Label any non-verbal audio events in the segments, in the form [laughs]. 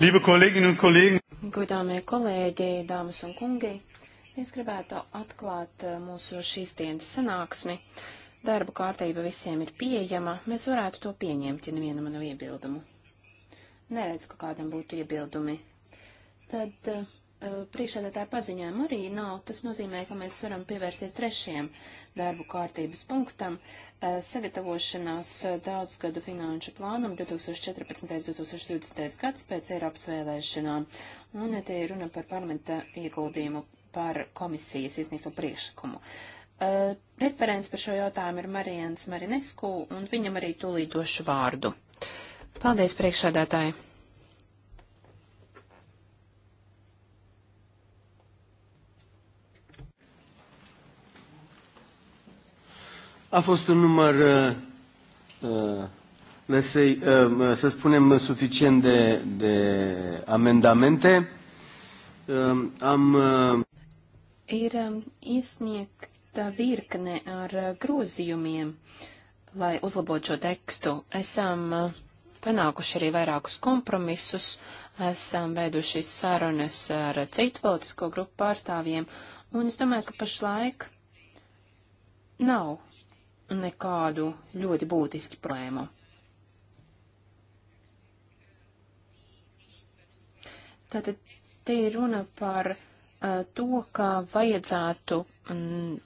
Liebe Kolleginnen un Kollegen! Godāmie kolēģi, dāmas un kungi! Es gribētu atklāt eh, mūsu šīs dienas sanāksmi. Darba kārtība visiem ir pieejama. Mēs varētu to pieņemt, ja nevienam nav iebildumu. Neredzu, ka kādam būtu iebildumi. Tad uh, Eh, priekšsēdētāja paziņām arī nav. Tas nozīmē, ka mēs varam pievērsties trešajam darbu kārtības punktam eh, - sagatavošanās eh, daudzgadu finanšu plānam 2014-2020 gads pēc Eiropas vēlēšanām. Un te ir runa par parlamenta ieguldījumu par komisijas izniegto priekšlikumu. Uh, referents par šo jautājumu ir Marijans Marinesku, un viņam arī tūlīt došu vārdu. Paldies, priekšsādātāji! a fost un număr, uh, uh say, uh, să spunem, suficient de, de amendamente. Uh, am, uh... Ir um, iesniegta virkne ar grozījumiem, lai uzlabotu šo tekstu. Esam uh, panākuši arī vairākus kompromisus, esam veiduši sarunas ar citu politisko grupu pārstāvjiem, un es domāju, ka pašlaik nav nekādu ļoti būtisku problēmu. Tātad te ir runa par uh, to, ka vajadzētu um,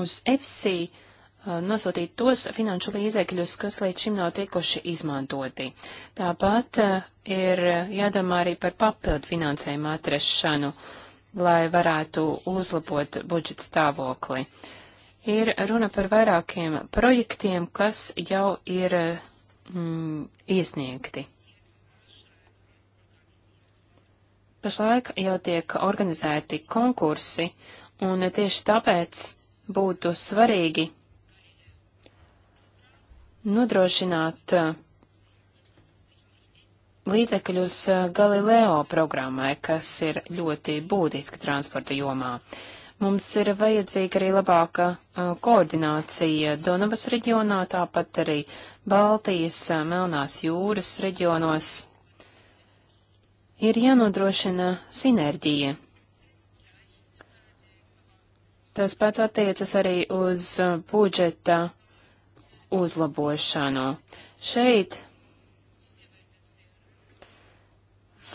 uz EFSI uh, nosūtīt tos finanšu līdzekļus, kas līdz šim nav tikuši izmantoti. Tāpat uh, ir jādomā arī par papildu finansējumu atrašanu, lai varētu uzlabot budžeta stāvokli ir runa par vairākiem projektiem, kas jau ir mm, iesniegti. Pašlaik jau tiek organizēti konkursi, un tieši tāpēc būtu svarīgi nodrošināt uh, līdzekļus uh, Galileo programmai, kas ir ļoti būtiski transporta jomā. Uh, Mums ir vajadzīga arī labāka uh, koordinācija Donavas reģionā, tāpat arī Baltijas, uh, Melnās jūras reģionos. Ir jānodrošina sinerģija. Tas pats attiecas arī uz budžeta uzlabošanu. Šeit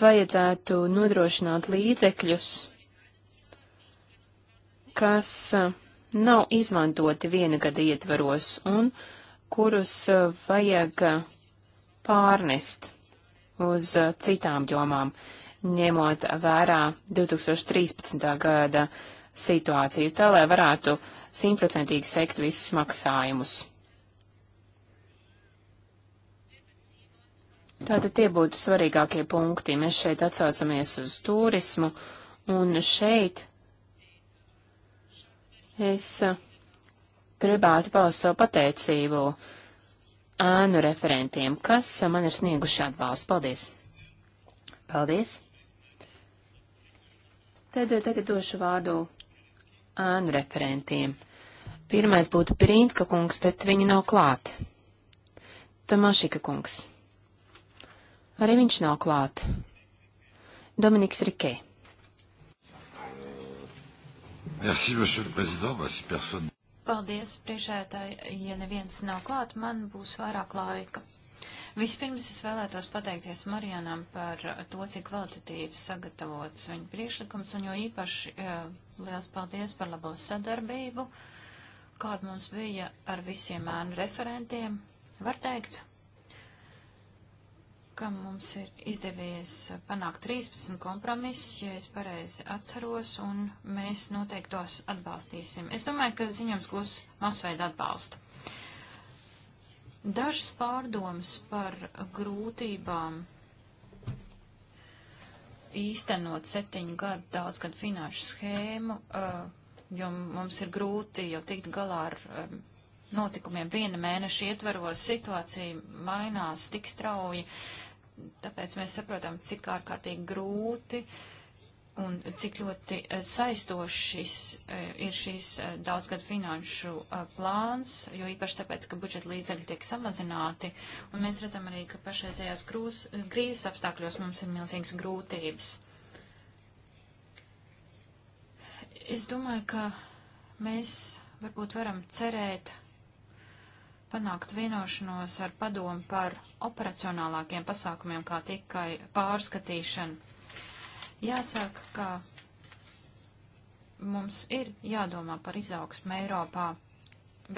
vajadzētu nodrošināt līdzekļus kas uh, nav izmantoti viena gada ietvaros un kurus uh, vajag uh, pārnest uz citām jomām, ņemot vērā 2013. gada situāciju, tā lai varētu simtprocentīgi sekt visus maksājumus. Tātad tie būtu svarīgākie punkti. Mēs šeit atsaucamies uz turismu, un šeit Es uh, gribētu paust savu pateicību ēnu referentiem, kas uh, man ir snieguši atbalstu. Paldies! Paldies! Tad uh, tagad došu vārdu ēnu referentiem. Pirmais būtu Pirīnska kungs, bet viņa nav klāt. Tomašika kungs. Arī viņš nav klāt. Dominiks Rikei. Merci, monsieur le président. Bah, si personne... Paldies, priekšētāji. Ja neviens nav klāt, man būs vairāk laika. Vispirms es vēlētos pateikties Marijanam par to, cik kvalitatīvi sagatavots viņa priekšlikums, un jo īpaši jā, liels paldies par labo sadarbību, kāda mums bija ar visiem ēnu referentiem. Var teikt, ka mums ir izdevies panākt 13 kompromisus, ja es pareizi atceros, un mēs noteikti tos atbalstīsim. Es domāju, ka ziņojums gūs masveidu atbalstu. Dažas pārdomas par grūtībām īstenot septiņu gadu daudzgadu finanšu schēmu, eh, jo mums ir grūti jau tikt galā ar eh, notikumiem viena mēneša ietveros, situācija mainās tik strauji, Tāpēc mēs saprotam, cik ārkārtīgi grūti un cik ļoti eh, saistošs eh, ir šīs eh, daudzgad finanšu plāns, jo īpaši tāpēc, ka budžeta līdzekļi tiek samazināti. Un mēs redzam arī, ka pašreizējās grūz, krīzes apstākļos mums ir milzīgas grūtības. Es domāju, ka mēs varbūt varam cerēt panākt vienošanos ar padomu par operacionālākiem pasākumiem, kā tikai pārskatīšana. Jāsaka, ka mums ir jādomā par izaugsmu Eiropā,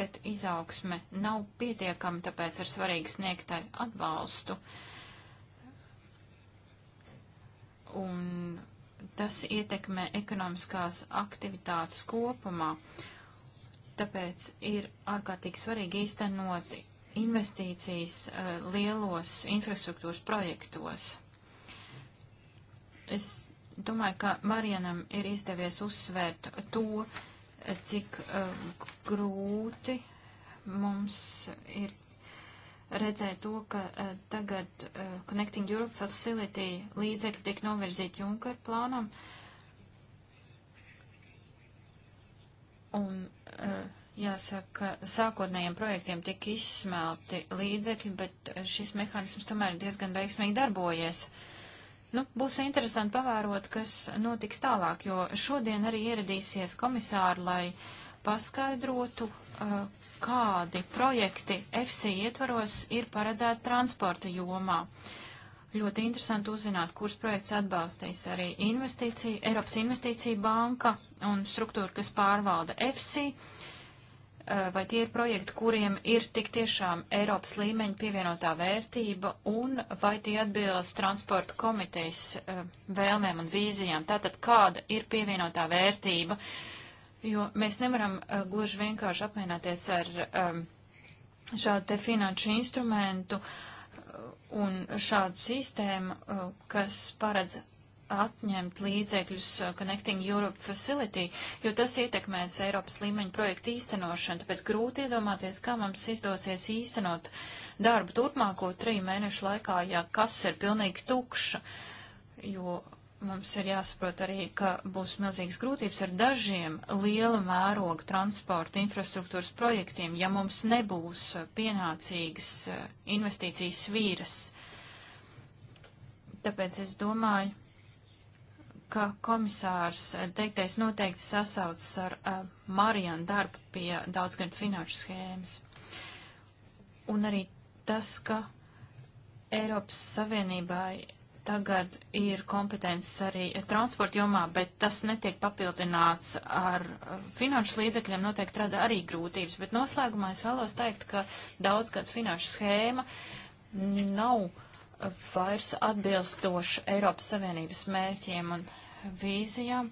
bet izaugsme nav pietiekama, tāpēc ir svarīgi sniegt atbalstu. Un tas ietekmē ekonomiskās aktivitātes kopumā. Uh, tāpēc ir ārkārtīgi svarīgi īstenot investīcijas uh, lielos infrastruktūras projektos. Es domāju, ka Marianam ir izdevies uzsvērt to, eh, cik uh, grūti mums ir redzēt to, ka uh, tagad uh, Connecting Europe Facility līdzekļi tiek novirzīti Junker plānam. Un Jāsaka, sākotnējiem projektiem tika izsmelti līdzekļi, bet šis mehānisms tomēr ir diezgan veiksmīgi darbojies. Nu, būs interesanti pavērot, kas notiks tālāk, jo šodien arī ieradīsies komisāri, lai paskaidrotu, kādi projekti FC ietvaros ir paredzēti transporta jomā. Uh, Ļoti interesanti uzzināt, kurš projekts atbalstīs arī investīcija, Eiropas investīcija banka un struktūra, kas pārvalda EFSI, eh, vai tie ir projekti, kuriem ir tik tiešām Eiropas līmeņa pievienotā vērtība, un vai tie atbilst transporta komitejas eh, vēlmēm un vīzijām. Tātad, kāda ir pievienotā vērtība, jo mēs nevaram eh, gluži vienkārši apmienāties ar šādu te finanšu instrumentu, uh, Un šāda sistēma, uh, kas paredz atņemt līdzekļus uh, Connecting Europe Facility, jo tas ietekmēs Eiropas līmeņa projektu īstenošanu. Tāpēc grūti iedomāties, kā mums izdosies īstenot darbu turpmāko triju mēnešu laikā, ja kas ir pilnīgi tukša, jo Mums ir jāsaprot arī, ka būs milzīgas grūtības ar dažiem liela mēroga transporta infrastruktūras projektiem, ja mums nebūs pienācīgas eh, investīcijas svīras. Tāpēc es domāju, ka komisārs teiktais noteikti sasaucas ar uh, eh, Marijanu darbu pie daudzgadu finanšu schēmas. Un arī tas, ka Eiropas Savienībai tagad ir kompetences arī transporta jomā, bet tas netiek papildināts ar finanšu līdzekļiem, noteikti rada arī grūtības. Bet noslēgumā es vēlos teikt, ka daudzgads finanšu schēma nav vairs atbilstoša Eiropas Savienības mērķiem un vīzijām.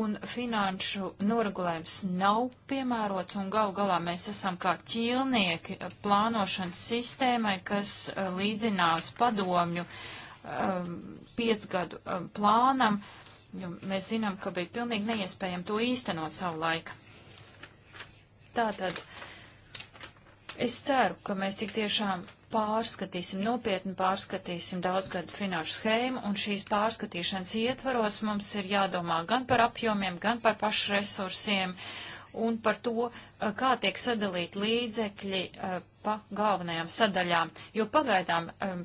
Un finanšu noregulējums nav piemērots, un gal galā mēs esam kā ķīlnieki plānošanas sistēmai, kas eh, līdzinās padomju uh, Um, piecgadu um, plānam, jo mēs zinām, ka bija pilnīgi neiespējami to īstenot savu laiku. Tātad es ceru, ka mēs tik tiešām pārskatīsim, nopietni pārskatīsim daudzgadu finanšu schēmu, un šīs pārskatīšanas ietvaros mums ir jādomā gan par apjomiem, gan par pašu resursiem, un par to, uh, kā tiek sadalīt līdzekļi uh, pa galvenajām sadaļām, jo pagaidām um,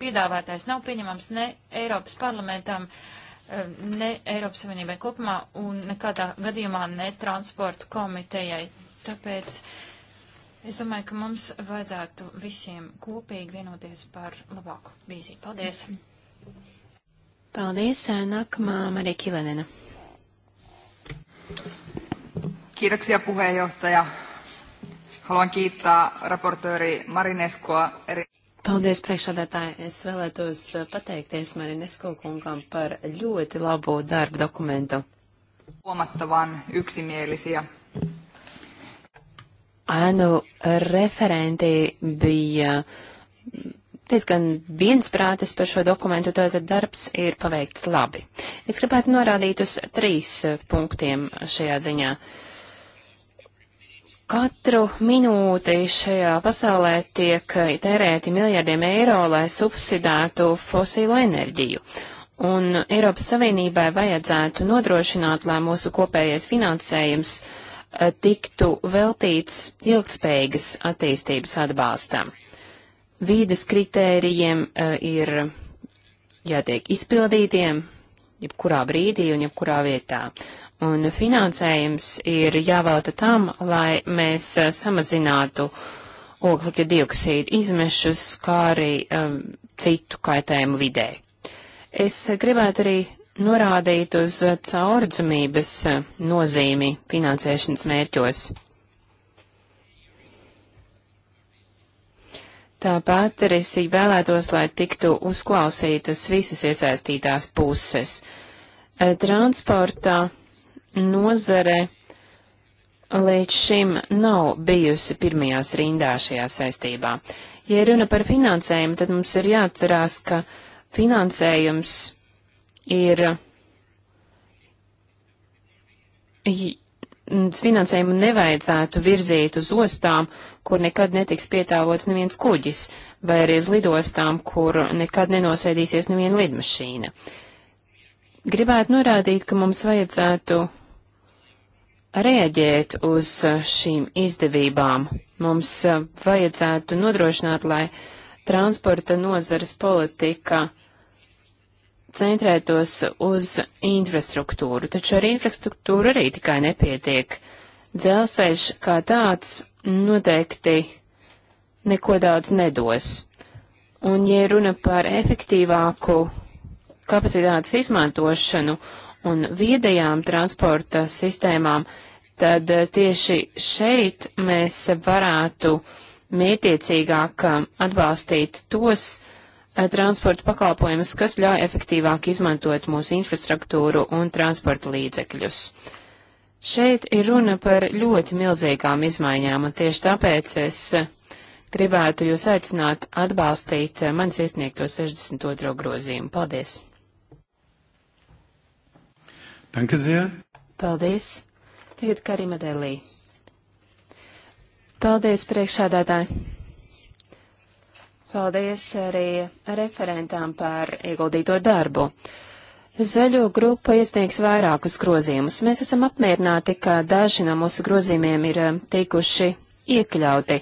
piedāvātais nav pieņemams ne Eiropas parlamentam, eh, ne Eiropas Savienībai kopumā un nekādā gadījumā ne transporta komitejai. Tāpēc es domāju, ka mums vajadzētu visiem kopīgi vienoties par labāku vīziju. Paldies! Paldies! Eh, nākamā Marija Kilenena. Kiitoksia puheenjohtaja. Haluan kiittää raportööri Marineskoa eri... Paldies, priekšādātāji. Es vēlētos eh, pateikties Marinesko kungam par ļoti labo darbu dokumentu. Huomattavan yksimielisiä. Anu referenti bija diezgan viensprātis par šo dokumentu, tātad darbs ir paveikts labi. Es gribētu norādīt uz trīs punktiem šajā ziņā. Uh, Katru minūti šajā pasaulē tiek tērēti miljardiem eiro, lai subsidētu fosīlo enerģiju. Un Eiropas Savienībai vajadzētu nodrošināt, lai mūsu kopējais finansējums eh, tiktu veltīts ilgspējīgas attīstības atbalstam. Vīdes kritērijiem eh, ir jātiek izpildītiem jebkurā brīdī un jebkurā vietā un finansējums ir jāvēlta tam, lai mēs eh, samazinātu oglekļa dioksīdu izmešus, kā arī um, citu kaitējumu vidē. Es gribētu arī norādīt uz caurdzamības eh, nozīmi finansēšanas mērķos. Tāpat arī es vēlētos, lai tiktu uzklausītas visas iesaistītās puses. Transportā nozare līdz šim nav bijusi pirmajās rindā šajā saistībā. Ja runa par finansējumu, tad mums ir jāatcerās, ka finansējums ir. Finansējumu nevajadzētu virzīt uz ostām, kur nekad netiks pietāvots neviens kuģis, vai arī uz lidostām, kur nekad nenosēdīsies neviena lidmašīna. Gribētu norādīt, ka mums vajadzētu rēģēt uz eh, šīm izdevībām. Mums eh, vajadzētu nodrošināt, lai transporta nozares politika centrētos uz infrastruktūru, taču ar infrastruktūru arī tikai nepietiek. Dzelzceļš kā tāds noteikti neko daudz nedos. Un, ja runa par efektīvāku kapacitātes izmantošanu un viedajām transporta sistēmām, tad eh, tieši šeit mēs varētu mērķiecīgāk eh, atbalstīt tos eh, transporta pakalpojumus, kas ļauj efektīvāk izmantot mūsu infrastruktūru un transporta līdzekļus. Šeit ir runa par ļoti milzīgām izmaiņām, un tieši tāpēc es gribētu jūs aicināt atbalstīt manis iesniegto 62. grozījumu. Paldies! Danke sehr. Paldies! Tagad Karima Delī. Paldies, priekšādātāji! Paldies arī referentām par ieguldīto darbu. Zaļo grupa iesniegs vairākus grozījumus. Mēs esam apmierināti, ka daži no mūsu grozījumiem ir um, tikuši iekļauti,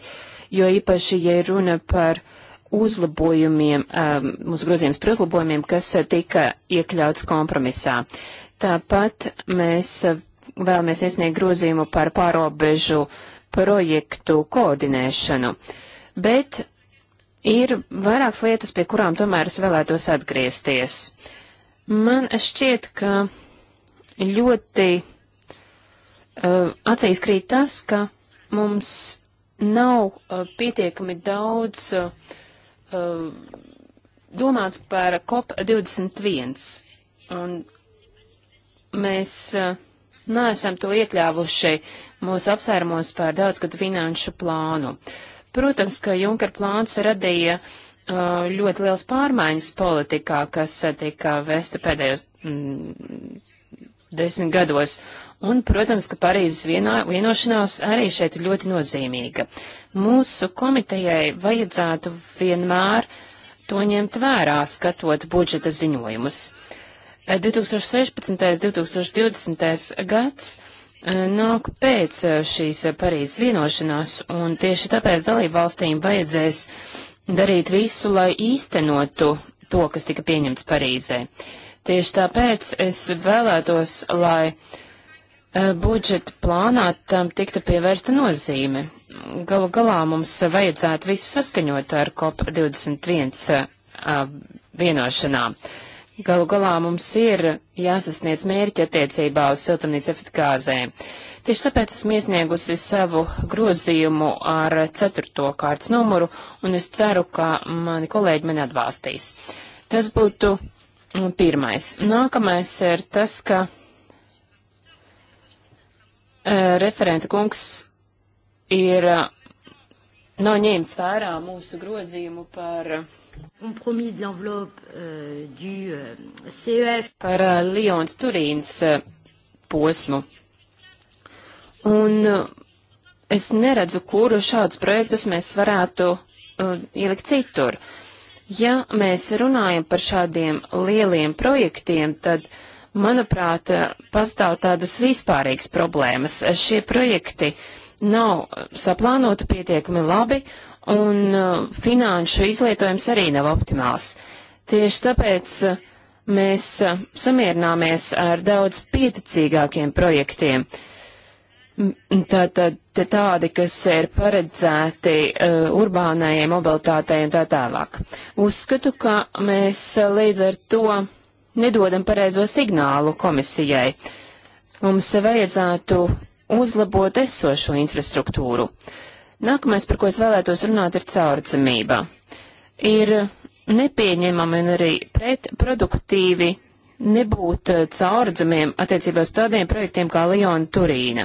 jo īpaši, ja runa par uzlabojumiem, um, mūsu grozījums par uzlabojumiem, kas uh, tika iekļauts kompromisā. Tāpat mēs uh, vēlamies iesniegt grozījumu par pārobežu projektu koordinēšanu. Bet ir vairākas lietas, pie kurām tomēr es vēlētos atgriezties. Man šķiet, ka ļoti uh, acīs krīt tas, ka mums nav uh, pietiekami daudz uh, uh domāts par COP21. Un mēs uh, neesam to iekļāvuši mūsu apsvērumos par daudzgadu finanšu plānu. Protams, ka Junker plāns radīja uh, ļoti liels pārmaiņas politikā, kas uh, tika vēsta pēdējos mm, desmit gados. Un, protams, ka Parīzes vienā, vienošanās arī šeit ir ļoti nozīmīga. Mūsu komitejai vajadzētu vienmēr to ņemt vērā, skatot budžeta ziņojumus. Uh, 2016. un 2020. gads eh, nāk pēc eh, šīs eh, Parīzes vienošanās, un tieši tāpēc dalību valstīm vajadzēs darīt visu, lai īstenotu to, kas tika pieņemts Parīzē. Tieši tāpēc es vēlētos, lai budžeta plānā tam tiktu pievērsta nozīme. Galu galā mums vajadzētu visu saskaņot ar COP21 vienošanām. Uh, Galu galā mums ir jāsasniedz mērķi attiecībā uz siltumnīca efektu gāzēm. Tieši tāpēc esmu iesniegusi savu grozījumu ar ceturto kārtas numuru, un es ceru, ka mani kolēģi mani atbalstīs. Tas būtu mm, pirmais. Nākamais ir tas, ka e, referenta kungs ir e, noņēmis vērā mūsu grozījumu par Euh, euh, e par euh, Lions Turīns posmu. Un es neredzu, kuru šādus projektus mēs varētu uh, ielikt citur. Ja mēs runājam par šādiem lieliem projektiem, tad, manuprāt, pastāv tādas vispārīgas problēmas. Šie projekti nav uh, saplānoti pietiekami labi, un uh, finanšu izlietojums arī nav optimāls. Tieši tāpēc uh, mēs uh, samierināmies ar daudz pieticīgākiem projektiem. Tātad tā, tādi, kas ir paredzēti uh, urbānajai mobilitātei un tā tālāk. Uzskatu, ka mēs uh, līdz ar to nedodam pareizo signālu komisijai. Mums vajadzētu uzlabot esošo infrastruktūru. Uh, Nākamais, par ko es vēlētos runāt, ir caurdzamība. Ir nepieņemami un arī pretproduktīvi nebūt eh, caurdzamiem attiecībā uz tādiem projektiem kā Liona Turīna.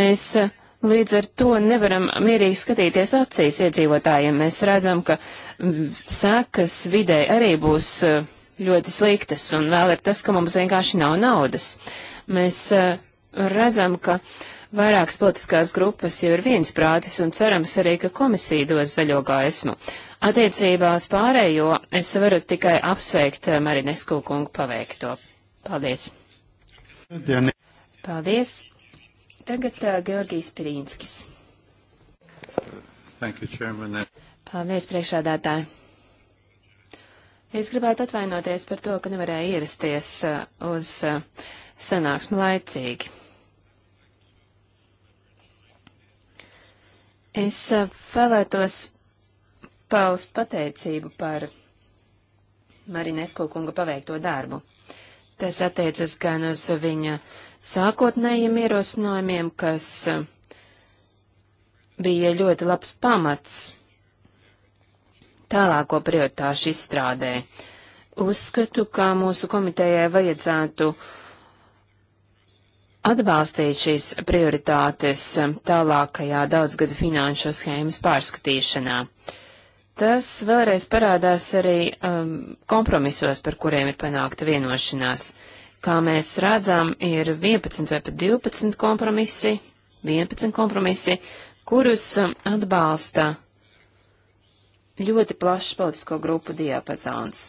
Mēs eh, līdz ar to nevaram mierīgi skatīties acīs iedzīvotājiem. Mēs redzam, ka mm, sekas vidē arī būs eh, ļoti sliktas, un vēl ir tas, ka mums vienkārši nav naudas. Mēs redzam, ka uh, Vairākas politiskās grupas jau ir viens prātis un cerams arī, ka komisija dos zaļo gaismu. Attiecībās pārējo es varu tikai apsveikt eh, Marinesku kungu paveikto. Paldies! Paldies! Tagad uh, Georgijs Pirīnskis. Thank you, Chairman. Paldies, priekšādātāji. Es gribētu atvainoties par to, ka nevarēju ierasties eh, uz sanāksmu laicīgi. Es vēlētos paust pateicību par Marinesko kunga paveikto darbu. Tas attiecas gan uz viņa sākotnējiem ierosinājumiem, kas bija ļoti labs pamats tālāko prioritāšu izstrādē. Uzskatu, ka mūsu komitejai vajadzētu uh, atbalstīt šīs prioritātes um, tālākajā daudzgada finanšu schēmas pārskatīšanā. Tas vēlreiz parādās arī um, kompromisos, par kuriem ir panākta vienošanās. Kā mēs redzam, ir 11 vai pat 12 kompromisi, 11 kompromisi, kurus um, atbalsta ļoti plašs politisko grupu diapazons.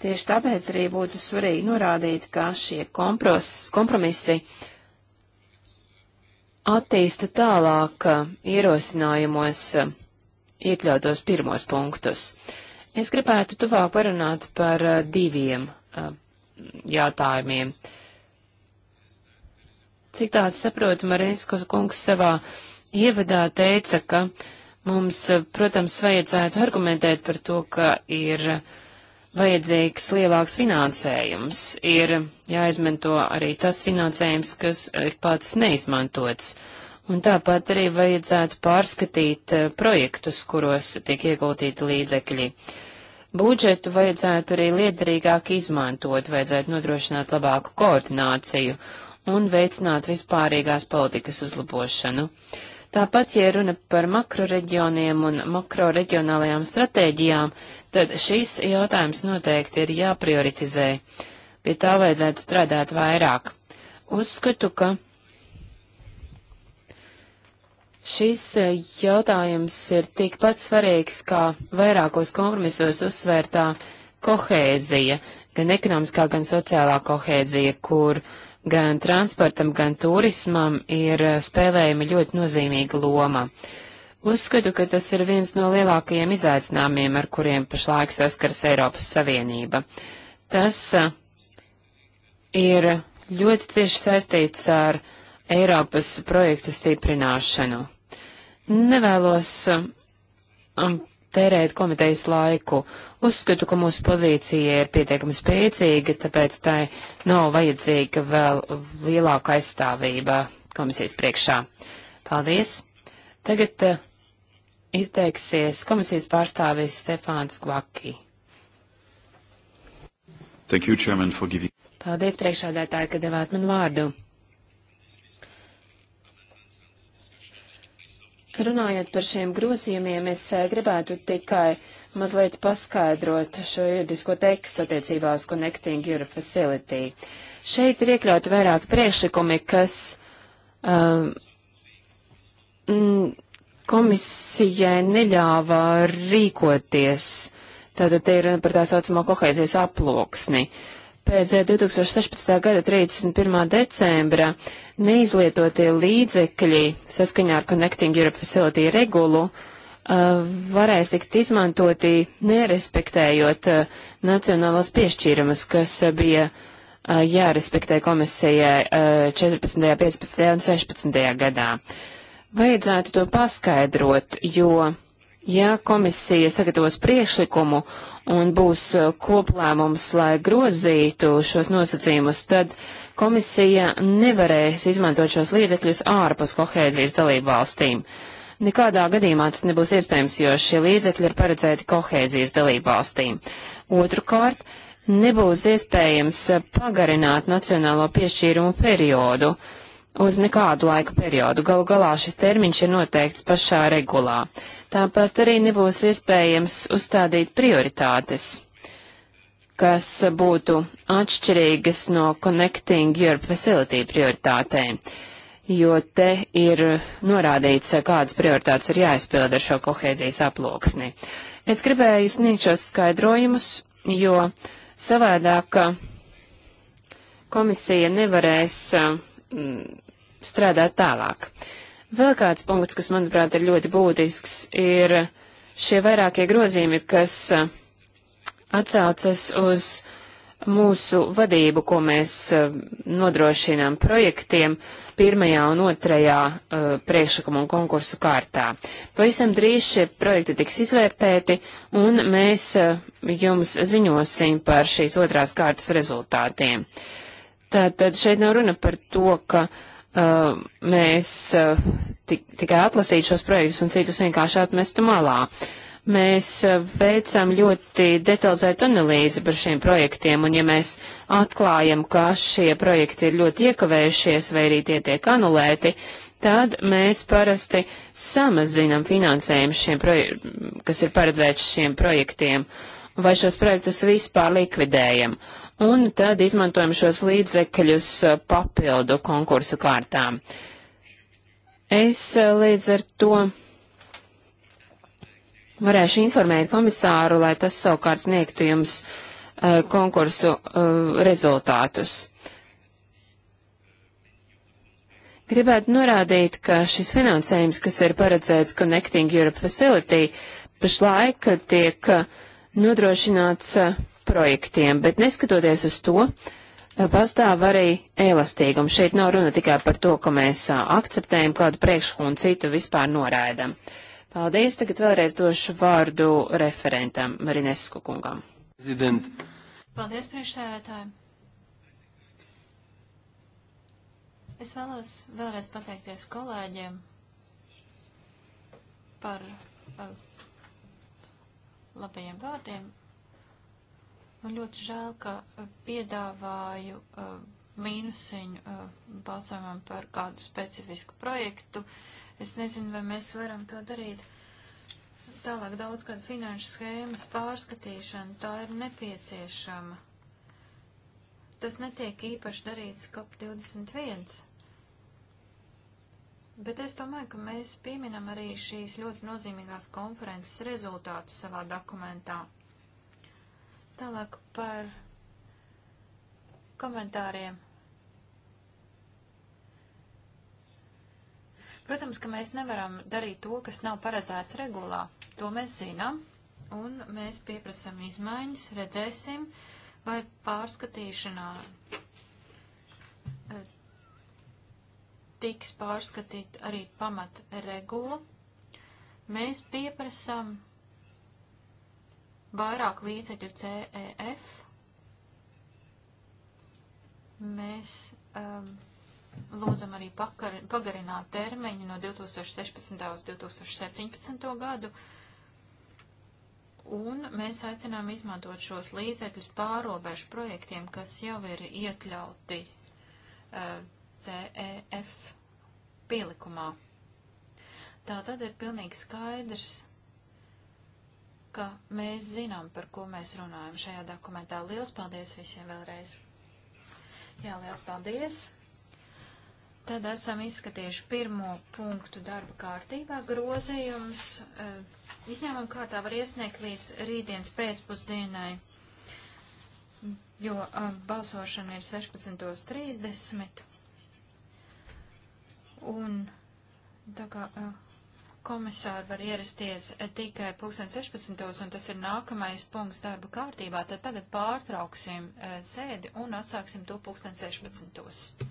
Tieši tāpēc arī būtu svarīgi norādīt, ka šie kompros, kompromisi uh, attīsta tālāk uh, ierosinājumos uh, iekļautos pirmos punktus. Es gribētu tuvāk parunāt par uh, diviem jautājumiem. Cik tās saprotu, Marinskos kungs savā ievadā teica, ka mums, protams, vajadzētu argumentēt par to, ka ir uh, vajadzīgs lielāks finansējums. Ir jāizmanto arī tas finansējums, kas ir pats neizmantots. Un tāpat arī vajadzētu pārskatīt eh, projektus, kuros tiek ieguldīti līdzekļi. Budžetu vajadzētu arī liederīgāk izmantot, vajadzētu nodrošināt labāku koordināciju un veicināt vispārīgās politikas uzlabošanu. Uh, Tāpat, ja runa par makroreģioniem un makroreģionālajām stratēģijām, tad šis jautājums noteikti ir jāprioritizē. Pie tā vajadzētu strādāt vairāk. Uzskatu, ka šis jautājums ir tikpat svarīgs kā vairākos kompromisos uzsvērtā kohēzija, gan ekonomiskā, gan sociālā kohēzija, kur uh, gan transportam, gan turismam ir eh, spēlējama ļoti nozīmīga loma. Uzskatu, ka tas ir viens no lielākajiem izaicinājumiem, ar kuriem pašlaik saskars Eiropas Savienība. Tas eh, ir ļoti cieši saistīts ar Eiropas projektu stiprināšanu. Nevēlos eh, tērēt komitejas laiku. Uzskatu, ka mūsu pozīcija ir pietiekami spēcīga, tāpēc tai nav vajadzīga vēl lielāka aizstāvība komisijas priekšā. Paldies! Tagad uh, izteiksies komisijas pārstāvis Stefāns Gvaki. Thank you, Chairman, for giving. Paldies priekšādētāji, ka devāt man vārdu. Runājot par šiem grozījumiem, es eh, gribētu tikai mazliet paskaidrot šo juridisko tekstu attiecībā uz Connecting Europe Facility. Šeit ir iekļauti vairāk priekšlikumi, kas um, komisijai neļāva rīkoties. Tātad te ir par tā saucamo kohēzijas aploksni. Uh, pēc 2016. Eh, gada 31. decembra neizlietotie līdzekļi saskaņā ar Connecting Europe Facility regulu uh, varēs tikt izmantoti nerespektējot uh, nacionālos piešķīrumus, kas uh, bija jārespektē komisijai 14., 15. un 16. gadā. Vajadzētu to paskaidrot, jo Ja komisija sagatavos priekšlikumu un būs e, koplēmums, lai grozītu šos nosacījumus, tad komisija nevarēs izmantot šos līdzekļus ārpus kohēzijas dalību valstīm. Nekādā gadījumā tas nebūs iespējams, jo šie līdzekļi ir paredzēti kohēzijas dalību valstīm. Otrukārt, nebūs iespējams pagarināt nacionālo piešķīrumu periodu. Uh, uz nekādu laika periodu. Galu galā šis termiņš ir noteikts pašā regulā. Tāpat arī nebūs iespējams uzstādīt prioritātes, kas būtu atšķirīgas no Connecting Europe Facility prioritātēm, jo te ir norādīts, kādas prioritātes ir jāizpild ar šo kohēzijas aploksni. Es gribēju sniegt šos skaidrojumus, jo savādāk komisija nevarēs uh, strādāt tālāk. Vēl kāds punkts, kas, manuprāt, ir ļoti būtisks, ir šie vairākie grozījumi, kas atsaucas uz mūsu vadību, ko mēs nodrošinām projektiem pirmajā un otrajā uh, priekšlikuma un konkursu kārtā. Pavisam drīz šie projekti tiks izvērtēti, un mēs uh, jums ziņosim par šīs otrās kārtas rezultātiem. Tātad šeit nav runa par to, ka uh, uh, mēs uh, tik, tikai atlasītu šos projektus un citus vienkārši atmestu malā. Mēs uh, veicam ļoti detalizētu analīzi par šiem projektiem, un ja mēs atklājam, ka šie projekti ir ļoti iekavējušies vai arī tie tiek anulēti, tad mēs parasti samazinam finansējumu šiem projektiem, kas ir paredzēts šiem projektiem, vai šos projektus vispār likvidējam. Uh, un tad izmantojam šos līdzekļus uh, papildu konkursu kārtām. Es uh, līdz ar to varēšu informēt komisāru, lai tas savukārt sniegtu jums uh, konkursu uh, rezultātus. Gribētu norādīt, ka šis finansējums, kas ir paredzēts Connecting Europe Facility, pašlaik tiek uh, nodrošināts uh, projektiem, bet neskatoties uz to, pastāv arī elastīgums. Šeit nav runa tikai par to, ka mēs akceptējam kādu priekšlikumu un citu vispār noraidam. Paldies, tagad vēlreiz došu vārdu referentam Marinesku kungam. President. Paldies, priekšsēdētāji. Es vēlos vēlreiz pateikties kolēģiem par uh, labajiem vārdiem Man ļoti žēl, ka eh, piedāvāju uh, mīnusiņu uh, balsojumam par kādu specifisku projektu. Es nezinu, vai mēs varam to darīt. Tālāk daudz kādu finanšu schēmas pārskatīšana, tā ir nepieciešama. Tas netiek īpaši darīts COP21. Bet es domāju, ka mēs pieminam arī šīs ļoti nozīmīgās konferences rezultātus savā dokumentā. Tālāk par komentāriem. Protams, ka mēs nevaram darīt to, kas nav paredzēts regulā. To mēs zinām, un mēs pieprasam izmaiņas, redzēsim, vai pārskatīšanā eh, tiks pārskatīt arī pamat regulu. Mēs pieprasam vairāk līdzekļu CEF. Mēs um, lūdzam arī pakar, pagarināt termiņu no 2016. uz 2017. gadu. Un mēs aicinām izmantot šos līdzekļus pārobežu projektiem, kas jau ir iekļauti uh, CEF pielikumā. Tā tad ir pilnīgi skaidrs, ka mēs zinām, par ko mēs runājam šajā dokumentā. Liels paldies visiem vēlreiz! Jā, liels paldies! Tad esam izskatījuši pirmo punktu darba kārtībā. Grozījums eh, izņēmuma kārtā var iesniegt līdz rītdienas pēcpusdienai, jo eh, balsošana ir 16.30. Un tā kā. Uh, komisāri var ierasties tikai 2016. un tas ir nākamais punkts darba kārtībā, tad tagad pārtrauksim eh, sēdi un atsāksim to 2016.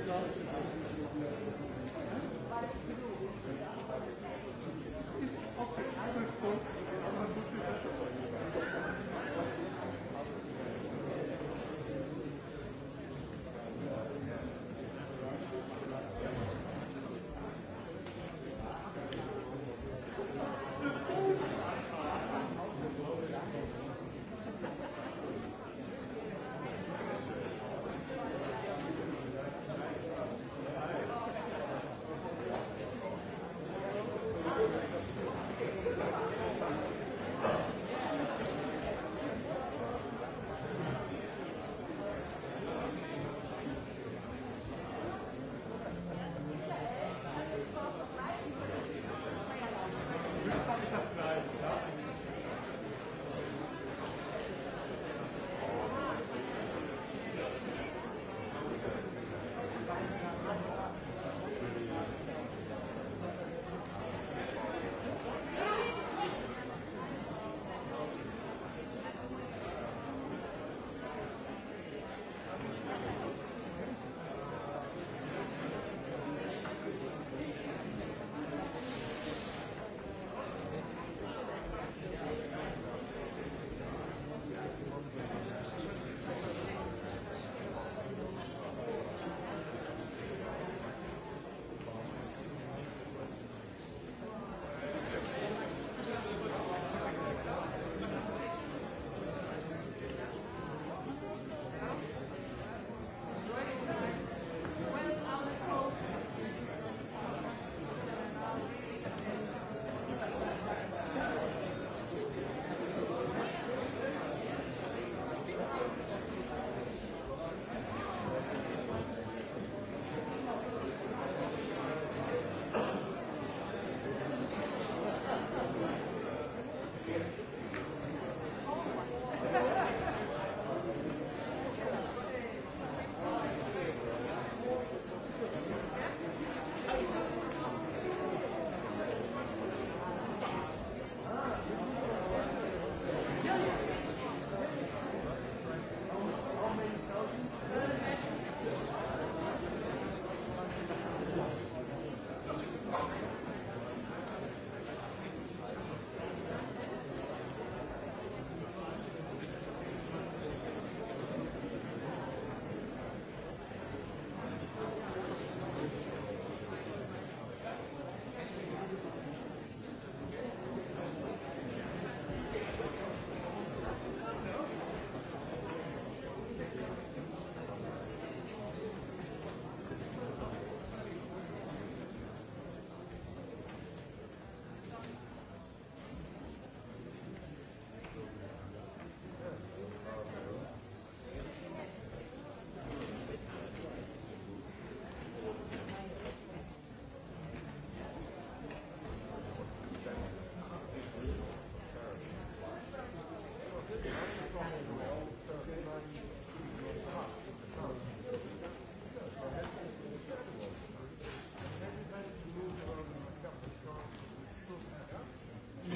disaster.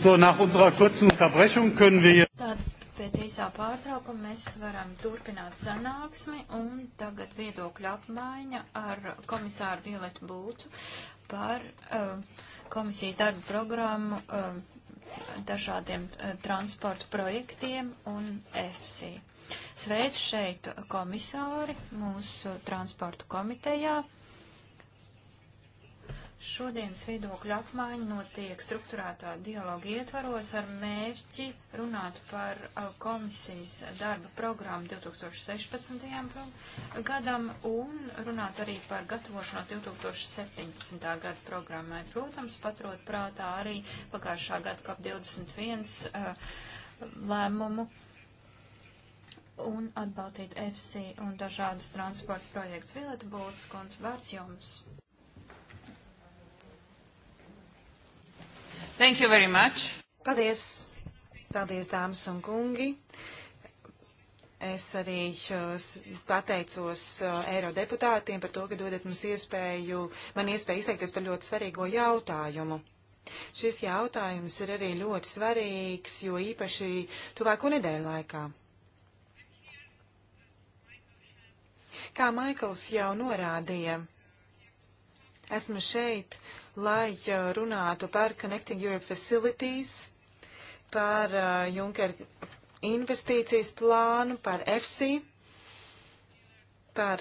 So, nach unserer kurzen Unterbrechung können wir. Tad pēc īsā pārtraukuma mēs varam turpināt sanāksmi un tagad viedokļa apmaiņa ar komisāru Violetu Būcu par uh, komisijas darba programmu uh, dažādiem uh, transporta projektiem un EFSI. Sveicu šeit komisāri mūsu transporta komitejā. Šodienas viedokļu apmaiņa notiek struktūrētā dialoga ietvaros ar mērķi runāt par komisijas darba programmu 2016. gadam un runāt arī par gatavošanos 2017. gada programmai. Protams, paturot prātā arī pagājušā gada COP21 uh, lēmumu un atbalstīt FC un dažādus transporta projektus. Vileta Būtas, kundz, vārds jums! Thank you very much. Paldies. Paldies, dāmas un kungi. Es arī uh, pateicos uh, eirodeputātiem par to, ka dodat mums iespēju, man iespēju izteikties par ļoti svarīgo jautājumu. Šis jautājums ir arī ļoti svarīgs, jo īpaši tuvāko nedēļu laikā. Kā Maikls jau norādīja, esmu šeit, lai runātu par Connecting Europe Facilities, par uh, Junker investīcijas plānu, par FC, par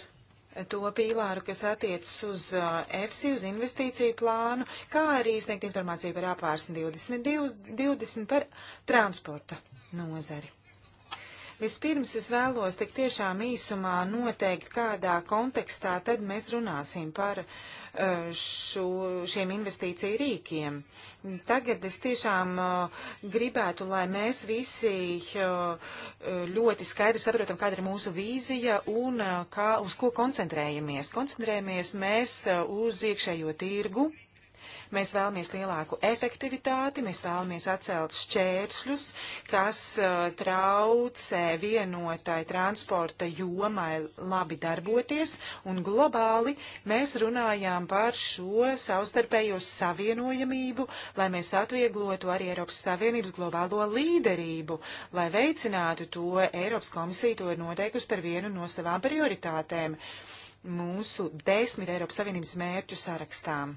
to pīlāru, kas attiecas uz uh, EFSI, uz investīciju plānu, kā arī sniegt informāciju par apvērsni 2020 20 par transporta nozari. Vispirms es vēlos tik tiešām īsumā noteikt, kādā kontekstā tad mēs runāsim par uh, Eh, šo, šiem investīciju rīkiem. Tagad es tiešām eh, gribētu, lai mēs visi eh, ļoti skaidri saprotam, kāda ir mūsu vīzija un kā, uz ko koncentrējamies. Koncentrējamies mēs uz iekšējo tirgu Mēs vēlamies lielāku efektivitāti, mēs vēlamies atcelt šķēršļus, kas uh, traucē vienotai transporta jomai labi darboties, un globāli mēs runājām par šo savstarpējo savienojamību, lai mēs atvieglotu arī Eiropas Savienības globālo līderību, lai veicinātu to Eiropas komisija to ir noteikusi par vienu no savām prioritātēm mūsu desmit Eiropas Savienības mērķu sarakstām.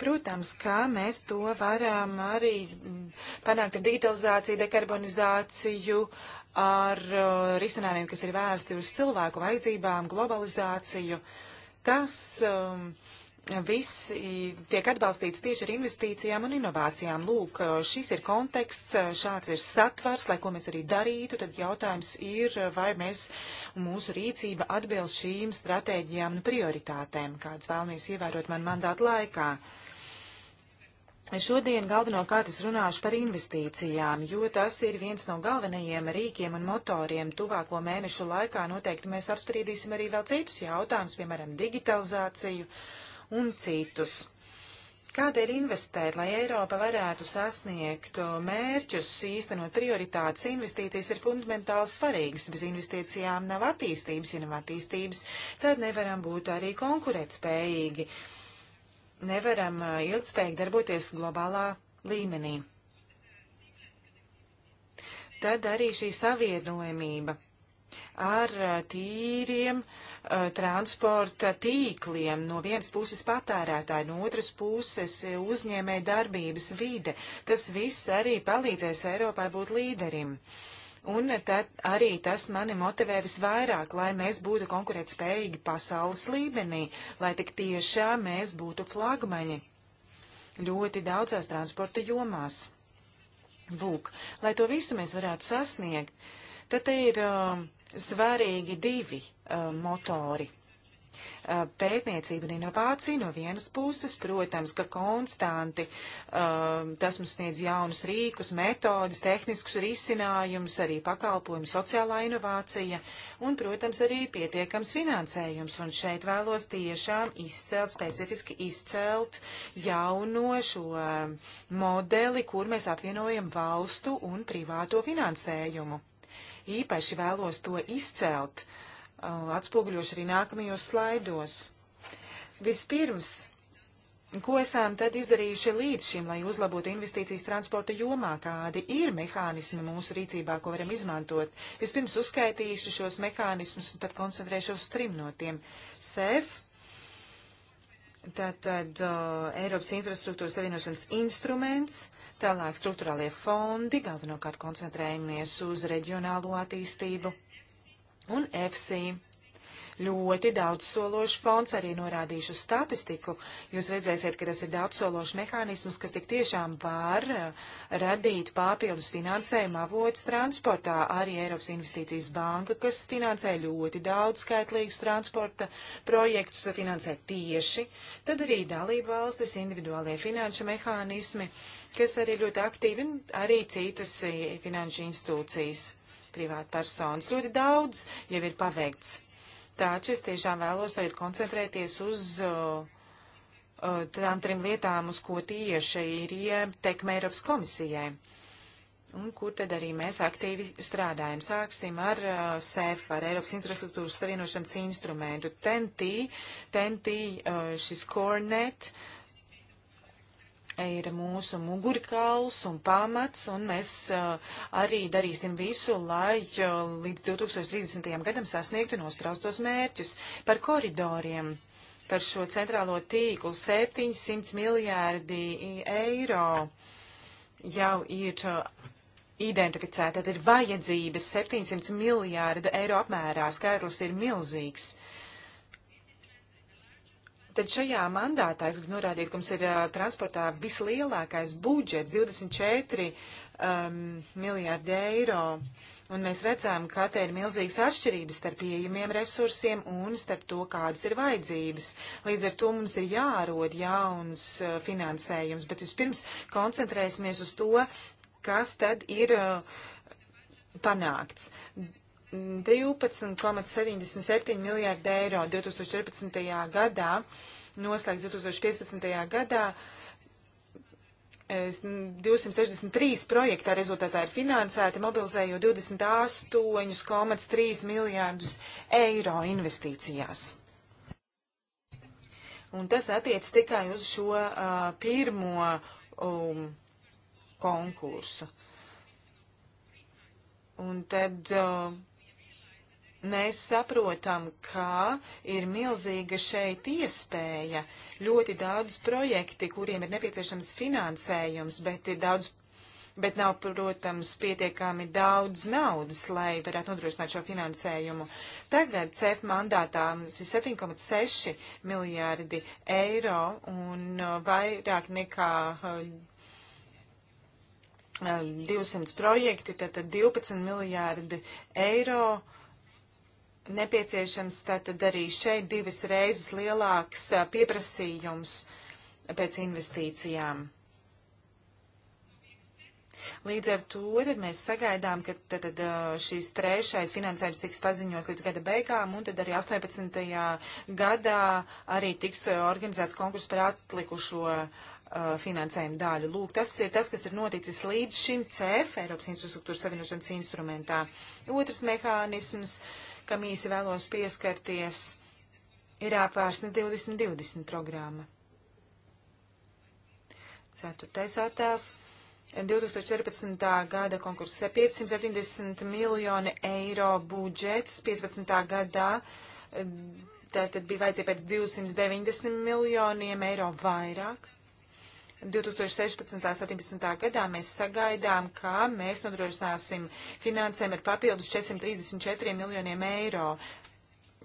Protams, kā mēs to varam arī panākt ar digitalizāciju, dekarbonizāciju, ar uh, risinājumiem, kas ir vērsti uz cilvēku vajadzībām, globalizāciju. Tas um, viss tiek atbalstīts tieši ar investīcijām un inovācijām. Lūk, uh, šis ir konteksts, uh, šāds ir satvars, lai ko mēs arī darītu, tad jautājums ir, uh, vai mēs mūsu rīcība atbilst šīm stratēģijām un prioritātēm, kādas vēlamies ievērot man mandātu laikā. Uh, Šodien galvenokārt es runāšu par investīcijām, jo tas ir viens no galvenajiem rīkiem un motoriem tuvāko mēnešu laikā. Noteikti mēs apspriedīsim arī vēl citus jautājumus, piemēram, digitalizāciju un citus. Kāda ir investēt, lai Eiropa varētu sasniegt mērķus, īstenot prioritātes? Investīcijas ir fundamentāli svarīgas. Bez investīcijām nav attīstības, ja nav attīstības, tad nevaram būt arī konkurētspējīgi. spējīgi nevaram ilgspējīgi darboties globālā līmenī. Tad arī šī savienojamība ar tīriem transporta tīkliem, no vienas puses patērētāji, no otras puses uzņēmē darbības vide. Tas viss arī palīdzēs Eiropai būt līderim. Uh, Un tad arī tas mani motivē visvairāk, lai mēs būtu konkurētspējīgi pasaules līmenī, lai tik tiešām mēs būtu flagmaņi ļoti daudzās transporta jomās. Lūk, lai to visu mēs varētu sasniegt, tad te ir uh, svarīgi divi uh, motori Pētniecība un inovācija no vienas puses, protams, ka konstanti um, tas mums sniedz jaunus rīkus, metodas, tehniskus risinājumus, arī pakalpojumu sociālā inovācija un, protams, arī pietiekams finansējums. Un šeit vēlos tiešām izcelt, specifiski izcelt jauno šo modeli, kur mēs apvienojam valstu un privāto finansējumu īpaši vēlos to izcelt, Uh, atspoguļošu arī nākamajos slaidos. Vispirms, ko esam tad izdarījuši līdz šim, lai uzlabotu investīcijas transporta jomā, kādi ir mehānismi mūsu rīcībā, ko varam izmantot. Vispirms uzskaitīšu šos mehānismus un tad koncentrēšos uz trim no tiem. SEF, tātad uh, Eiropas infrastruktūras savienošanas instruments, tālāk struktūrālie fondi, galvenokārt koncentrējamies uz reģionālo attīstību un EFSI. Ļoti daudzsološs fonds arī norādīšu statistiku. Jūs redzēsiet, ka tas ir daudzsološs mehānisms, kas tik tiešām var eh, radīt papildus finansējuma avots transportā. Arī Eiropas investīcijas banka, kas finansē ļoti daudz skaitlīgus transporta projektus, finansē tieši. Tad arī dalība valstis, individuālie finanšu mehānismi, kas arī ļoti aktīvi, arī citas eh, finanšu institūcijas privātpersonas. Ļoti daudz jau ir paveikts. Taču es tiešām vēlos tagad koncentrēties uz uh, uh, tām trim lietām, uz ko tieši ir ietekme Eiropas komisijai. Un kur tad arī mēs aktīvi strādājam? Sāksim ar uh, SEF, ar Eiropas infrastruktūras savienošanas instrumentu. TNT, TNT uh, šis CoreNet, uh, ir mūsu mugurkauls un pamats, un mēs uh, arī darīsim visu, lai uh, līdz 2030. gadam sasniegtu nostraustos mērķus par koridoriem. Par šo centrālo tīklu 700 miljārdi eiro jau ir uh, identificēta, tad ir vajadzības 700 miljārdu eiro apmērā. Skaitlis ir milzīgs. Uh, Tad šajā mandātā es gribu norādīt, ka mums ir uh, transportā vislielākais budžets - 24 um, miljārdi eiro. Un mēs redzam, ka te ir milzīgas atšķirības starp pieejamiem resursiem un starp to, kādas ir vajadzības. Līdz ar to mums ir jārod jauns uh, finansējums, bet vispirms koncentrēsimies uz to, kas tad ir uh, panākts. 12,77 mm, miljārdi eiro 2014. gadā, noslēgts 2015. gadā, 263 mm, projektā rezultātā ir finansēti, mobilizējot 28,3 miljārdus eiro investīcijās. Un tas attiec tikai uz šo uh, pirmo um, konkursu. Un tad uh, mēs saprotam, ka ir milzīga šeit iespēja. Ļoti daudz projekti, kuriem ir nepieciešams finansējums, bet ir daudz, bet nav, protams, pietiekami daudz naudas, lai varētu nodrošināt šo finansējumu. Tagad CEF mandātā mums ir 7,6 miljārdi eiro un uh, vairāk nekā 200 uh, uh, projekti, tātad 12 miljārdi eiro. Uh, nepieciešams tātad arī šeit divas reizes lielāks pieprasījums pēc investīcijām. Līdz ar to tad mēs sagaidām, ka tad, tad, šīs trešais finansējums tiks paziņos līdz gada beigām, un tad arī 18. gadā arī tiks organizēts konkurss par atlikušo uh, finansējuma daļu. Lūk, tas ir tas, kas ir noticis līdz šim CF, Eiropas infrastruktūras savienošanas instrumentā. Otrs mehānisms. Uh, kam īsi vēlos pieskarties, ir apvērsne 2020 programma. Ceturtais attēls. 2014. gada konkurss 570 miljoni eiro budžets, 15. gadā eh, tātad bija vajadzīja pēc 290 miljoniem eiro vairāk. 2016. un 2017. gadā mēs sagaidām, ka mēs nodrošināsim finansēm ar papildus 434 miljoniem eiro.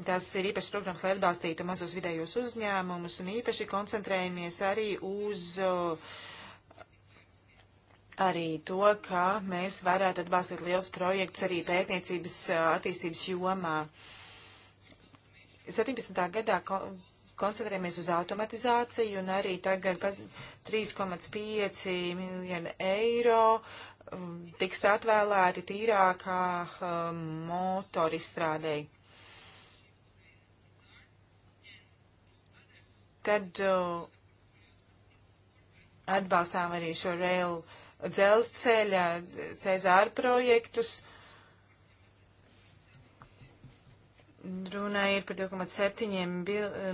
Tas ir īpašs programmas, lai atbalstītu mazos vidējos uzņēmumus un īpaši koncentrējamies arī uz uh, arī to, ka mēs varētu atbalstīt liels projekts arī pētniecības uh, attīstības jomā. 17. gadā koncentrējamies uz automatizāciju un arī tagad 3,5 miljonu eiro um, tiks atvēlēti tīrākā um, motorizstrādēji. Tad uh, atbalstām arī šo rail dzelzceļa Cezāra projektus. Uh, Runa ir par 2,7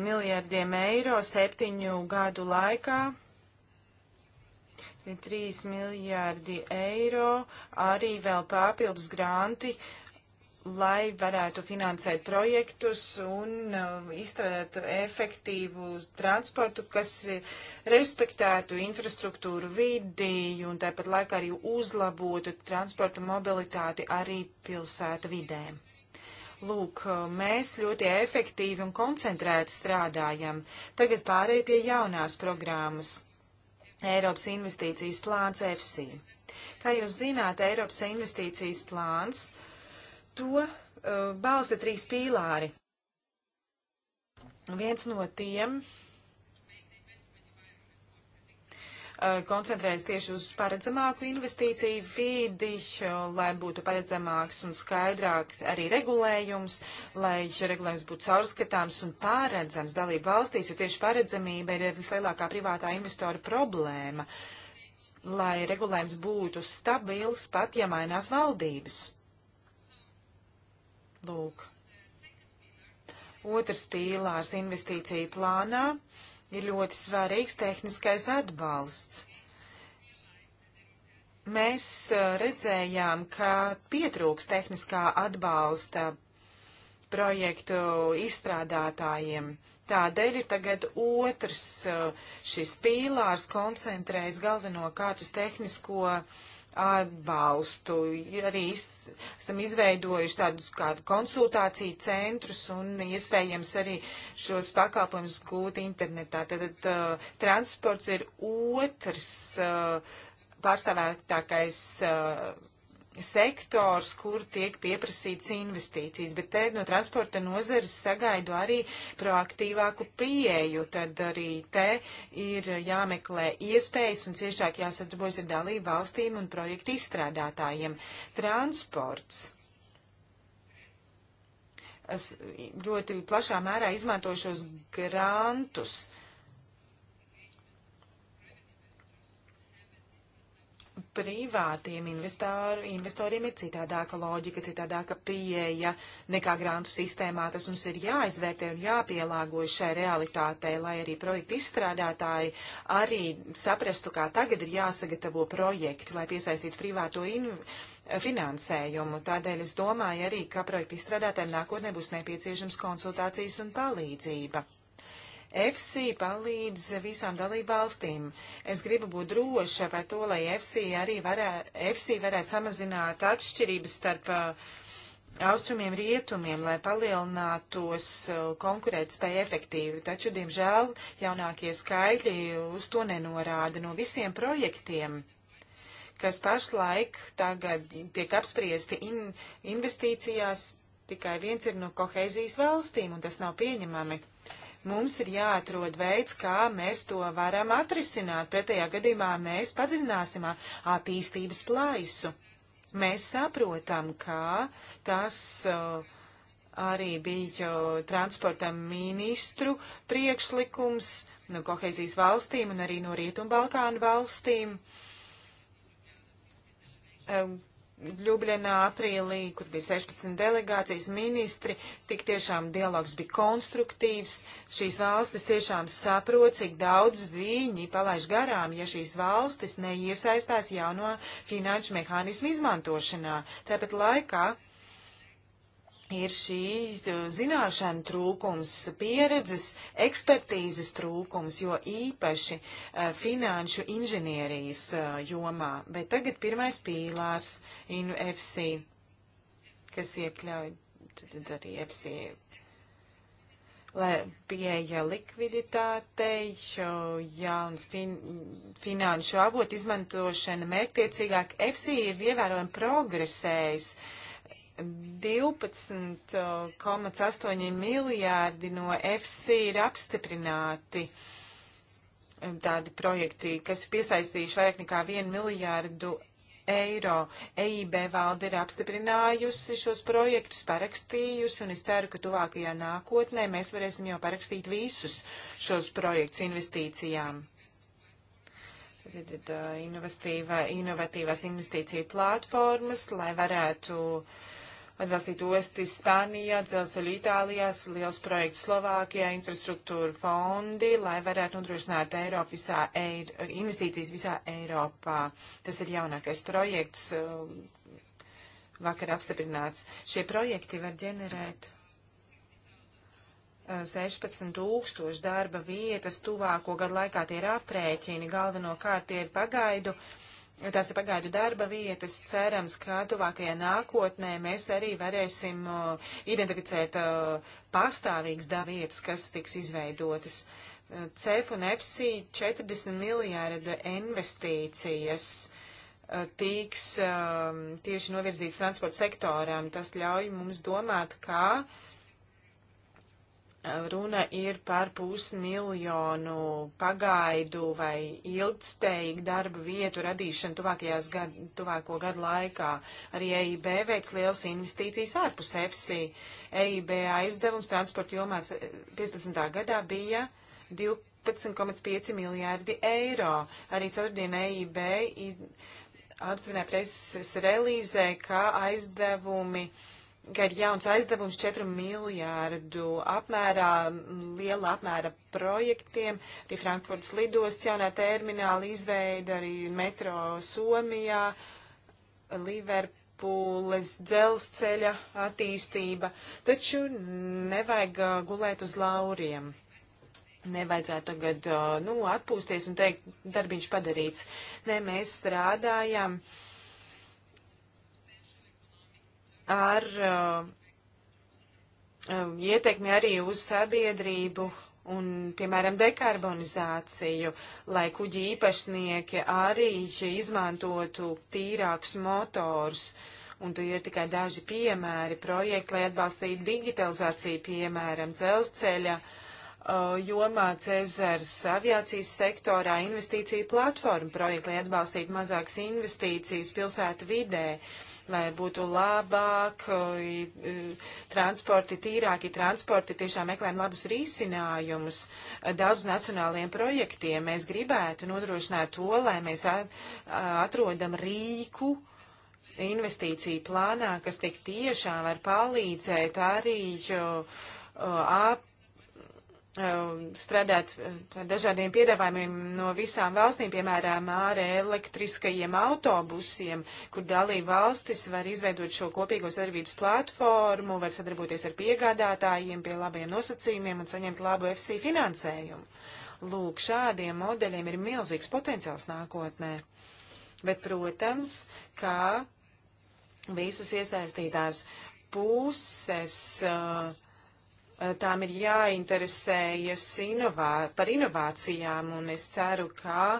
miljardiem eiro septiņu gadu laikā. 3 miljārdi eiro arī vēl papildus granti, lai varētu finansēt projektus un uh, izstrādāt efektīvu transportu, kas uh, respektētu infrastruktūru vidi un tāpat laikā arī uzlabotu transportu mobilitāti arī pilsēta vidēm. Lūk, mēs ļoti efektīvi un koncentrēti strādājam. Tagad pārēj pie jaunās programmas. Eiropas investīcijas plāns EFSI. Kā jūs zināt, Eiropas investīcijas plāns to uh, balsta trīs pīlāri. Viens no tiem Eh, koncentrējas tieši uz paredzamāku investīciju vidi, eh, lai būtu paredzamāks un skaidrāks arī regulējums, lai regulējums būtu caurskatāms un pāredzams dalību valstīs, jo tieši paredzamība ir vislielākā privātā investora problēma, lai regulējums būtu stabils pat, ja mainās valdības. Lūk. Otrs pīlārs investīciju plānā ir ļoti svarīgs tehniskais atbalsts. Mēs redzējām, ka pietrūks tehniskā atbalsta projektu izstrādātājiem. Tādēļ ir tagad otrs šis pīlārs koncentrējas galvenokārt uz tehnisko uh, atbalstu. Arī esam izveidojuši tādus kādu konsultāciju centrus un iespējams arī šos pakalpojumus gūt internetā. Tad uh, transports ir otrs uh, pārstāvētākais uh, sektors, kur tiek pieprasīts investīcijas, bet te no transporta nozares sagaidu arī proaktīvāku pieeju, tad arī te ir jāmeklē iespējas un ciešāk jāsadarbojas ar dalību valstīm un projektu izstrādātājiem. Transports. Es ļoti plašā mērā izmantošos grantus. Uh, privātiem investāru, investoriem ir citādāka loģika, citādāka pieeja nekā grantu sistēmā. Tas mums ir jāizvērtē un jāpielāgojas šai realitātei, lai arī projekta izstrādātāji arī saprastu, kā tagad ir jāsagatavo projekti, lai piesaistītu privāto finansējumu. Tādēļ es domāju arī, ka projekta izstrādātājiem nākotnē būs nepieciešams konsultācijas un palīdzība. EFSI palīdz visām dalībvalstīm. Es gribu būt droša par to, lai EFSI arī varētu, EFSI varētu samazināt atšķirības starp uh, austrumiem rietumiem, lai palielinātos uh, konkurētspēja efektīvi. Taču, diemžēl, jaunākie skaitļi uz to nenorāda no visiem projektiem kas pašlaik tagad tiek apspriesti in, investīcijās, tikai viens ir no kohēzijas valstīm, un tas nav pieņemami mums ir jāatrod veids, kā mēs to varam atrisināt. Pretējā gadījumā mēs padziļināsim attīstības plaisu. Mēs saprotam, kā tas. Uh, arī bija transporta ministru priekšlikums no nu, kohēzijas valstīm un arī no Rietumbalkānu valstīm. Ljubļanā aprīlī, kur bija 16 delegācijas ministri, tik tiešām dialogs bija konstruktīvs. Šīs valstis tiešām saprot, cik daudz viņi palaiž garām, ja šīs valstis neiesaistās jauno finanšu mehānismu izmantošanā. Tāpat laikā ir šīs uh, zināšana trūkums, pieredzes, ekspertīzes trūkums, jo īpaši uh, finanšu inženierijas uh, jomā. Bet tagad pirmais pīlārs InFC, kas iekļauj tad arī FC, lai pieeja likviditātei, jauns fin finanšu avot izmantošana mērķtiecīgāk. FC ir ievērojami progresējis. Uh, 12,8 miljārdi no FC ir apstiprināti um, tādi projekti, kas ir piesaistījuši vairāk nekā 1 miljārdu eiro. EIB valde ir apstiprinājusi šos projektus, parakstījusi, un es ceru, ka tuvākajā nākotnē mēs varēsim jau parakstīt visus šos projektus investīcijām. Tad, tad, inovatīvā, inovatīvās investīcija platformas, lai varētu uh, atbalstīt ostis Spānijā, dzelzceļu Itālijā, liels projekts Slovākijā, infrastruktūra fondi, lai varētu nodrošināt Eiropu visā, Eir investīcijas visā Eiropā. Tas ir jaunākais projekts, um, vakar apstiprināts. Šie projekti var ģenerēt 16 uh, tūkstoši darba vietas tuvāko gadu laikā tie ir aprēķini, galvenokārt tie ir pagaidu Tās ir pagaidu darba vietas. Cerams, ka tuvākajā nākotnē mēs arī varēsim uh, identificēt uh, pastāvīgas darba vietas, kas tiks izveidotas. Uh, CEF un EFSI 40 miljārdu investīcijas e, tiks e, tieši novirzīts transporta sektoram. Tas ļauj mums domāt, kā ka Runa ir par pusmiljonu pagaidu vai ilgspējīgu darba vietu radīšanu tuvākajās gad, tuvāko gadu laikā. Arī EIB veids liels investīcijas ārpus EFSI. EIB aizdevums transporta jomās 15. gadā bija 12,5 miljārdi eiro. Arī ceturtdien EIB iz... apstiprināja preses relīzē, ka aizdevumi uh, ka ir jauns aizdevums 4 miljārdu apmērā, liela apmēra projektiem, arī Frankfurts lidosts jaunā termināla izveida, arī metro Somijā, Liverpūles dzelzceļa attīstība, taču nevajag uh, gulēt uz lauriem. Nevajadzētu tagad, uh, nu, atpūsties un teikt, darbiņš padarīts. Nē, mēs strādājam. Uh, ar uh, um, ietekmi arī uz sabiedrību un, piemēram, dekarbonizāciju, lai kuģi īpašnieki arī izmantotu tīrākus motors. Un tie ir tikai daži piemēri projekti, lai atbalstītu digitalizāciju, piemēram, dzelzceļa uh, jomā Cezars aviācijas sektorā investīcija platforma projekti, lai atbalstītu mazākas investīcijas pilsētu vidē. Uh, lai būtu labāk transporti, tīrāki transporti, tiešām meklējam labus risinājumus daudz nacionāliem projektiem. Mēs gribētu nodrošināt to, lai mēs atrodam rīku, investīciju plānā, kas tik tiešām var palīdzēt arī ap Um, strādāt um, ar dažādiem piedāvājumiem no visām valstīm, piemēram, ar elektriskajiem autobusiem, kur dalība valstis var izveidot šo kopīgo sadarbības platformu, var sadarboties ar piegādātājiem pie labiem nosacījumiem un saņemt labu FC finansējumu. Lūk, šādiem modeļiem ir milzīgs potenciāls nākotnē. Bet, protams, kā visas iesaistītās puses uh, tām ir jāinteresējas inovā, par inovācijām, un es ceru, ka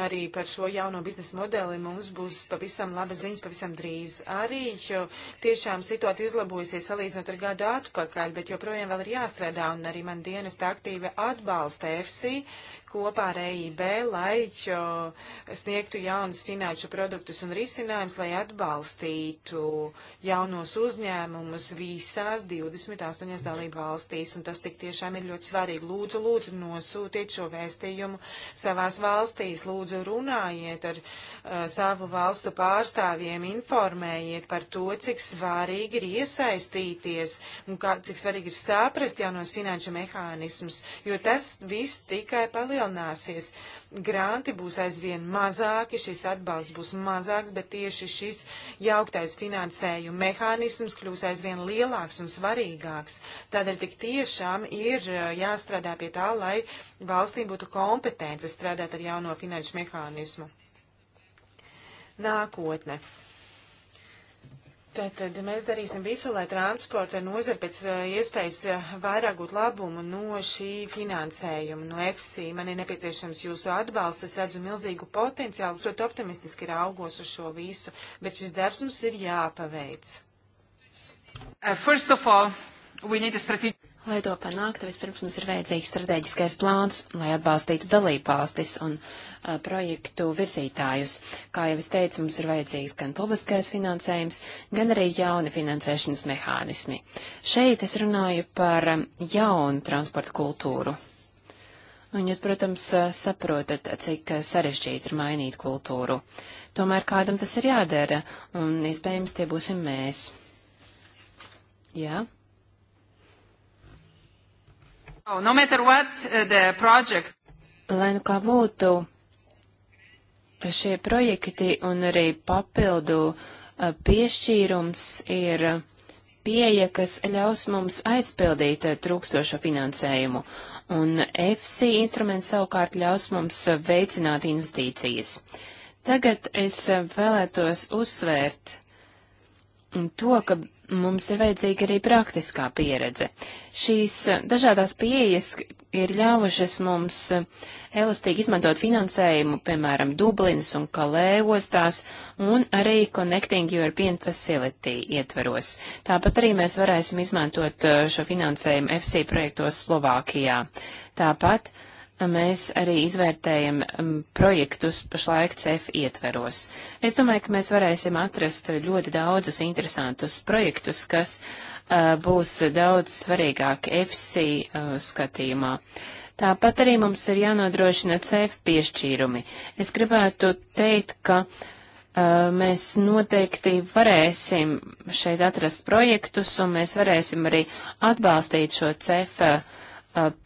arī par šo jauno biznesa modeli mums būs pavisam laba ziņas pavisam drīz. Arī tiešām situācija uzlabojusies salīdzinot ar gadu atpakaļ, bet joprojām vēl ir jāstrādā, un arī man dienesta aktīvi atbalsta EFSI, kopā ar EIB, lai sniegtu jaunus finanšu produktus un risinājumus, lai atbalstītu jaunos uzņēmumus visās 28 dalību valstīs. Un tas tik tiešām ir ļoti svarīgi. Lūdzu, lūdzu, nosūtiet šo vēstījumu savās valstīs. Lūdzu, runājiet ar uh, savu valstu pārstāvjiem, informējiet par to, cik svarīgi ir iesaistīties un kā, cik svarīgi ir saprast jaunos finanšu mehānismus, jo tas viss tikai palielinās palielināsies, granti būs aizvien mazāki, šis atbalsts būs mazāks, bet tieši šis jauktais finansējuma mehānisms kļūs aizvien lielāks un svarīgāks. Tādēļ tik tiešām ir eh, jāstrādā pie tā, lai valstīm būtu kompetence strādāt ar jauno finanšu mehānismu. Nākotne. Tātad mēs darīsim visu, lai transporta nozara pēc eh, iespējas eh, vairāk gūtu labumu no šī finansējuma, no EFSI. Man ir nepieciešams jūsu atbalsts, es redzu milzīgu potenciālu, es ļoti optimistiski raugos uz šo visu, bet šis darbs mums ir jāpaveic. Uh, all, lai to panāktu, vispirms mums ir vajadzīgs strateģiskais plāns, lai atbalstītu dalībvalstis un. Uh, projektu virzītājus. Kā jau es teicu, mums ir vajadzīgs gan publiskais finansējums, gan arī jauni finansēšanas mehānismi. Šeit es runāju par jaunu transporta kultūru. Un jūs, protams, saprotat, cik sarežģīti ir mainīt kultūru. Tomēr kādam tas ir jādara, un iespējams tie būsim mēs. Jā? Oh, no matter what uh, the project. Lai nu kā būtu, šie projekti un arī papildu piešķīrums ir pieeja, kas ļaus mums aizpildīt trūkstošo finansējumu, un FC instruments savukārt ļaus mums veicināt investīcijas. Tagad es vēlētos uzsvērt to, ka mums ir vajadzīga arī praktiskā pieredze. Šīs dažādās pieejas ir ļāvušas mums uh, elastīgi izmantot finansējumu, piemēram, Dublinas un Kalē ostās un arī Connecting European Facility ietveros. Tāpat arī mēs varēsim izmantot uh, šo finansējumu FC projektos Slovākijā. Tāpat uh, mēs arī izvērtējam um, projektus pašlaik CEF ietveros. Es domāju, ka mēs varēsim atrast ļoti daudzus interesantus projektus, kas uh, būs daudz svarīgāk EFSI uh, skatījumā. Uh, Tāpat arī mums ir jānodrošina CEF piešķīrumi. Es gribētu teikt, ka uh, mēs noteikti varēsim šeit atrast projektus un mēs varēsim arī atbalstīt šo CEF uh,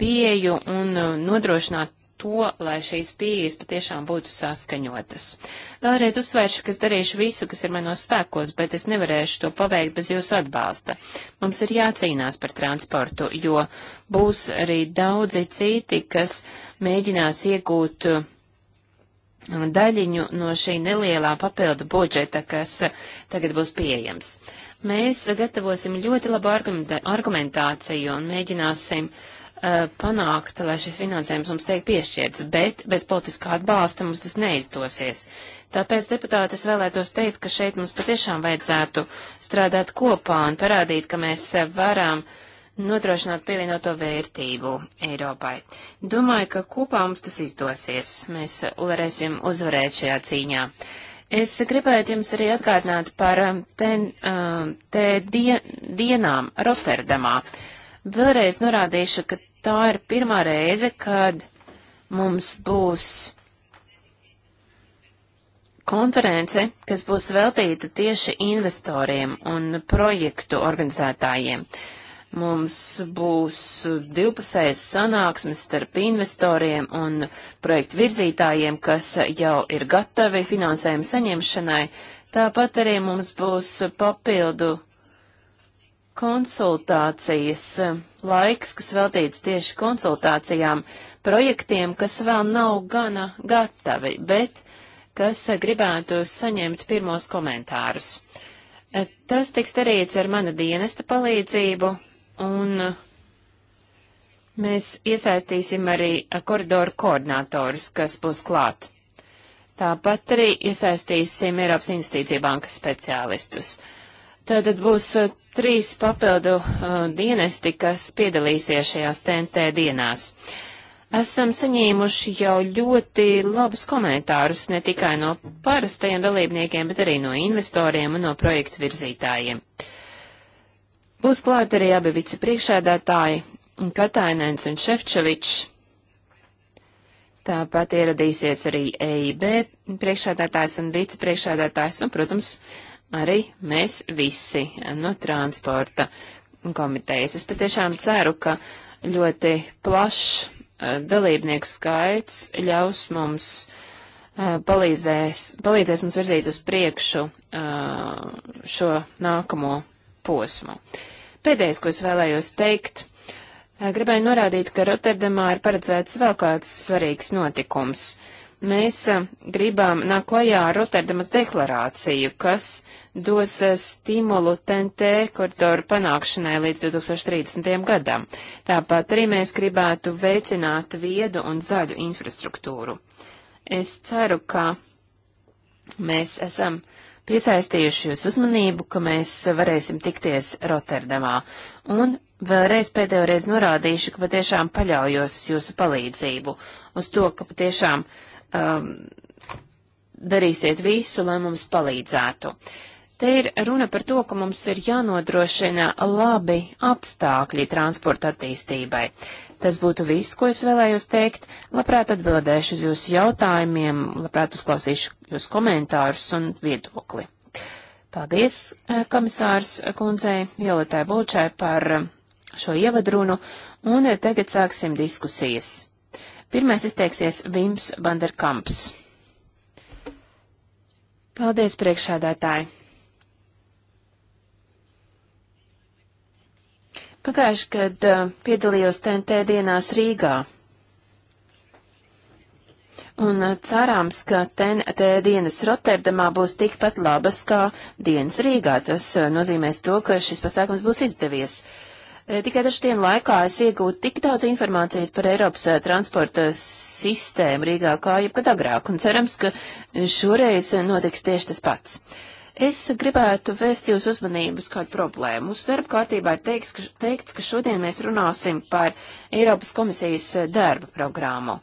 pieju un nodrošināt to, lai šīs pieejas patiešām būtu saskaņotas. Vēlreiz uzsvēršu, ka es darīšu visu, kas ir manos spēkos, bet es nevarēšu to paveikt bez jūsu atbalsta. Mums ir jācīnās par transportu, jo būs arī daudzi citi, kas mēģinās iegūt uh, daļiņu no šī nelielā papildu budžeta, kas uh, tagad būs pieejams. Mēs gatavosim ļoti labu argumentāciju un mēģināsim uh, Uh, panākt, lai šis finansējums mums tiek piešķirts, bet bez politiskā atbalsta mums tas neizdosies. Tāpēc, deputāti, es vēlētos teikt, ka šeit mums patiešām vajadzētu strādāt kopā un parādīt, ka mēs varam nodrošināt pievienoto vērtību Eiropai. Domāju, ka kopā mums tas izdosies. Mēs varēsim uzvarēt šajā cīņā. Es gribētu jums arī atgādināt par um, te, um, te die, dienām Rotterdamā. Vēlreiz norādīšu, ka tā ir pirmā reize, kad mums būs konference, kas būs veltīta tieši investoriem un projektu organizētājiem. Mums būs divpusējas sanāksmes starp investoriem un projektu virzītājiem, kas jau ir gatavi finansējuma saņemšanai. Tāpat arī mums būs papildu konsultācijas, eh, laiks, kas veltīts tieši konsultācijām, projektiem, kas vēl nav gana gatavi, bet kas eh, gribētu saņemt pirmos komentārus. Eh, tas tiks darīts ar mana dienesta palīdzību, un mēs iesaistīsim arī koridoru koordinatorus, kas būs klāt. Tāpat arī iesaistīsim Eiropas Investīcija bankas speciālistus. Tātad būs uh, trīs papildu uh, dienesti, kas piedalīsies šajās TNT dienās. Esam saņēmuši jau ļoti labus komentārus ne tikai no parastajiem dalībniekiem, bet arī no investoriem un no projektu virzītājiem. Būs klāt arī abi vicepriekšēdētāji Katainēns un Šefčovičs. Tāpat ieradīsies arī EIB priekšēdētājs un vicepriekšēdētājs un, protams, arī mēs visi no nu, transporta komitejas. Es patiešām ceru, ka ļoti plašs eh, dalībnieku skaits ļaus mums eh, palīdzēs, palīdzēs mums virzīt uz priekšu eh, šo nākamo posmu. Pēdējais, ko es vēlējos teikt, gribēju norādīt, ka Rotterdamā ir paredzēts vēl kāds svarīgs notikums. Uh, mēs eh, gribam nākt klajā ar Rotterdamas deklarāciju, kas dos eh, stimulu TNT koridoru panākšanai līdz 2030. gadam. Tāpat arī mēs gribētu veicināt viedu un zaļu infrastruktūru. Es ceru, ka mēs esam piesaistījuši jūs uzmanību, ka mēs varēsim tikties Rotterdamā. Un vēlreiz pēdējo reizi norādīšu, ka patiešām paļaujos uz jūsu palīdzību, uz to, ka patiešām uh, um, darīsiet visu, lai mums palīdzētu. Te ir runa par to, ka mums ir jānodrošina labi apstākļi transporta attīstībai. Tas būtu viss, ko es vēlējos teikt. Labprāt atbildēšu uz jūsu jautājumiem, labprāt uzklausīšu jūsu komentārus un viedokli. Paldies, eh, komisārs kundzei Violetai Bulčai par šo ievadrunu, un tagad sāksim diskusijas. Pirmais izteiksies Vims Vanderkamps. Paldies, priekšādātāji! Pagājuši, kad uh, piedalījos TNT dienās Rīgā. Un uh, cerāms, ka TNT dienas Rotterdamā būs tikpat labas kā dienas Rīgā. Tas uh, nozīmēs to, ka šis pasākums būs izdevies. Uh, Eh, tikai dažu dienu laikā es iegūtu tik daudz informācijas par Eiropas eh, transporta sistēmu Rīgā kā jebkad agrāk, un cerams, ka šoreiz notiks tieši tas pats. Es gribētu vēst jūs uzmanību uz kādu problēmu. Mūsu darba kārtībā ir teiks, ka, teikts, ka šodien mēs runāsim par Eiropas komisijas eh, darba programmu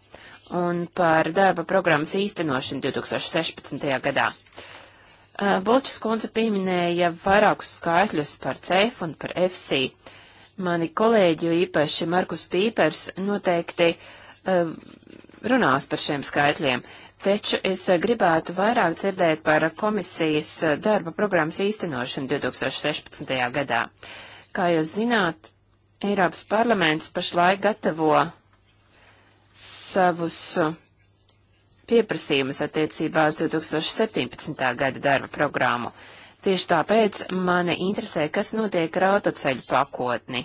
un par darba programmas īstenošanu 2016. gadā. Bulčas kundze pieminēja vairākus skaitļus par CEF un par FSI. Mani kolēģi, jo īpaši Markus Pīpers, noteikti uh, runās par šiem skaitļiem, taču es eh, gribētu vairāk dzirdēt par komisijas eh, darba programmas īstenošanu 2016. gadā. Kā jūs zināt, Eiropas parlaments pašlaik gatavo savus pieprasījumus attiecībā uz 2017. gada darba programmu. Tieši tāpēc mani interesē, kas notiek ar autoceļu pakotni.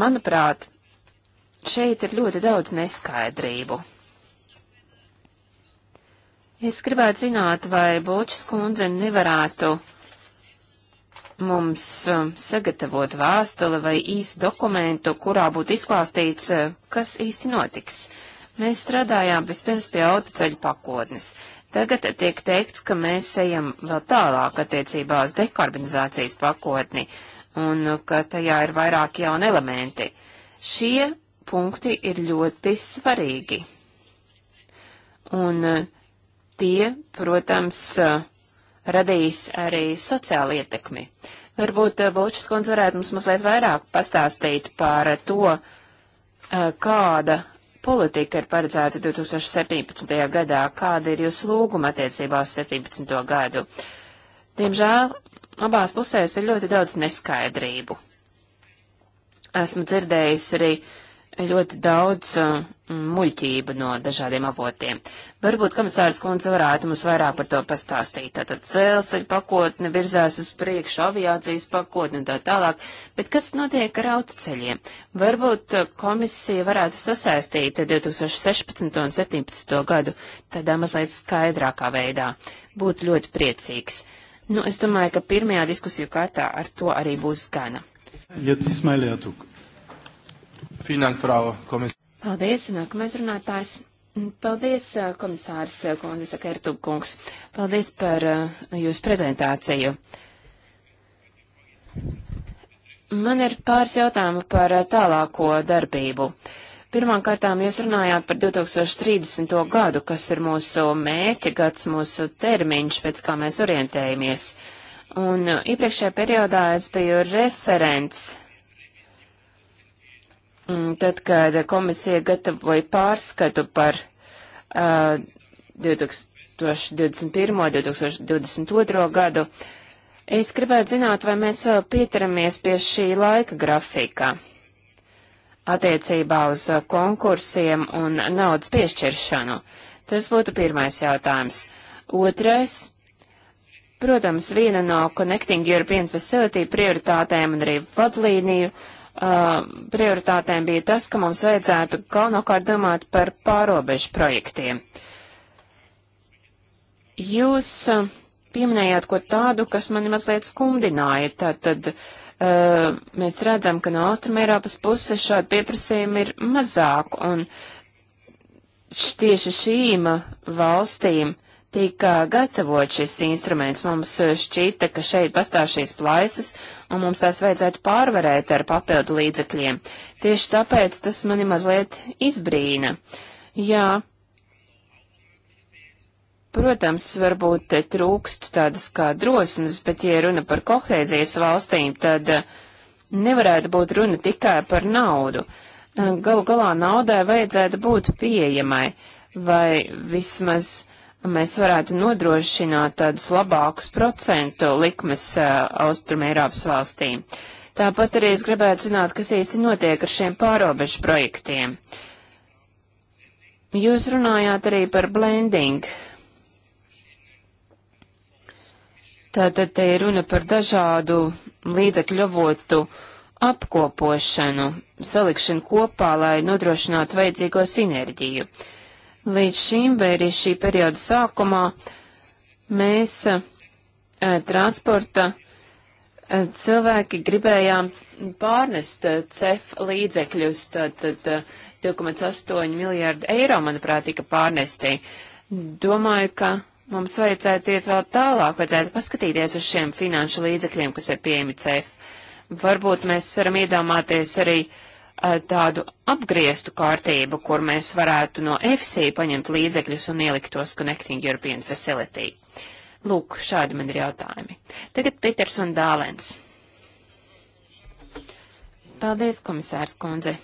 Manuprāt, šeit ir ļoti daudz neskaidrību. Es gribētu zināt, vai Bulčs kundze nevarētu mums um, sagatavot vēstuli vai īsu dokumentu, kurā būtu izklāstīts, uh, kas īsti notiks. Mēs strādājām vispirms pie autoceļu pakotnes. Tagad tiek teikts, ka mēs ejam vēl tālāk attiecībā uz dekarbonizācijas pakotni un ka tajā ir vairāk jauni elementi. Šie punkti ir ļoti svarīgi. Un uh, tie, protams, uh, radīs arī sociāli ietekmi. Varbūt uh, Bulčis kundze varētu mums mazliet vairāk pastāstīt par to, kāda politika ir paredzēta 2017. gadā? Kāda ir jūsu lūguma attiecībā uz 17. gadu? Diemžēl abās pusēs ir ļoti daudz neskaidrību. Esmu dzirdējis arī uh, ļoti daudz uh, muļķību no dažādiem avotiem. Varbūt komisārs Kunze varētu mums vairāk par to pastāstīt. Tātad cēlceļa pakotne virzās uz priekšu, aviācijas pakotne un tā tālāk, bet kas notiek ar autoceļiem? Varbūt uh, komisija varētu sasaistīt 2016 un 2017 gadu tādā mazliet skaidrākā veidā. Būtu ļoti priecīgs. Nu, es domāju, ka pirmajā diskusiju kārtā ar to arī būs gana. Ja Ismaili Atuk. Fīnāk, frau komisārs. Paldies, nākamais runātājs. Mm, paldies, uh, komisārs Konzis uh, Kertubkungs. Paldies par uh, jūsu prezentāciju. Man ir pāris jautājumu par uh, tālāko darbību. Pirmkārtām jūs runājāt par 2030. gadu, kas ir mūsu mēķa gads, mūsu termiņš, pēc kā mēs orientējamies. Un uh, iepriekšējā periodā es biju referents Mm, tad, kad komisija gatavoja pārskatu par uh, 2021. un 2022. gadu, es gribētu zināt, vai mēs vēl pieturamies pie šī laika grafika attiecībā uz uh, konkursiem un naudas piešķiršanu. Tas būtu pirmais jautājums. Otrais. Protams, viena no Connecting European Facility prioritātēm un arī vadlīniju uh, Eh, prioritātēm bija tas, ka mums vajadzētu galvenokārt domāt par pārobežu projektiem. Jūs eh, pieminējāt ko tādu, kas mani mazliet skumdināja. Tātad uh, mēs redzam, ka no Austrumēropas puses šādi pieprasījumi ir mazāk, un tieši šīm valstīm tika gatavot šis instruments. Mums šķita, ka šeit pastāv šīs plaisas, uh, un mums tās vajadzētu pārvarēt ar papildu līdzekļiem. Tieši tāpēc tas mani mazliet izbrīna. Jā, protams, varbūt te trūkst tādas kā drosmes, bet, ja runa par kohēzijas valstīm, tad eh, nevarētu būt runa tikai par naudu. Eh, galu galā naudai vajadzētu būt pieejamai vai vismaz mēs varētu nodrošināt tādus labākus procentu likmes uh, Austrum Eiropas valstīm. Tāpat arī es gribētu zināt, kas īsti notiek ar šiem pārobežu projektiem. Jūs runājāt arī par blending. Tātad te ir runa par dažādu līdzekļu avotu apkopošanu, salikšanu kopā, lai nodrošinātu vajadzīgo sinerģiju. Uh, Līdz šim vai arī šī perioda sākumā mēs a, e, transporta e, cilvēki gribējām pārnest e, CEF līdzekļus, tad, tad 2,8 miljārdi eiro, manuprāt, tika pārnestī. Domāju, ka mums vajadzētu iet vēl tālāk, vajadzētu paskatīties uz šiem finanšu līdzekļiem, kas ir pieejami CEF. Varbūt mēs varam iedomāties arī uh, Eh, tādu apgrieztu kārtību, kur mēs varētu no FC paņemt līdzekļus un ielikt tos Connecting European Facility. Lūk, šādi man ir jautājumi. Tagad Peters un Dālens. Paldies, komisārs kundze.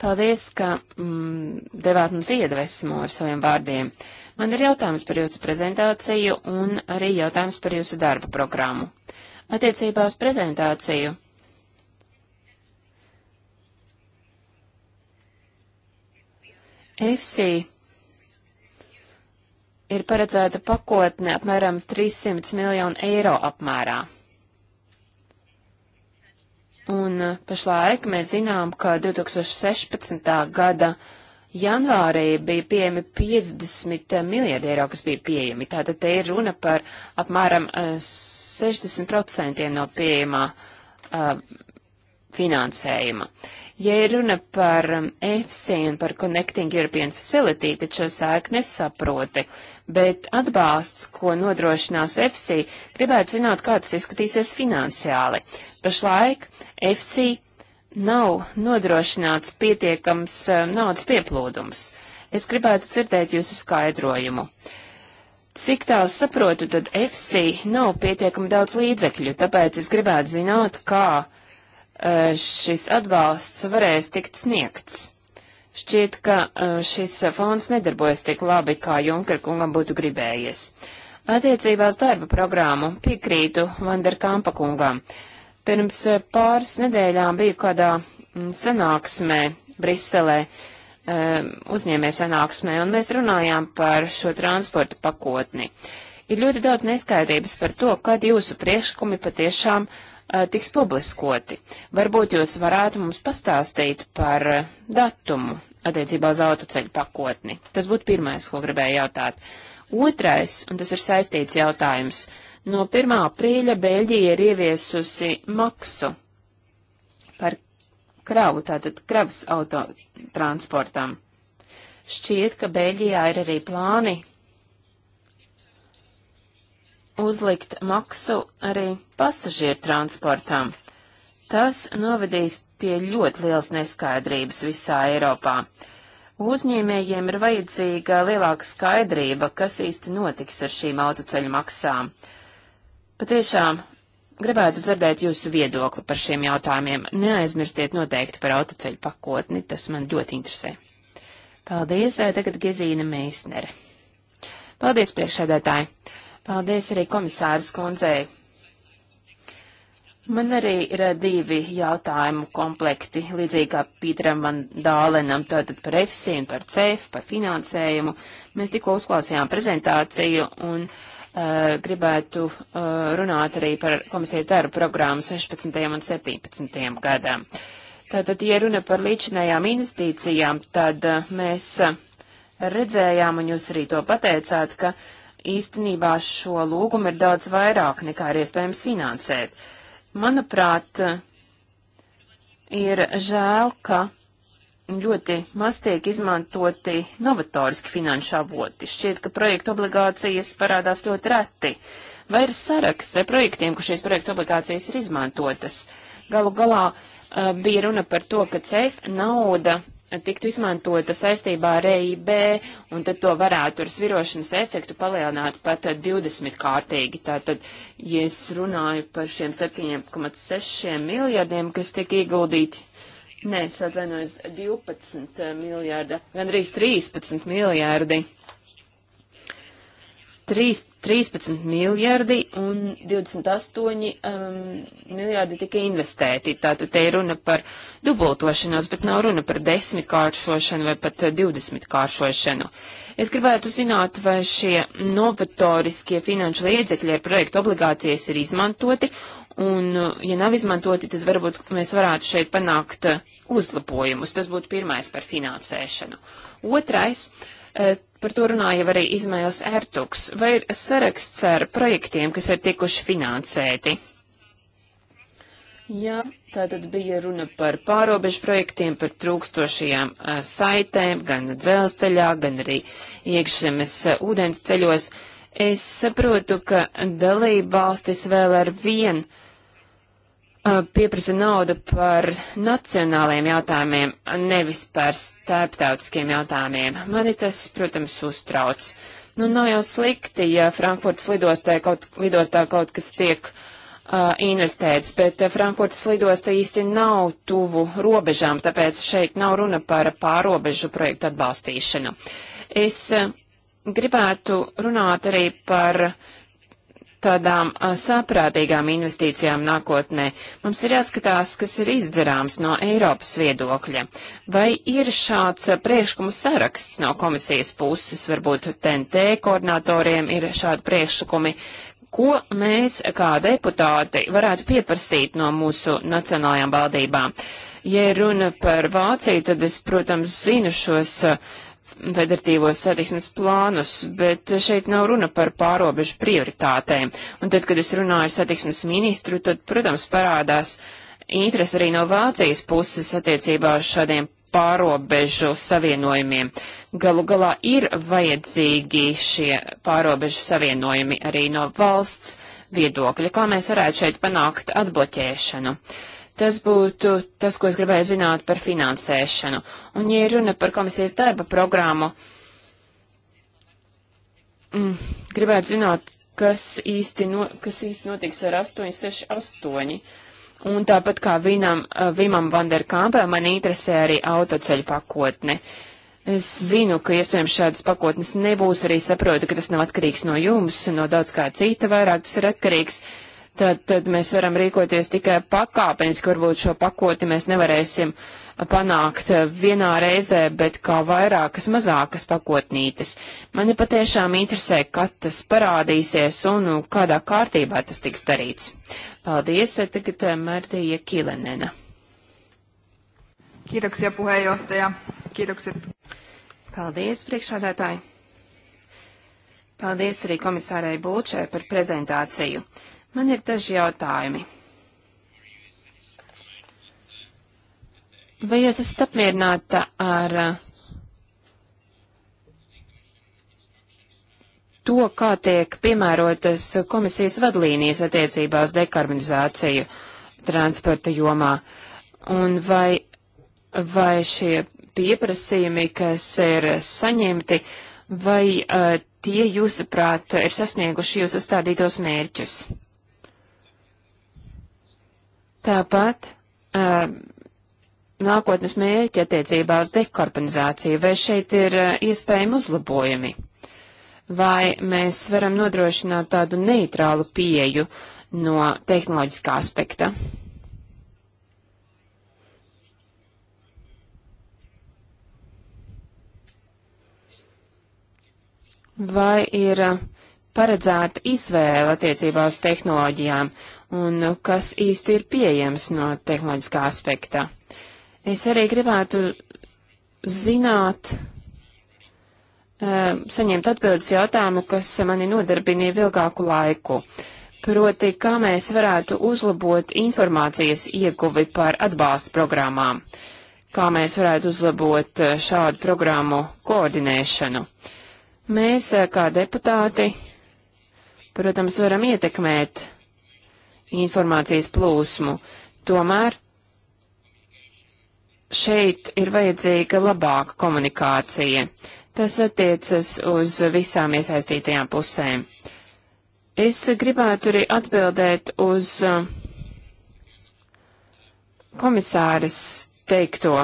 Paldies, ka mm, devāt mums iedvesmu ar saviem vārdiem. Man ir jautājums par jūsu prezentāciju un arī jautājums par jūsu darba programmu. Attiecībā uz prezentāciju EFSI ir paredzēta pakotne apmēram 300 miljonu eiro apmērā. Un uh, pašlaik mēs zinām, ka 2016. gada janvārī bija pieejami 50 uh, miljardi eiro, kas bija pieejami. Tātad te ir runa par apmēram 60% uh, no pieejamā uh, finansējuma. Ja ir runa par EFSI um, un par Connecting European Facility, tad šo saikni nesaproti, bet atbalsts, ko nodrošinās EFSI, gribētu zināt, kā tas izskatīsies finansiāli. Pašlaik EFSI nav nodrošināts pietiekams um, naudas pieplūdums. Es gribētu dzirdēt jūsu skaidrojumu. Cik tā saprotu, tad EFSI nav pietiekami daudz līdzekļu, tāpēc es gribētu zināt, kā Eh, šis atbalsts varēs tikt sniegts. Šķiet, ka eh, šis fonds nedarbojas tik labi, kā Junker kungam būtu gribējies. Attiecībās darba programmu piekrītu Vanderkampa kungam. Pirms eh, pāris nedēļām biju kādā mm, sanāksmē Briselē, uzņēmē sanāksmē, un mēs runājām par šo transporta pakotni. Ir ļoti daudz neskaidrības par to, kad jūsu priekšlikumi patiešām uh, Eh, tiks publiskoti. Varbūt jūs varētu mums pastāstīt par eh, datumu attiecībā uz autoceļu pakotni. Tas būtu pirmais, ko gribēju jautāt. Otrais, un tas ir saistīts jautājums, no 1. aprīļa Beļģija ir ieviesusi maksu par kravu, tātad kravas autotransportam. Šķiet, ka Beļģijā ir arī plāni uzlikt maksu arī pasažieru transportam. Tas novedīs pie ļoti liels neskaidrības visā Eiropā. Uzņēmējiem ir vajadzīga lielāka skaidrība, kas īsti notiks ar šīm autoceļu maksām. Patiešām gribētu dzirdēt jūsu viedokli par šiem jautājumiem. Neaizmirstiet noteikti par autoceļu pakotni, tas man ļoti interesē. Paldies, tagad Gezīna Meisnere. Paldies, priekšsēdētāji! Paldies arī komisāras kundzei. Man arī ir divi jautājumu komplekti, līdzīgi kā Pīteram Van Dālenam, tātad par EFSI un par CEF, par finansējumu. Mēs tikko uzklausījām prezentāciju un uh, gribētu uh, runāt arī par komisijas darbu programmu 16. un 17. gadam. Tātad, ja runa par līdzinējām investīcijām, tad uh, mēs uh, redzējām, un jūs arī to pateicāt, ka uh, īstenībā šo lūgumu ir daudz vairāk nekā ir iespējams finansēt. Manuprāt, ir žēl, ka ļoti maz tiek izmantoti novatoriski finanšu avoti. Šķiet, ka projektu obligācijas parādās ļoti reti. Vai ir saraksts ar projektiem, kur šīs projektu obligācijas ir izmantotas? Galu galā uh, bija runa par to, ka CEF nauda tiktu izmantota saistībā ar EIB, un tad to varētu ar svirošanas efektu palielināt pat 20 eh, kārtīgi. Tātad, ja es runāju par šiem 7,6 miljardiem, kas tiek ieguldīti, nē, es atvainojos, 12 eh, miljārda, gandrīz 13 miljārdi. 3, 13 miljardi un 28 um, miljardi tika investēti. Tātad te ir runa par dubultošanos, bet nav runa par desmitkāršošanu vai pat divdesmitkāršošanu. Es gribētu zināt, vai šie novatoriskie finanšu līdzekļi ar projektu obligācijas ir izmantoti Un, uh, ja nav izmantoti, tad varbūt mēs varētu šeit panākt uh, uzlabojumus. Tas būtu pirmais par finansēšanu. Otrais, uh, Par to runāja arī Izmails Ertuks. Vai ir saraksts ar projektiem, kas ir tikuši finansēti? Jā, tātad bija runa par pārobežu projektiem, par trūkstošajām a, saitēm, gan dzelzceļā, gan arī iekšzemes a, ūdens ceļos. Es saprotu, ka dalība valstis vēl ar vienu Uh, pieprasa naudu par nacionāliem jautājumiem, nevis par starptautiskiem jautājumiem. Mani tas, protams, uztrauc. Nu, nav jau slikti, ja Frankfurtas lidostā kaut, lidostā kaut kas tiek uh, investēts, bet uh, Frankfurtas lidosta īsti nav tuvu robežām, tāpēc šeit nav runa par pārobežu projektu atbalstīšanu. Es uh, gribētu runāt arī par tādām saprātīgām investīcijām nākotnē, mums ir jāskatās, kas ir izdarāms no Eiropas viedokļa. Vai ir šāds priekšlikumu saraksts no komisijas puses, varbūt TNT koordinatoriem ir šādi priekšlikumi, ko mēs kā deputāti varētu pieprasīt no mūsu nacionālajām valdībām? Ja runa par Vāciju, tad es, protams, zinu šos uh, federatīvos satiksmes plānus, bet šeit nav runa par pārobežu prioritātēm. Un tad, kad es runāju ar satiksmes ministru, tad, protams, parādās interesi arī no Vācijas puses attiecībā uz šādiem pārobežu savienojumiem. Galu galā ir vajadzīgi šie pārobežu savienojumi arī no valsts viedokļa, kā mēs varētu šeit panākt atbloķēšanu. Tas būtu tas, ko es gribēju zināt par finansēšanu. Un, ja runa par komisijas darba programmu, mm, gribētu zināt, kas īsti, no, kas īsti notiks ar 868. Un tāpat kā Vinam, eh, Vimam Vanderkampam, man interesē arī autoceļu pakotne. Uh, Es zinu, ka iespējams šādas pakotnes nebūs, arī saprotu, ka tas nav atkarīgs no jums, no daudz kā cita vairāk tas ir atkarīgs. Tad, tad mēs varam rīkoties tikai pakāpeniski, varbūt šo pakoti mēs nevarēsim panākt vienā reizē, bet kā vairākas mazākas pakotnītes. Mani patiešām interesē, kad tas parādīsies un kādā kārtībā tas tiks darīts. Paldies, eh, tagad eh, Mērtija Kilenena. Kiitoksia puheenjohtaja. Kiitokset. Paldies, priekšādātāji. Paldies arī komisārai Būčē par prezentāciju. Man ir daži jautājumi. Vai jūs esat apmierināta ar uh, to, kā tiek piemērotas komisijas vadlīnijas attiecībā uz dekarbonizāciju transporta jomā? Un vai, vai šie pieprasījumi, kas ir saņemti, vai uh, tie, jūsuprāt, ir sasnieguši jūs uzstādītos mērķus? Tāpat uh, nākotnes mērķi attiecībā uz dekarbonizāciju, vai šeit ir uh, iespējami uzlabojumi? Vai mēs varam nodrošināt tādu neitrālu pieju no tehnoloģiskā aspekta? vai ir uh, paredzēta izvēle attiecībā uz tehnoloģijām un uh, kas īsti ir pieejams no tehnoloģiskā aspekta. Es arī gribētu zināt, uh, saņemt atbildus jautājumu, kas mani nodarbinīja ilgāku laiku. Proti, kā mēs varētu uzlabot informācijas ieguvi par atbalsta programmām, kā mēs varētu uzlabot šādu programmu koordinēšanu. Uh, Mēs, eh, kā deputāti, protams, varam ietekmēt informācijas plūsmu, tomēr šeit ir vajadzīga labāka komunikācija. Tas attiecas uz visām iesaistītajām pusēm. Es gribētu arī atbildēt uz eh, komisāras teikto.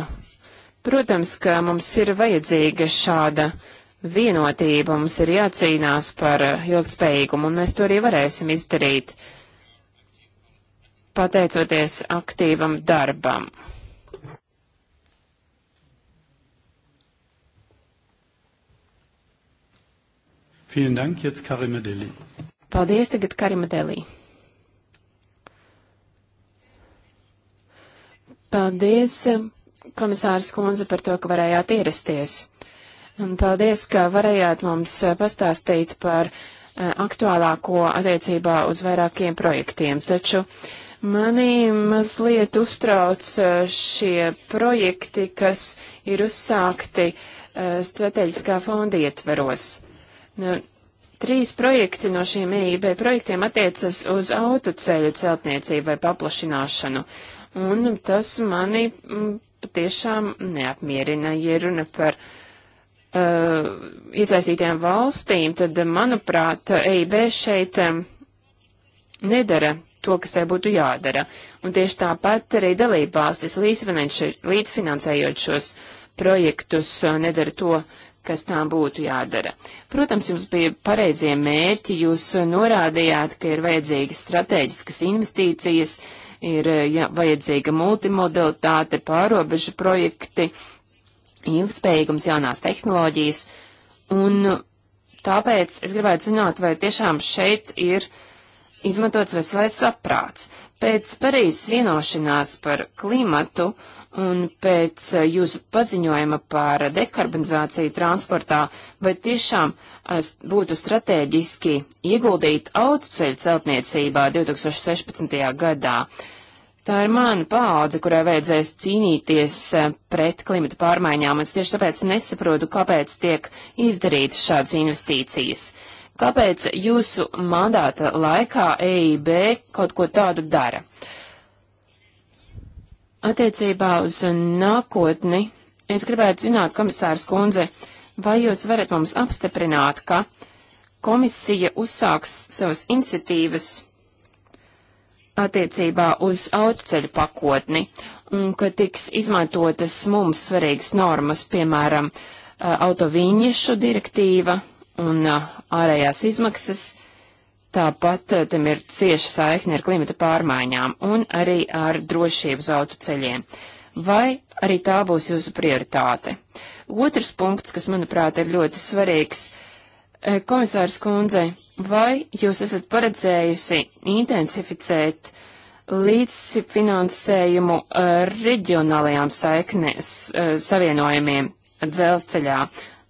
Protams, ka mums ir vajadzīga šāda uh, vienotība, mums ir jācīnās par eh, ilgtspējīgumu, un mēs to arī varēsim izdarīt, pateicoties aktīvam darbam. Dank, Paldies, tagad Karima Delī. Paldies, eh, komisārs Kunze, par to, ka varējāt ierasties. Un paldies, ka varējāt mums eh, pastāstīt par eh, aktuālāko attiecībā uz vairākiem projektiem. Taču mani mazliet uztrauc eh, šie projekti, kas ir uzsākti strateģiskā fonda ietveros. Nu, trīs projekti no šiem EIB projektiem attiecas uz autoceļu celtniecību vai paplašināšanu. Un tas mani mm, patiešām neapmierina, ja runa par uh, Uh, iesaistītām valstīm, tad, eh, manuprāt, EIB šeit eh, nedara to, kas tai būtu jādara. Un tieši tāpat arī dalībvalstis līdzfinansējot šos projektus eh, nedara to, kas tām būtu jādara. Protams, jums bija pareizie mērķi, jūs norādījāt, ka ir vajadzīgas strateģiskas investīcijas, ir ja, vajadzīga multimodalitāte, pārobežu projekti, ilgspējīgums, jaunās tehnoloģijas, un tāpēc es gribētu zināt, vai tiešām šeit ir izmantots veselais saprāts. Pēc Parīzes vienošanās par klimatu un pēc eh, jūsu paziņojuma par dekarbonizāciju transportā, vai tiešām eh, būtu strateģiski ieguldīt autoceļu celtniecībā 2016. gadā? Tā ir mana paudze, kurai vajadzēs cīnīties e, pret klimata pārmaiņām. Es tieši tāpēc nesaprotu, kāpēc tiek izdarītas šādas investīcijas. Kāpēc jūsu mandāta laikā EIB kaut ko tādu dara? Attiecībā uz nākotni es gribētu zināt, komisārs kundze, vai jūs varat mums apstiprināt, ka komisija uzsāks savas iniciatīvas attiecībā uz autoceļu pakotni un ka tiks izmantotas mums svarīgas normas, piemēram, autovīņiešu direktīva un ārējās izmaksas. Tāpat tam ir cieša saikne ar klimata pārmaiņām un arī ar drošības autoceļiem. Vai arī tā būs jūsu prioritāte? Otrs punkts, kas, manuprāt, ir ļoti svarīgs, ir Eh, komisārs kundze, vai jūs esat paredzējusi intensificēt līdzfinansējumu eh, reģionālajām saiknēs eh, savienojumiem dzelzceļā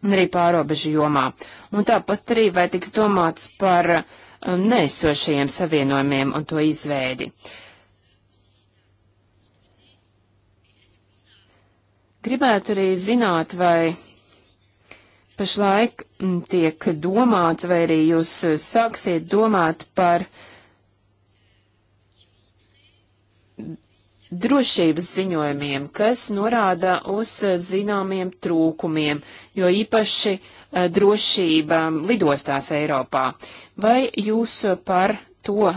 un arī pārobežu jomā? Un tāpat arī vai tiks domāts par neesošajiem savienojumiem un to izveidi? Gribētu arī zināt, vai pašlaik mm, tiek domāts, vai arī jūs eh, sāksiet domāt par drošības ziņojumiem, kas norāda uz eh, zināmiem trūkumiem, jo īpaši eh, drošība lidostās Eiropā. Vai jūs par to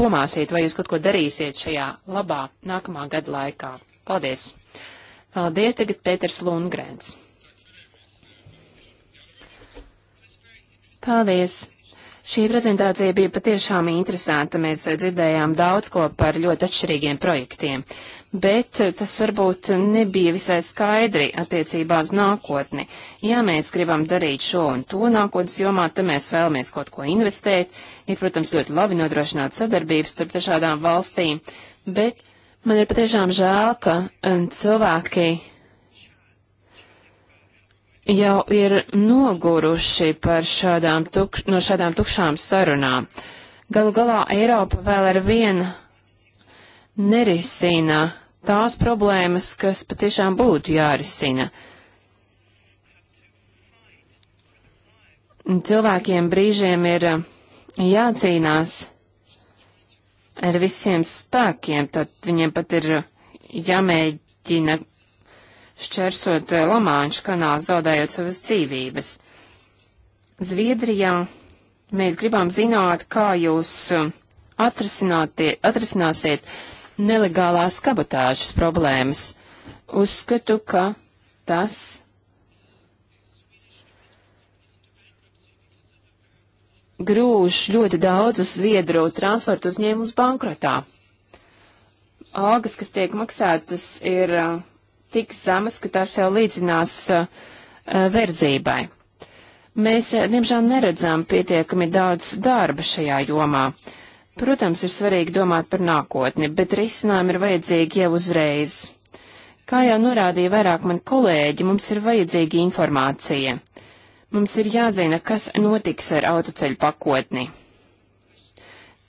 domāsiet, vai jūs kaut ko darīsiet šajā labā nākamā gada laikā? Paldies! Paldies, tagad Pēters Lundgrēns. Paldies! Šī prezentācija bija patiešām interesanta. Mēs dzirdējām daudz ko par ļoti atšķirīgiem projektiem, bet tas varbūt nebija visai skaidri attiecībā uz nākotni. Ja mēs gribam darīt šo un to nākotnes jomā, tad mēs vēlamies kaut ko investēt. Ir, protams, ļoti labi nodrošināt sadarbības starp dažādām valstīm, bet man ir patiešām žēl, ka eh, cilvēki jau ir noguruši par šādām tukš, no šādām tukšām sarunām. Galu galā Eiropa vēl ar vienu nerisina tās problēmas, kas patiešām būtu jārisina. Cilvēkiem brīžiem ir jācīnās ar visiem spēkiem, tad viņiem pat ir jāmēģina šķērsot eh, Lamāņu kanālu, zaudējot savas dzīvības. Zviedrijā mēs gribam zināt, kā jūs eh, atrisināsiet nelegālās kabotāžas problēmas. Uzskatu, ka tas grūž ļoti daudzus zviedru transportu uzņēmumus bankrotā. Algas, kas tiek maksātas, ir uh, tik zemas, ka tās jau līdzinās uh, uh verdzībai. Mēs, uh, diemžēl, neredzam pietiekami daudz darba šajā jomā. Protams, ir svarīgi domāt par nākotni, bet risinājumi ir vajadzīgi jau uzreiz. Kā jau norādīja vairāk mani kolēģi, mums ir vajadzīga informācija. Mums ir jāzina, kas notiks ar autoceļu pakotni.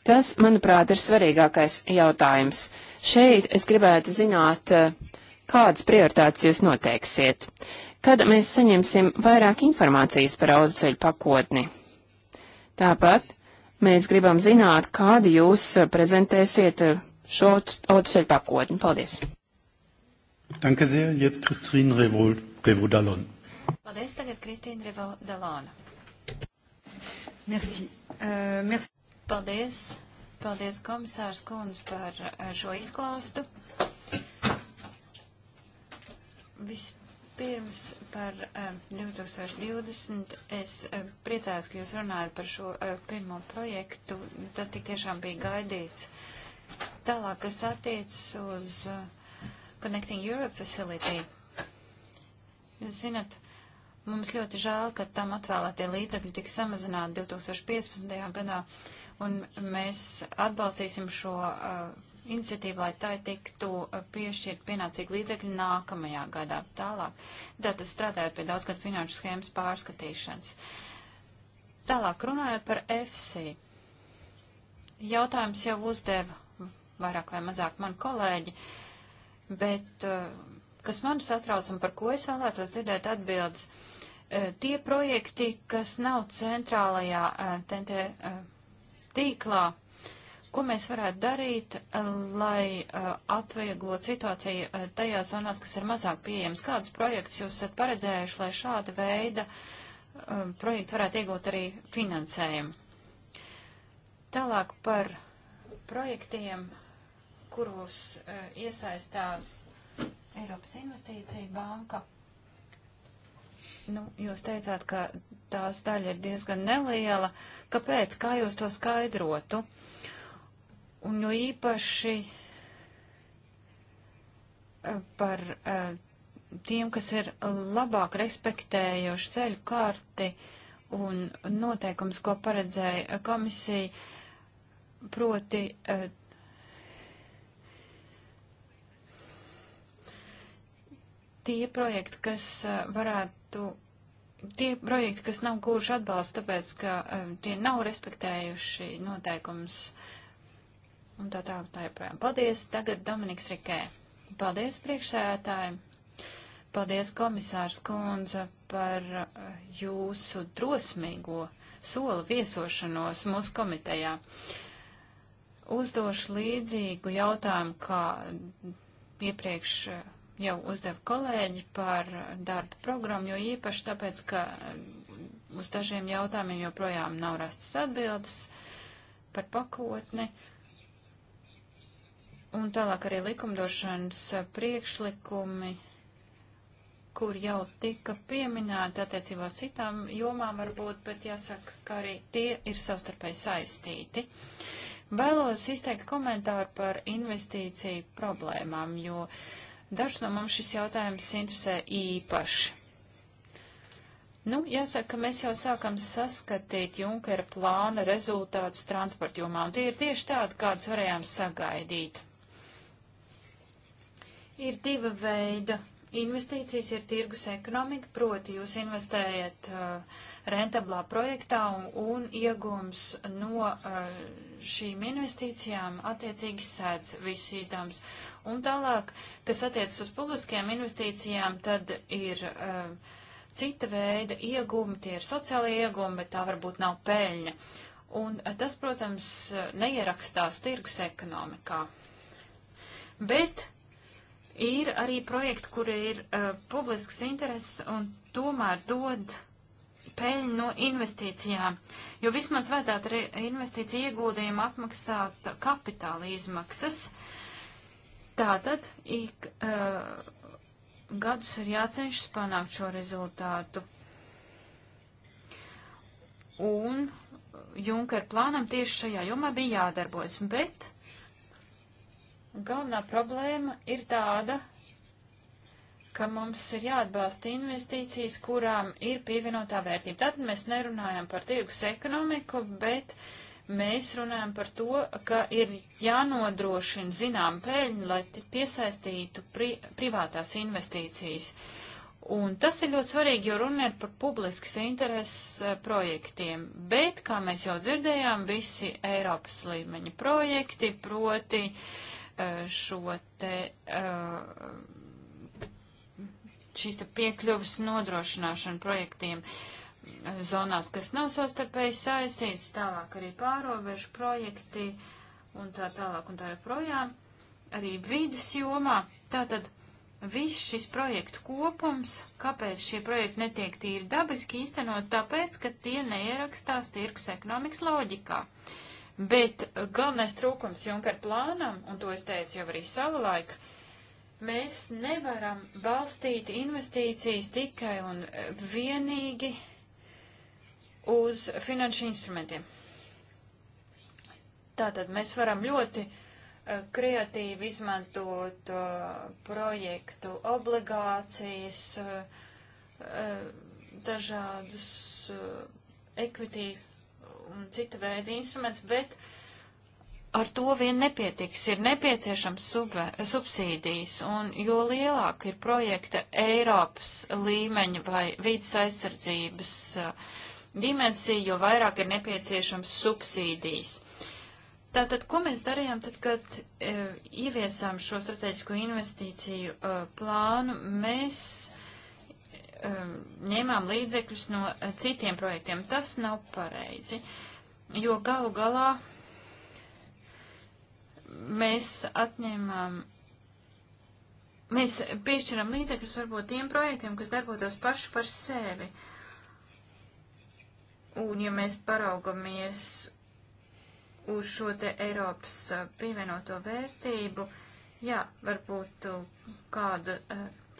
Tas, manuprāt, ir svarīgākais jautājums. Šeit es gribētu zināt, uh, kādas prioritātes jūs noteiksiet? Kad mēs saņemsim vairāk informācijas par autoceļu pakotni? Tāpat mēs gribam zināt, kādi jūs prezentēsiet šo autoceļu pakotni. Paldies! Danke sehr, jetzt Christine Revaud-Dallon. Paldies, tagad Kristīna Revaud-Dallona. Merci. Uh, merci. Paldies. Paldies, komisārs Kunz, par eh, šo izklāstu. Vispirms par 2020 eh, es eh, priecājos, ka jūs runājat par šo eh, pirmo projektu. Tas tik tiešām bija gaidīts. Tālāk, kas attiecas uz Connecting Europe Facility. Jūs zinat, mums ļoti žēl, ka tam atvēlētie līdzekļi tika samazināti 2015. gadā, un mēs atbalstīsim šo uh, iniciatīvu, lai tai tiktu eh, piešķirt pienācīgi līdzekļi nākamajā gadā. Tālāk, tātad strādājot pie daudzgad finanšu schēmas pārskatīšanas. Tālāk, runājot par EFSI, jautājums jau uzdeva vairāk vai mazāk man kolēģi, bet eh, kas man satrauc un par ko es vēlētos dzirdēt atbildes, eh, tie projekti, kas nav centrālajā TNT tīklā, Ko mēs varētu darīt, eh, lai eh, atvieglot situāciju eh, tajās zonās, kas ir mazāk pieejams? Kādus projektus jūs esat paredzējuši, lai šāda veida projekti varētu iegūt arī finansējumu? Tālāk par projektiem, kuros iesaistās Eiropas Investīcija banka. Nu, jūs teicāt, ka tās daļa ir diezgan neliela. Kāpēc? Kā jūs to skaidrotu? un jo īpaši eh, par eh, tiem, kas ir labāk respektējuši ceļu karti un noteikums, ko paredzēja komisija, proti eh, tie projekti, kas varētu, tie projekti, kas nav gūši atbalstu, tāpēc, ka tie nav respektējuši noteikums un tā tālāk tā joprojām. Paldies, tagad Dominiks Rikē. Paldies priekšsētājiem. Paldies komisārs Kundze par eh, jūsu drosmīgo soli viesošanos mūsu komitejā. Uzdošu līdzīgu jautājumu, kā iepriekš eh, jau uzdeva kolēģi par eh, darba programmu, jo īpaši tāpēc, ka uz dažiem jautājumiem joprojām nav rastas atbildes par pakotni. Uh, Un tālāk arī likumdošanas priekšlikumi, kur jau tika pieminēti attiecībā uz citām jomām varbūt, bet jāsaka, ka arī tie ir savstarpēji saistīti. Vēlos izteikt komentāru par investīciju problēmām, jo dažs no mums šis jautājums interesē īpaši. Nu, jāsaka, ka mēs jau sākam saskatīt Junkera plāna rezultātus transportjomā, un tie ir tieši tādi, kādus varējām sagaidīt. Ir diva veida investīcijas, ir tirgus ekonomika, proti jūs investējat uh, rentablā projektā un, un iegums no uh, šīm investīcijām attiecīgi sēdz visus izdevumus. Un tālāk, kas attiecas uz publiskajām investīcijām, tad ir uh, cita veida iegumi, tie ir sociālie iegumi, bet tā varbūt nav peļņa. Un uh, tas, protams, neierakstās tirgus ekonomikā. Bet Ir arī projekti, kuri ir uh, publisks intereses un tomēr dod peļņu no investīcijām, jo vismaz vajadzētu arī investīciju ieguldījumu apmaksāt kapitāla izmaksas. Tātad ik uh, gadus ir jācenšas panākt šo rezultātu. Un Junker plānam tieši šajā jomā bija jādarbojas, bet Galvenā problēma ir tāda, ka mums ir jāatbalsta investīcijas, kurām ir pievienotā vērtība. Tātad mēs nerunājam par tirgus ekonomiku, bet mēs runājam par to, ka ir jānodrošina zinām peļņu, lai piesaistītu pri privātās investīcijas. Un tas ir ļoti svarīgi, jo runa ir par publiskas intereses eh, projektiem. Bet, kā mēs jau dzirdējām, visi Eiropas līmeņa projekti, proti, uh, Eh, šo te eh, šīs te piekļuvas nodrošināšanu projektiem eh, zonās, kas nav savstarpēji saistīts, tālāk arī pārobežu projekti un tā tālāk un tā joprojām, arī vidas jomā. Tātad viss šis projektu kopums, kāpēc šie projekti netiek tīri dabiski īstenot, tāpēc, ka tie neierakstās tirkus ekonomikas loģikā. Uh, Bet galvenais trūkums Junker plānam, un to es teicu jau arī savulaik, mēs nevaram balstīt investīcijas tikai un vienīgi uz finanšu instrumentiem. Tātad mēs varam ļoti eh, kreatīvi izmantot eh, projektu obligācijas, eh, dažādus equity un cita veida instruments, bet ar to vien nepietiks. Ir nepieciešams subve, subsīdijas, un jo lielāka ir projekta Eiropas līmeņa vai vidas aizsardzības uh, dimensija, jo vairāk ir nepieciešams subsīdijas. Tātad, ko mēs darījām tad, kad e, ieviesām šo strateģisko investīciju e, plānu? Mēs um, ņēmām līdzekļus no uh, citiem projektiem. Tas nav pareizi, jo galu galā mēs atņēmām mēs piešķiram līdzekļus varbūt tiem projektiem, kas darbotos paši par sevi. Un ja mēs paraugamies uz šo te Eiropas uh, pievienoto vērtību, jā, varbūt uh, kāda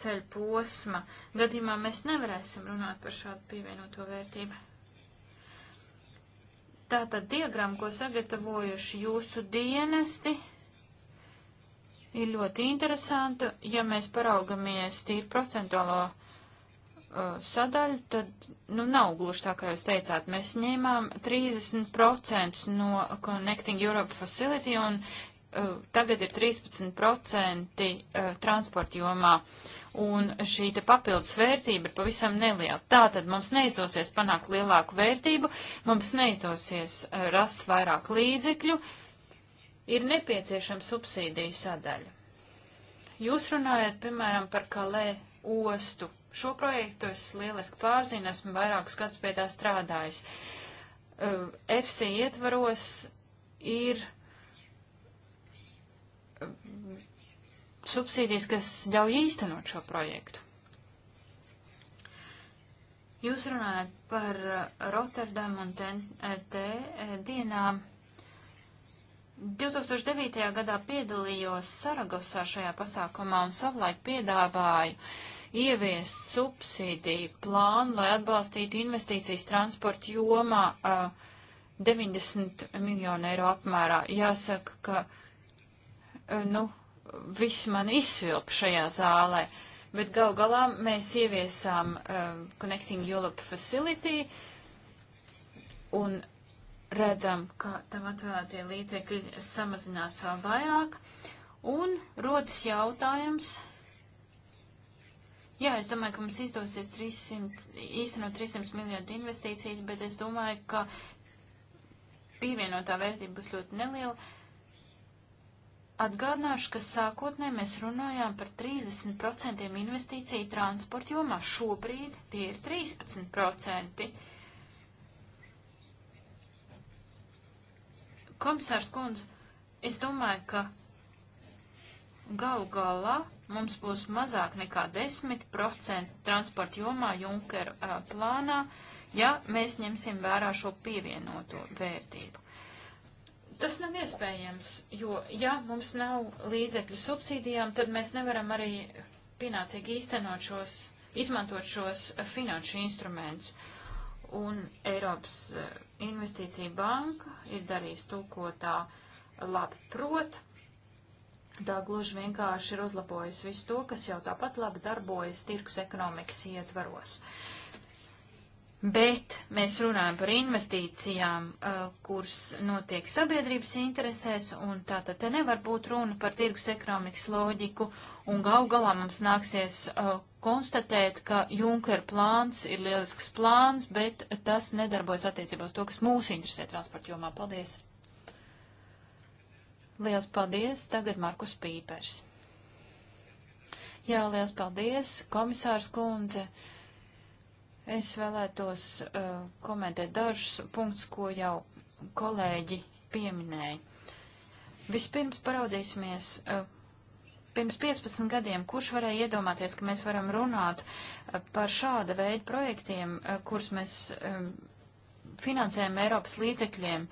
ceļu posma gadījumā mēs nevarēsim runāt par šādu pievienoto vērtību. Tātad diagrama, ko sagatavojuši jūsu dienesti, ir ļoti interesanta. Ja mēs paraugamies tīri procentuālo uh, sadaļu, tad, nu, nav gluži tā, kā jūs teicāt. Mēs ņēmām 30% no Connecting Europe Facility un uh, tagad ir 13% uh, transporta jomā un šī te papildus vērtība ir pavisam neliela. Tātad mums neizdosies panākt lielāku vērtību, mums neizdosies eh, rast vairāk līdzekļu, ir nepieciešama subsīdiju sadaļa. Jūs runājat, piemēram, par Kalē ostu. Šo projektu es lieliski pārzinu, esmu vairākus gadus pie tā strādājis. Eh, FC ietvaros ir subsīdijas, kas ļauj īstenot šo projektu. Jūs runājat par uh, Rotterdamu un TNT dienām. 2009. gadā piedalījos Saragosā šajā pasākumā un savulaik piedāvāju ieviest subsīdiju plānu, lai atbalstītu investīcijas transporta jomā uh, eh, 90 miljonu eiro apmērā. Jāsaka, ka, uh, nu, viss man izsvilp šajā zālē. Bet gal galā mēs ieviesām uh, Connecting Europe Facility un redzam, ka tam atvēlētie līdzekļi samazinās vēl vairāk. Un rodas jautājums. Jā, es domāju, ka mums izdosies 300, īstenot 300 miljonu investīcijas, bet es domāju, ka pievienotā vērtība būs ļoti neliela. Atgādināšu, ka sākotnē mēs runājām par 30% investīciju transporta jomā. Šobrīd tie ir 13%. Komisārs kundze, es domāju, ka galu galā mums būs mazāk nekā 10% transporta jomā Junker uh, plānā, ja mēs ņemsim vērā šo pievienoto vērtību. Tas nav iespējams, jo, ja mums nav līdzekļu subsīdijām, tad mēs nevaram arī pienācīgi īstenot šos, izmantot šos finanšu instrumentus. Un Eiropas eh, investīcija banka ir darījusi to, ko tā labi prot. Tā gluži vienkārši ir uzlabojusi visu to, kas jau tāpat labi darbojas tirkus ekonomikas ietvaros. Uh, Bet mēs runājam par investīcijām, eh, kuras notiek sabiedrības interesēs, un tātad te nevar būt runa par tirgus ekonomikas loģiku, un gal galā mums nāksies eh, konstatēt, ka Junker plāns ir lielisks plāns, bet tas nedarbojas attiecībā uz to, kas mūs interesē transporta jomā. Paldies! Liels paldies! Tagad Markus Pīpers. Jā, liels paldies, komisārs kundze! Uh, Es vēlētos uh, komentēt dažus punktus, ko jau kolēģi pieminēja. Vispirms paraudzīsimies, uh, pirms 15 gadiem, kurš varēja iedomāties, ka mēs varam runāt uh, par šāda veida projektiem, uh, kurus mēs um, finansējam Eiropas līdzekļiem.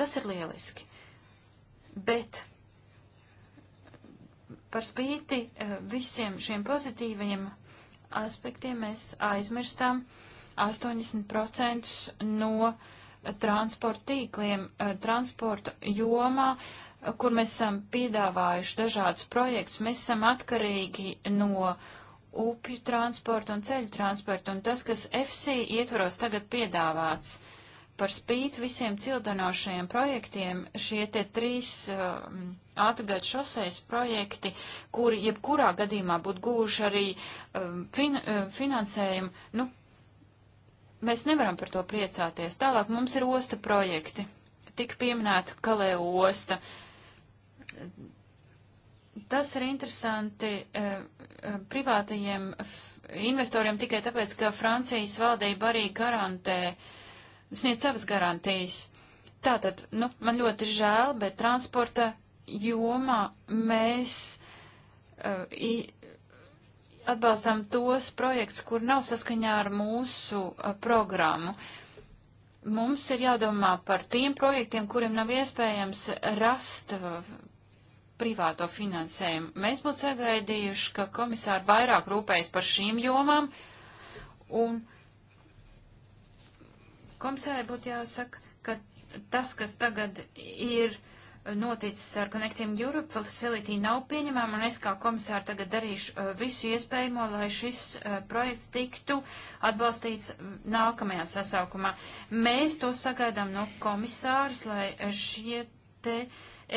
Tas ir lieliski. Bet par spīti uh, visiem šiem pozitīvajiem aspektiem mēs aizmirstam 80% no transporta tīkliem, eh, transporta jomā, kur mēs esam piedāvājuši dažādus projektus. Mēs esam atkarīgi no upju transporta un ceļu transporta, un tas, kas FC ietvaros tagad piedāvāts, uh, par spīti visiem cildinošajiem projektiem, šie tie trīs uh, um, ātrgad šoseis projekti, kuri jebkurā gadījumā būtu gūši arī uh, fin, uh, finansējumu, nu, mēs nevaram par to priecāties. Tālāk mums ir ostu projekti. Tik pieminēta Kalē osta. Tas ir interesanti uh, privātajiem investoriem tikai tāpēc, ka Francijas valdība arī garantē uh, sniedz savas garantijas. Tātad, nu, man ļoti žēl, bet transporta jomā mēs uh, i, atbalstām tos projekts, kur nav saskaņā ar mūsu uh, programmu. Mums ir jādomā par tiem projektiem, kuriem nav iespējams rast uh, privāto finansējumu. Mēs būtu sagaidījuši, ka komisāri vairāk rūpējas par šīm jomām un uh, Komisārai būtu jāsaka, ka tas, kas tagad ir noticis ar Connecting Europe Facility nav pieņemama, un es kā komisāra tagad darīšu uh, visu iespējamo, lai šis uh, projekts tiktu atbalstīts uh, nākamajā sasaukumā. Mēs to sagaidām no komisāras, lai uh, šie te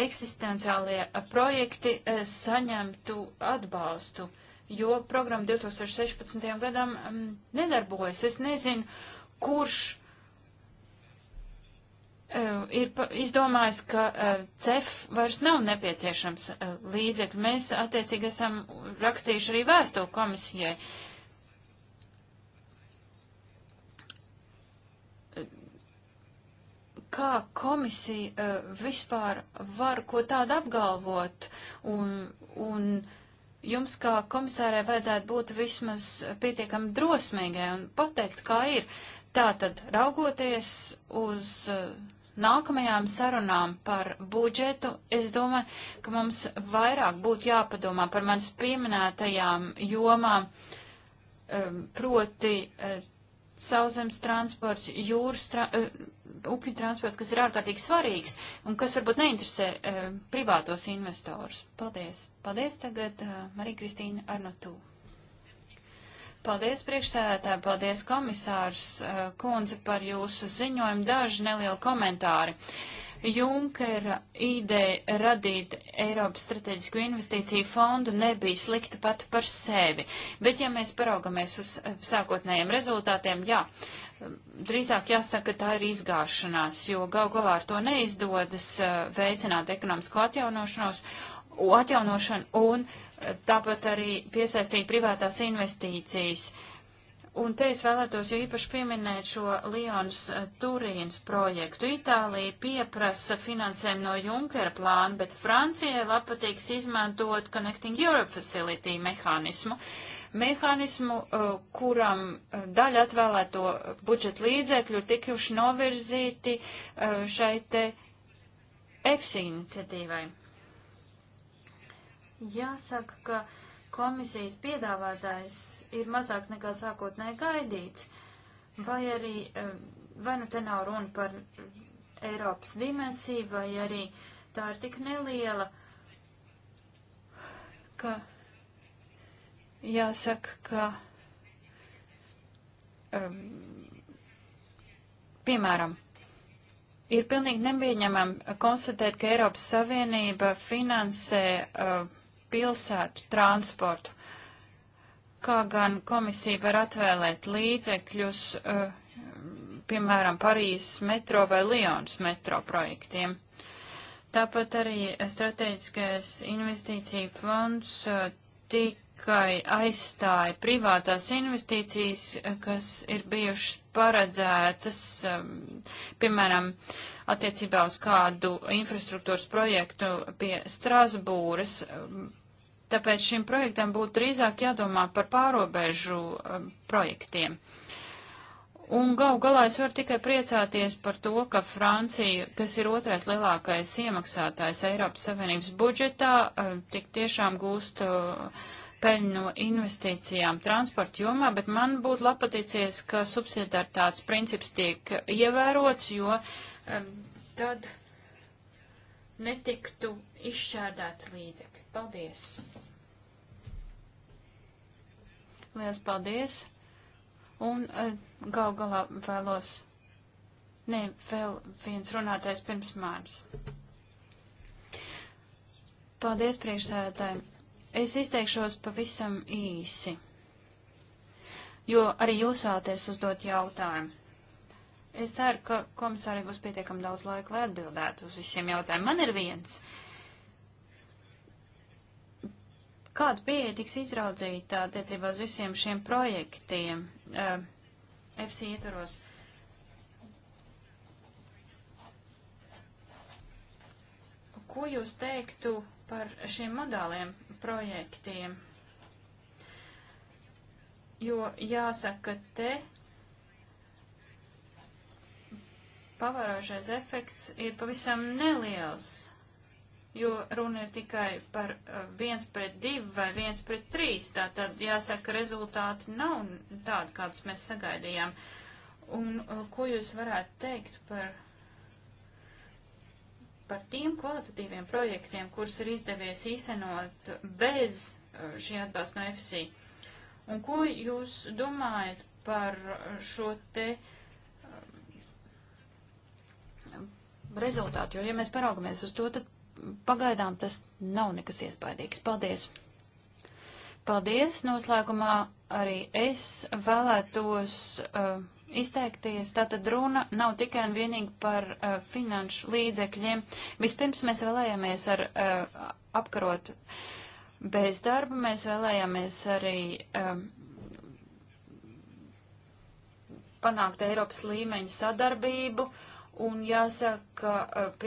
eksistenciālie projekti uh, saņemtu atbalstu, jo programma 2016. gadam um, nedarbojas. Es nezinu, kurš Eh, ir izdomājis, ka eh, CEF vairs nav nepieciešams eh, līdzekļi. Mēs attiecīgi esam rakstījuši arī vēstuli komisijai. Kā komisija vispār var ko tādu apgalvot un, un jums kā komisārai vajadzētu būt vismaz pietiekami drosmīgai un pateikt, kā ir. Tātad, raugoties uz uh, nākamajām sarunām par budžetu, es domāju, ka mums vairāk būtu jāpadomā par manas pieminētajām jomām, um, proti uh, sauszemes transports, jūras, tra uh, upju transports, kas ir ārkārtīgi svarīgs un kas varbūt neinteresē uh, privātos investors. Paldies. Paldies tagad Marija Kristīna Arnotū. Paldies priekšsēdētāji, paldies komisārs eh, Kunze par jūsu ziņojumu. Daži nelieli komentāri. Junkera ideja radīt Eiropas strateģisku investīciju fondu nebija slikta pati par sevi, bet ja mēs paraugamies uz eh, sākotnējiem rezultātiem, jā, drīzāk jāsaka, tā ir izgāšanās, jo gal galā ar to neizdodas eh, veicināt ekonomisko atjaunošanos, atjaunošanu un uh, tāpat arī piesaistīt privātās investīcijas. Un te es vēlētos jau īpaši pieminēt šo Lions eh, Turīns projektu. Itālija pieprasa finansēm no Junkera plāna, bet Francijai labpatīks izmantot Connecting Europe Facility mehānismu. Mehānismu, eh, kuram eh, daļa atvēlēto budžeta līdzekļu ir tikuši novirzīti šai te EFSI iniciatīvai. Jāsaka, ka komisijas piedāvātājs ir mazāks nekā sākotnēji gaidīts, vai arī, eh, vai nu te nav runa par Eiropas dimensiju, vai arī tā ir tik neliela, ka jāsaka, ka, um, piemēram, ir pilnīgi nebieņemam konstatēt, ka Eiropas Savienība finansē uh, pilsētu transportu. Kā gan komisija var atvēlēt līdzekļus, uh, piemēram, Parīzes metro vai Lionas metro projektiem? Tāpat arī strateģiskais investīcija fonds uh, tikai aizstāja privātās investīcijas, eh, kas ir bijušas paredzētas, um, piemēram, uh, attiecībā uz kādu infrastruktūras projektu pie Strasbūras. Tāpēc šim projektam būtu drīzāk jādomā par pārobežu um, projektiem. Un gau galā es varu tikai priecāties par to, ka Francija, kas ir otrais lielākais iemaksātājs Eiropas Savienības budžetā, um, tik tiešām gūst uh, peļņu no investīcijām transporta jomā, bet man būtu lapaticies, ka subsidiartāts princips tiek ievērots, jo uh, tad netiktu izšķērdēti līdzekļi. Paldies! Lielas paldies! Un eh, gal galā vēlos. Nē, vēl viens runātais pirms mārs. Paldies priekšsēdētājiem. Es izteikšos pavisam īsi, jo arī jūs vēlaties uzdot jautājumu. Es ceru, ka komisārai būs pietiekami daudz laika, lai atbildētu uz visiem jautājumiem. Man ir viens. Kāda pieeja tiks izraudzīta attiecībā uz visiem šiem projektiem uh, eh, FC ietvaros? Ko jūs teiktu par šiem modāliem projektiem? Jo jāsaka, te pavarošais efekts ir pavisam neliels, jo runa ir tikai par eh, viens pret divu vai viens pret trīs. Tātad, jāsaka, rezultāti nav tādi, kādus mēs sagaidījām. Un eh, ko jūs varētu teikt par, par tiem kvalitatīviem projektiem, kurus ir izdevies īstenot bez eh, šī atbalsta no FSI? Un ko jūs domājat par šo te uh, rezultātu, jo, ja mēs paraugamies uz to, tad pagaidām tas nav nekas iespaidīgs. Paldies! Paldies! Noslēgumā arī es vēlētos uh, izteikties. Tātad runa nav tikai un vienīgi par uh, finanšu līdzekļiem. Vispirms mēs vēlējāmies ar, uh, apkarot bezdarbu, mēs vēlējāmies arī. Uh, panākt Eiropas līmeņa sadarbību, uh, Un jāsaka, ka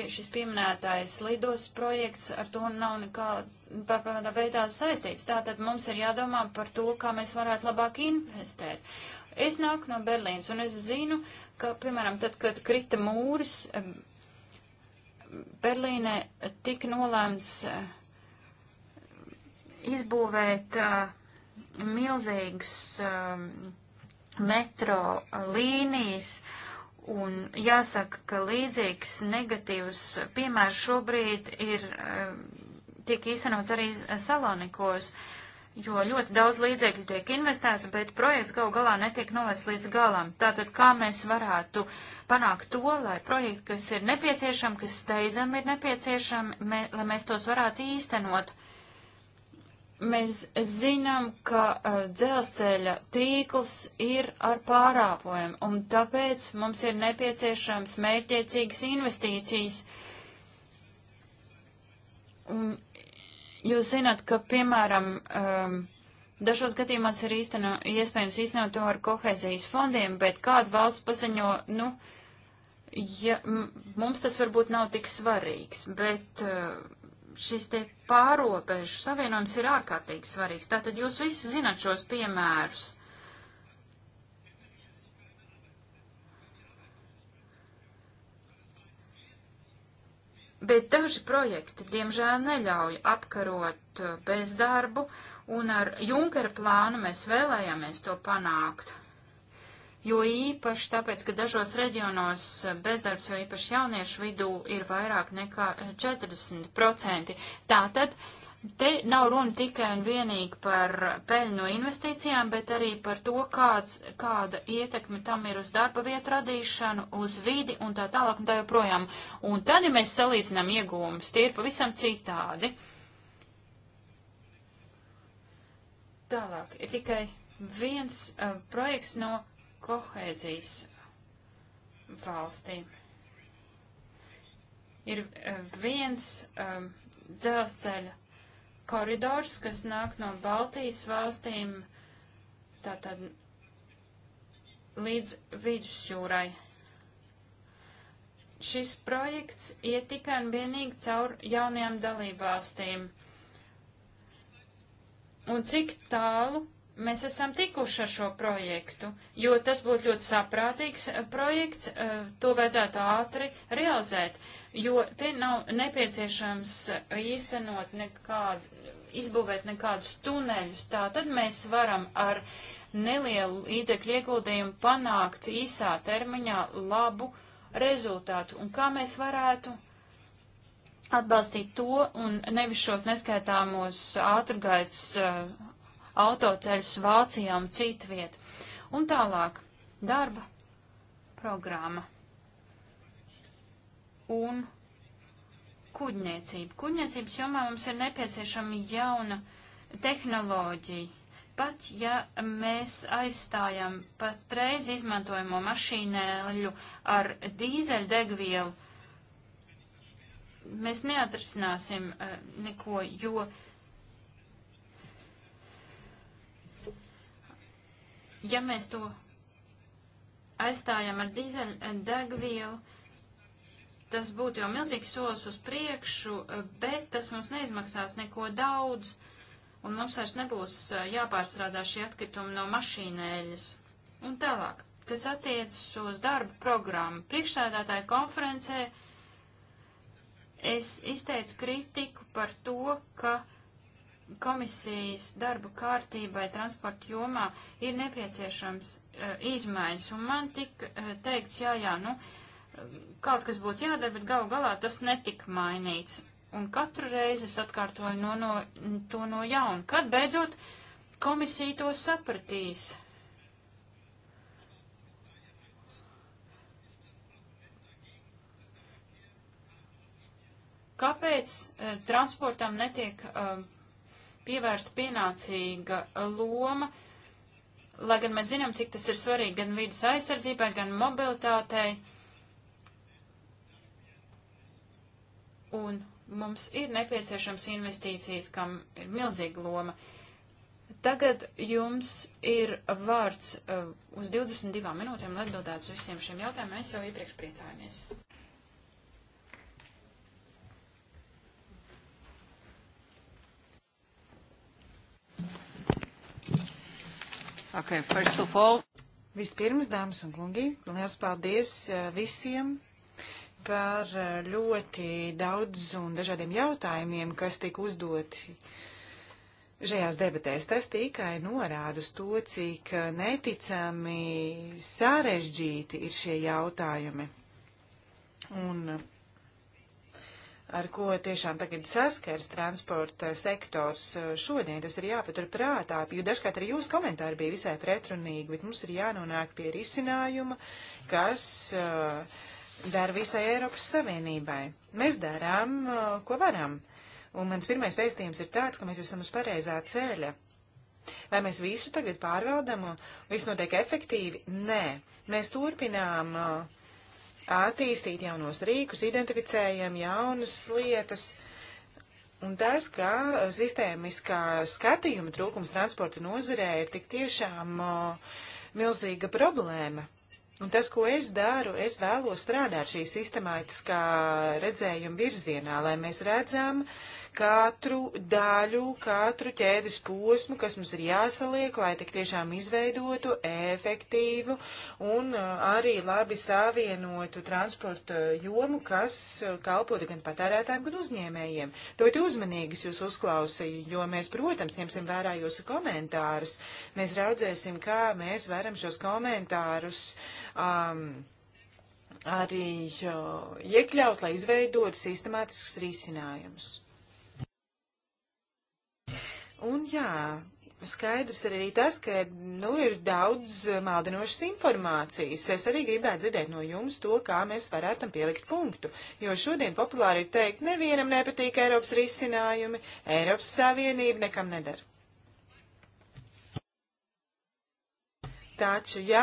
eh, šis pieminētais lidos projekts ar to nav nekādā veidā saistīts. Tātad mums ir jādomā par to, kā mēs varētu labāk investēt. Es nāku no Berlīnas un es zinu, ka, piemēram, tad, kad krita mūris, eh, Berlīnē eh, tika nolēmts izbūvēt milzīgas metro līnijas Un jāsaka, ka līdzīgs negatīvs piemērs šobrīd ir eh, tiek īstenots arī Salonikos, jo ļoti daudz līdzekļu tiek investēts, bet projekts gal galā netiek novests līdz galam. Tātad, kā mēs varētu panākt to, lai projekti, kas ir nepieciešami, kas steidzami ir nepieciešami, mē, lai mēs tos varētu īstenot. Uh, Mēs zinām, ka uh, dzelzceļa tīkls ir ar pārāpojumu, un tāpēc mums ir nepieciešams mērķiecīgas investīcijas. Un jūs zināt, ka, piemēram, um, Dažos gadījumos ir īsteno, iespējams īstenot to ar kohēzijas fondiem, bet kāda valsts paziņo, nu, ja, mums tas varbūt nav tik svarīgs, bet uh, šis te pārobežu savienojums ir ārkārtīgi svarīgs. Tātad jūs visi zinat šos piemērus. Bet daži projekti, diemžēl, neļauj apkarot uh, bezdarbu, un ar Junkera plānu mēs vēlējāmies to panākt jo īpaši tāpēc, ka dažos reģionos bezdarbs, jo īpaši jauniešu vidū, ir vairāk nekā 40%. Eh, Tātad te nav runa tikai un vienīgi par peļņu no investīcijām, bet arī par to, kāds, kāda ietekme tam ir uz darba vietu radīšanu, uz vidi un tā tālāk un tā joprojām. Un tad, ja mēs salīdzinām iegūmus, tie ir pavisam citādi. Tālāk ir tikai viens uh, projekts no kohēzijas valstīm. Ir eh, viens um, dzelzceļa koridors, kas nāk no Baltijas valstīm, tātad līdz vidusjūrai. Šis projekts iet tikai un vienīgi caur jaunajām dalībvalstīm. Un cik tālu mēs esam tikuši ar šo projektu, jo tas būtu ļoti saprātīgs eh, projekts, eh, to vajadzētu ātri realizēt, jo te nav nepieciešams eh, īstenot nekādu, izbūvēt nekādus tuneļus. Tā tad mēs varam ar nelielu līdzekļu ieguldījumu panākt īsā termiņā labu rezultātu. Un kā mēs varētu atbalstīt to un nevis šos neskaitāmos ātrgaitas autoceļus Vācijā un citviet. Un tālāk darba programma un kuģniecība. Kuģniecības jomā mums ir nepieciešama jauna tehnoloģija. Pat ja mēs aizstājam patreiz izmantojamo mašīnēļu ar dīzeļdegvielu, mēs neatrisināsim uh, neko, jo uh, Ja mēs to aizstājam ar dīzeļdegvielu, eh, tas būtu jau milzīgs solis uz priekšu, eh, bet tas mums neizmaksās neko daudz, un mums vairs nebūs eh, jāpārstrādā šie atkritumi no mašīnēļas. Un tālāk, kas attiecas uz darbu programmu. Priekšsēdētāja konferencē es izteicu kritiku par to, ka komisijas darba kārtībai transporta jomā ir nepieciešams uh, izmaiņas. Un man tika uh, e, teikts, jā, jā, nu, kaut kas būtu jādara, bet gal galā tas netika mainīts. Un katru reizi es atkārtoju no, no, to no jauna. Kad beidzot komisija to sapratīs? Kāpēc uh, transportam netiek uh, pievērsta pienācīga loma, lai gan mēs zinām, cik tas ir svarīgi gan vidas aizsardzībai, gan mobilitātei. Un mums ir nepieciešams investīcijas, kam ir milzīga loma. Tagad jums ir vārds uh, uz 22 minūtēm, lai atbildētu uz visiem šiem jautājumiem. Mēs jau iepriekš priecājamies. Okay, first of all. Vispirms, dāmas un kungi, liels paldies eh, visiem par eh, ļoti daudz un dažādiem jautājumiem, kas tika uzdoti šajās debatēs. Tas tikai norāda uz to, cik eh, neticami sarežģīti ir šie jautājumi. Un ar ko tiešām tagad saskars transporta sektors eh, šodien. Tas ir jāpatur prātā, jo dažkārt arī jūsu komentāri bija visai pretrunīgi, bet mums ir jānonāk pie risinājuma, kas uh, eh, dara visai Eiropas Savienībai. Mēs darām, uh, ko varam. Un mans pirmais vēstījums ir tāds, ka mēs esam uz pareizā ceļa. Vai mēs visu tagad pārvaldam un viss notiek efektīvi? Nē. Mēs turpinām uh, attīstīt jaunos rīkus, identificējam jaunas lietas. Un tas, ka sistēmiskā skatījuma trūkums transporta nozarē ir tik tiešām o, milzīga problēma. Un tas, ko es daru, es vēlos strādāt šī sistemātiskā redzējuma virzienā, lai mēs redzam, uh, katru daļu, katru ķēdes posmu, kas mums ir jāsaliek, lai tik tiešām izveidotu efektīvu un uh, arī labi savienotu transporta jomu, kas uh, kalpotu gan patērētājiem, gan uzņēmējiem. Ļoti uzmanīgas jūs uzklausīju, jo mēs, protams, ņemsim vērā jūsu komentārus. Mēs raudzēsim, kā mēs varam šos komentārus. Um, arī jo, uh, iekļaut, lai izveidotu sistemātiskus risinājumus. Un jā, skaidrs arī tas, ka nu, ir daudz maldinošas informācijas. Es arī gribētu dzirdēt no jums to, kā mēs varētu tam pielikt punktu. Jo šodien populāri ir teikt, nevienam nepatīk Eiropas risinājumi, Eiropas Savienība nekam nedara. Taču, ja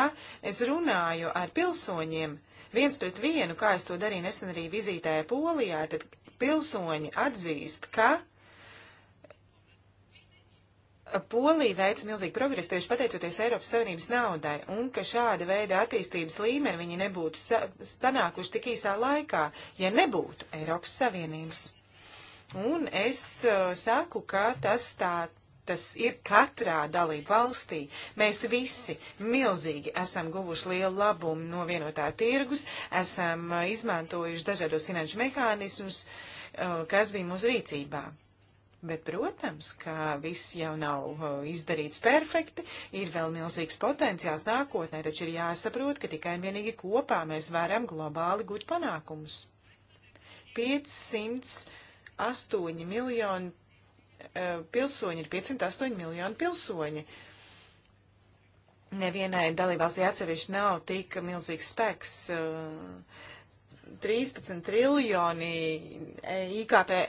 es runāju ar pilsoņiem viens pret vienu, kā es to darīju nesen arī vizītē Polijā, tad pilsoņi atzīst, ka Polija veic milzīgu progresu tieši pateicoties Eiropas Savienības naudai, un ka šāda veida attīstības līmeni viņi nebūtu panākuši tik īsā laikā, ja nebūtu Eiropas Savienības. Un es uh, saku, ka tas tā tas ir katrā dalību valstī. Mēs visi milzīgi esam guvuši lielu labumu no vienotā tirgus, esam uh, izmantojuši dažādos finanšu mehānismus, uh, kas bija mūsu rīcībā. Bet, protams, ka viss jau nav uh, izdarīts perfekti, ir vēl milzīgs potenciāls nākotnē, taču ir jāsaprot, ka tikai un vienīgi kopā mēs varam globāli gūt panākumus. 508 miljoni uh, pilsoņi ir 508 miljoni pilsoņi. Nevienai dalībvalstī atsevišķi nav tik milzīgs spēks. 13 uh, triljoni e, IKP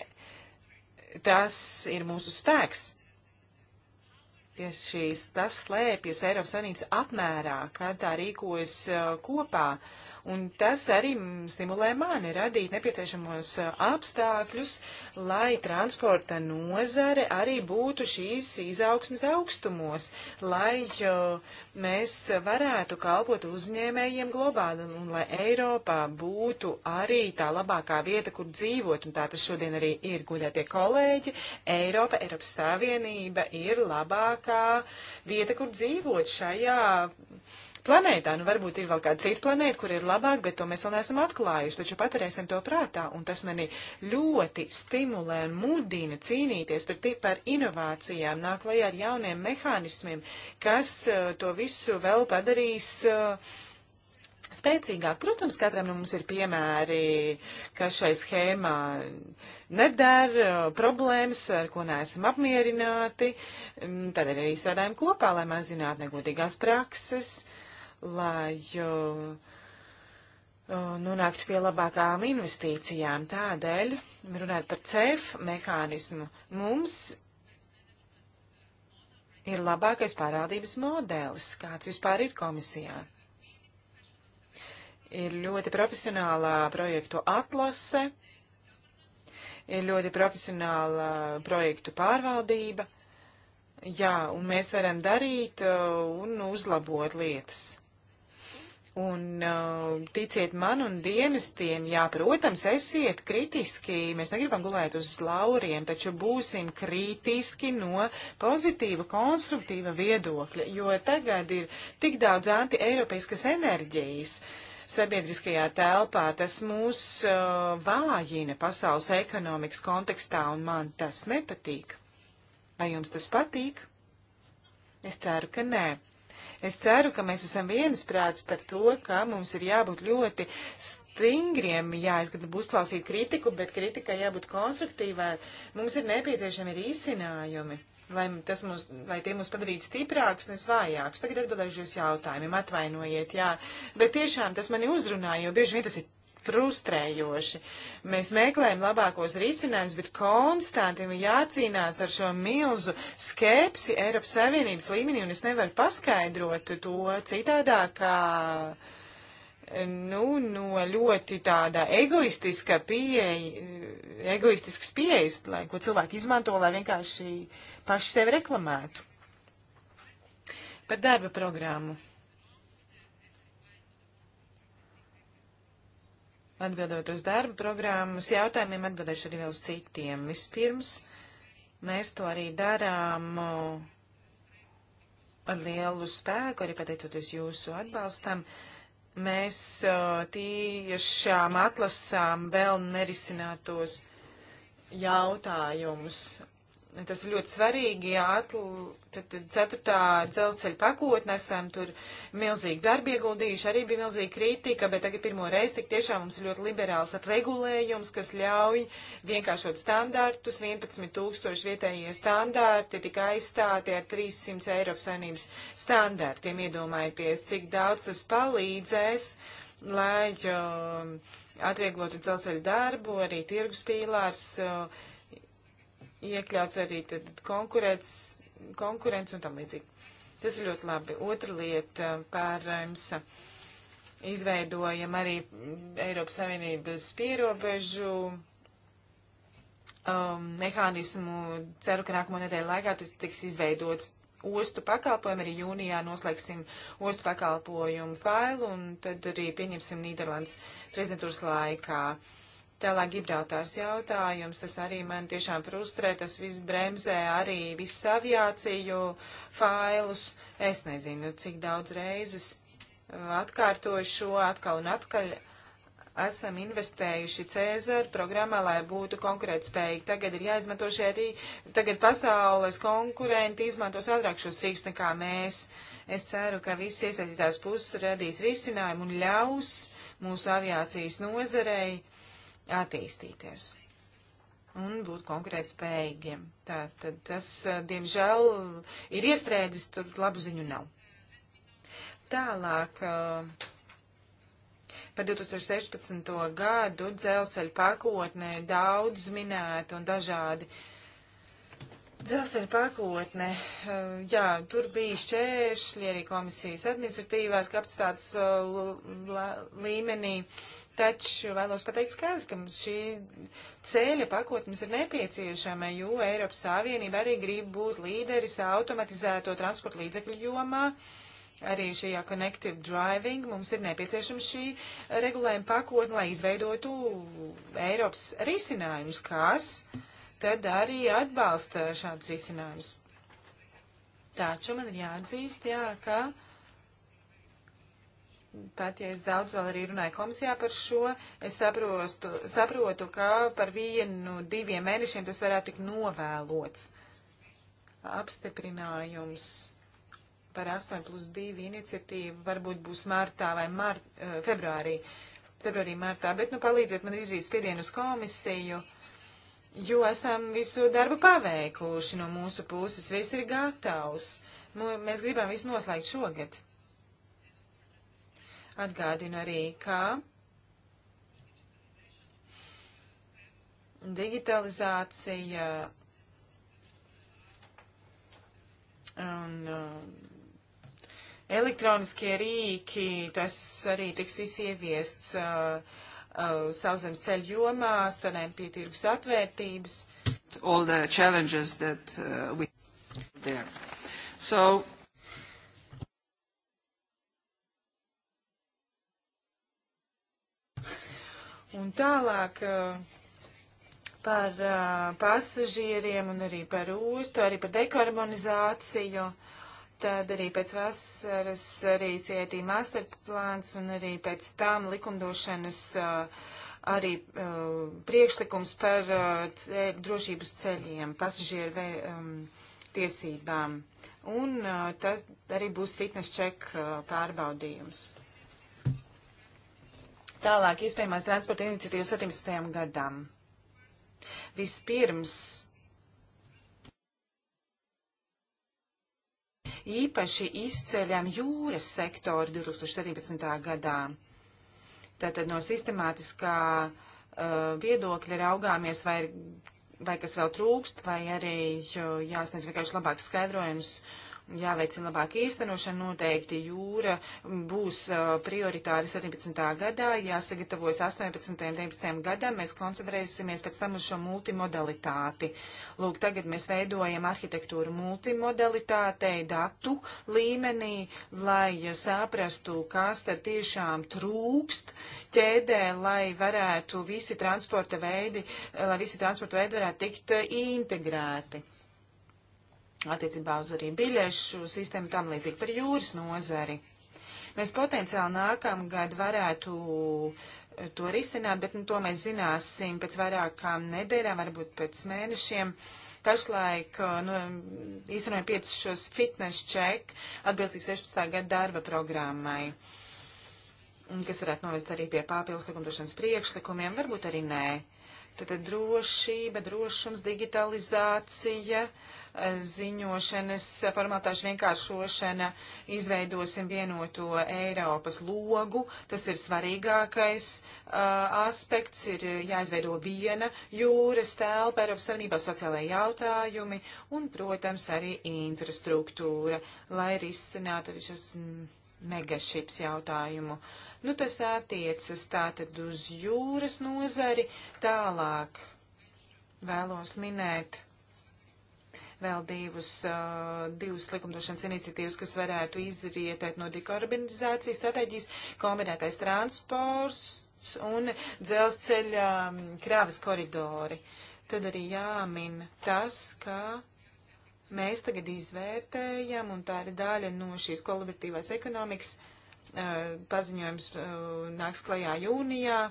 Tas ir mūsu spēks. Tieši tas slēpjas Eiropas Savienības apmērā, kad tā rīkojas uh, kopā. Uh, Un tas arī stimulē mani radīt nepieciešamos apstākļus, lai transporta nozare arī būtu šīs izaugsmas augstumos, lai mēs varētu kalpot uzņēmējiem globāli un lai Eiropā būtu arī tā labākā vieta, kur dzīvot. Un tā tas šodien arī ir, guļētie kolēģi. Eiropa, Eiropas Savienība ir labākā vieta, kur dzīvot šajā planētā. Nu, varbūt ir vēl kāda cita planēta, kur ir labāk, bet to mēs vēl neesam atklājuši. Taču paturēsim to prātā, un tas mani ļoti stimulē un mudina cīnīties par, par inovācijām, nāk lajā ar jauniem mehānismiem, kas uh, to visu vēl padarīs. Uh, spēcīgāk. Protams, katram no nu, mums ir piemēri, kas šai schēmā nedara, eh, problēmas, ar ko neesam apmierināti. Mm, tad arī strādājam kopā, lai mazinātu negodīgās prakses. Uh, lai uh, nonāktu pie labākām investīcijām. Tādēļ, runājot par CEF mehānismu, mums ir labākais pārādības modelis, kāds vispār ir komisijā. Ir ļoti profesionālā projektu atlase, ir ļoti profesionāla projektu pārvaldība. Jā, un mēs varam darīt un uzlabot lietas. Un uh, ticiet man un dienestiem, jā, protams, esiet kritiski, mēs negribam gulēt uz lauriem, taču būsim kritiski no pozitīva, konstruktīva viedokļa, jo tagad ir tik daudz anti-eiropeiskas enerģijas sabiedriskajā telpā, tas mūs uh, vājina pasaules ekonomikas kontekstā, un man tas nepatīk. Vai jums tas patīk? Es ceru, ka nē. Es ceru, ka mēs esam viensprāts par to, ka mums ir jābūt ļoti stingriem. Jā, es gribu uzklausīt kritiku, bet kritikai jābūt konstruktīvai. Mums ir nepieciešami risinājumi. Lai, mums, lai tie mūs padarītu stiprākus, nevis vājākus. Tagad atbildēšu jūs jautājumiem, atvainojiet, jā. Bet tiešām tas mani uzrunāja, jo bieži vien tas ir frustrējoši. Mēs meklējam labākos risinājumus, bet konstanti ir jācīnās ar šo milzu skepsi Eiropas Savienības līmenī, un es nevaru paskaidrot to citādāk, kā nu, no ļoti tāda egoistiska pieeja, egoistisks pieejas, lai ko cilvēki izmanto, lai vienkārši paši sevi reklamētu. Par darba programmu Atbildot uz darba programmas jautājumiem, atbildēšu arī vēl uz citiem. Vispirms, mēs to arī darām ar lielu spēku, arī pateicoties jūsu atbalstam. Mēs tiešām atlasām vēl nerisinātos jautājumus tas ir ļoti svarīgi, jā, atl... tad, tad ceturtā dzelzceļa pakotne esam tur milzīgi darbi ieguldījuši, arī bija milzīga kritika, bet tagad pirmo reizi tik tiešām mums ir ļoti liberāls regulējums, kas ļauj vienkāršot standartus, 11 tūkstoši vietējie standarti tika aizstāti ar 300 Eiropas saimnības standartiem, iedomājieties, cik daudz tas palīdzēs, lai jo, um, atvieglotu dzelzceļa darbu, arī tirgus pīlārs. Uh, iekļauts arī konkurēts, konkurence un tam līdzīgi. Tas ir ļoti labi. Otra lieta par EMSA. Izveidojam arī Eiropas Savienības pierobežu um, mehānismu. Ceru, ka nākamo nedēļu laikā tas tiks izveidots ostu pakalpojumu, arī jūnijā noslēgsim ostu pakalpojumu failu un tad arī pieņemsim Nīderlandes prezidentūras laikā. Uh, Tālāk Gibraltārs jautājums, tas arī man tiešām frustrē, tas viss bremzē arī visu aviāciju failus. Es nezinu, cik daudz reizes atkārtoju šo atkal un atkal. Esam investējuši Cēzara programmā, lai būtu konkurētspējīgi. Tagad ir jāizmanto šie arī, tagad pasaules konkurenti izmantos ātrāk šos rīks nekā mēs. Es ceru, ka visi iesaistītās puses radīs risinājumu un ļaus mūsu aviācijas nozarei uh, attīstīties un būt konkrēti spējīgiem. Tātad tas, eh, diemžēl, ir iestrēdzis, tur labu ziņu nav. Tālāk eh, par 2016. gadu dzelzceļa pakotnē ir daudz minēta un dažādi. Dzelzceļa pakotne, eh, jā, tur bija šķēršļi arī komisijas administratīvās kapacitātes līmenī. Uh, Taču vēlos pateikt skaidri, ka šī ceļa pakotnes ir nepieciešama, jo Eiropas Savienība arī grib būt līderis automatizēto transporta līdzekļu jomā. Arī šajā Connective Driving mums ir nepieciešama šī regulējuma pakotne, lai izveidotu Eiropas risinājumus, kas tad arī atbalsta šādus risinājumus. Taču man ir jāatzīst, jā, ka Pat, ja es daudz vēl arī runāju komisijā par šo, es saprotu, saprotu ka par vienu, diviem mēnešiem tas varētu tik novēlots. Apstiprinājums par 8 plus 2 iniciatīvu varbūt būs martā vai mart, eh, februārī, februārī, martā, bet nu palīdziet man izrīt spiedienu uz komisiju, jo esam visu darbu paveikuši no mūsu puses, viss ir gatavs. Nu, mēs gribam visu noslēgt šogad. Atgādinu arī, ka digitalizācija un uh, elektroniskie rīki, tas arī tiks viss ieviests uh, uh, sauszemes ceļu jomā, strādājam pie tirgus atvērtības. All the challenges that uh, we there. So Un tālāk eh, par eh, pasažieriem un arī par ostu, arī par dekarbonizāciju. Tad arī pēc vasaras arī cietī masterplāns un arī pēc tam likumdošanas eh, arī priekšlikums par ceļ, drošības ceļiem, pasažieru vē, um, tiesībām. Un tas arī būs fitness check pārbaudījums. Tālāk iespējamās transporta iniciatīvas 17. gadam. Vispirms īpaši izceļam jūras sektoru 2017. gadā. Tātad no sistemātiskā uh, viedokļa raugāmies, vai, vai kas vēl trūkst, vai arī jāsniedz vienkārši labāks skaidrojums uh, jāveicina labāk īstenošana. Noteikti jūra būs prioritāte 17. gadā, jāsagatavojas 18. un 19. gadam. Mēs koncentrēsimies pēc tam uz šo multimodalitāti. Lūk, tagad mēs veidojam arhitektūru multimodalitātei, datu līmenī, lai saprastu, kas tad tiešām trūkst ķēdē, lai varētu visi transporta veidi, lai visi transporta veidi varētu tikt integrēti attiecībā uz arī biļešu sistēmu tam līdzīgi par jūras nozari. Mēs potenciāli nākamgad varētu eh, to risināt, bet nu, to mēs zināsim pēc vairākām nedēļām, varbūt pēc mēnešiem. Pašlaik eh, nu, īstenojam piecus fitness check atbilstīgi 16. gada darba programmai, kas varētu novest arī pie papildus likumdošanas priekšlikumiem, varbūt arī nē. Tad drošība, drošums, digitalizācija. Uh, ziņošanas formātāšu vienkāršošana, izveidosim vienoto Eiropas logu. Tas ir svarīgākais uh, aspekts, ir jāizveido viena jūras telpa Eiropas Savienībā sociālajai jautājumi un, protams, arī infrastruktūra, lai risinātu visus megašips jautājumu. Nu, tas attiecas tātad uz jūras nozari tālāk. Vēlos minēt vēl divus, uh, divus likumdošanas iniciatīvas, kas varētu izrietēt no dekarbonizācijas stratēģijas, kombinētais transports un dzelzceļa um, krāvas koridori. Tad arī jāmin tas, ka mēs tagad izvērtējam, un tā ir daļa no šīs kolaboratīvās ekonomikas. Uh, paziņojums uh, nāks klajā jūnijā.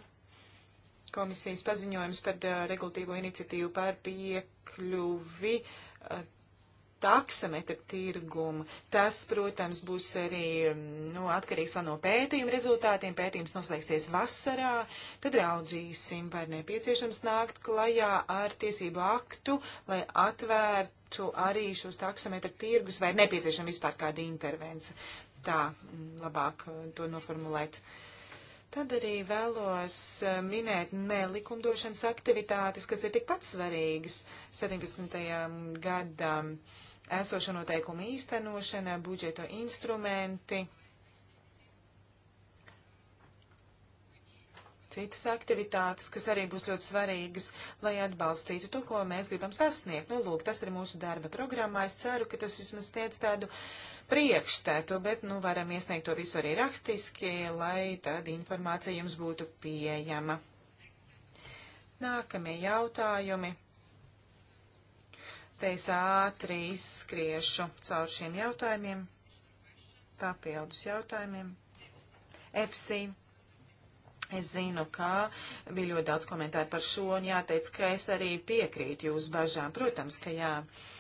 Komisijas paziņojums par uh, regulatīvo iniciatīvu par piekļuvi uh, taksametra tirgumu. Tas, protams, būs arī nu, atkarīgs vēl no pētījuma rezultātiem. Pētījums noslēgsies vasarā. Tad raudzīsim, vai nepieciešams nākt klajā ar tiesību aktu, lai atvērtu arī šos taksametra tirgus, vai nepieciešama vispār kāda intervence. Tā mm, labāk mm, to noformulēt. Uh, Tad arī vēlos eh, minēt nelikumdošanas aktivitātes, kas ir tikpat svarīgas 17. gadam esošo noteikumu īstenošana, budžeto instrumenti, citas aktivitātes, kas arī būs ļoti svarīgas, lai atbalstītu to, ko mēs gribam sasniegt. Nu, lūk, tas ir mūsu darba programmā. Es ceru, ka tas vismaz sniedz tādu priekšstatu, bet nu, varam iesniegt to visu arī rakstiski, lai tad informācija jums būtu pieejama. Nākamie jautājumi. Te es ātri izskriešu caur šiem jautājumiem, papildus jautājumiem. EPSI. Es zinu, ka bija ļoti daudz komentāru par šo, un jāteic, ka es arī piekrītu jūsu bažām. Protams, ka jā. Uh,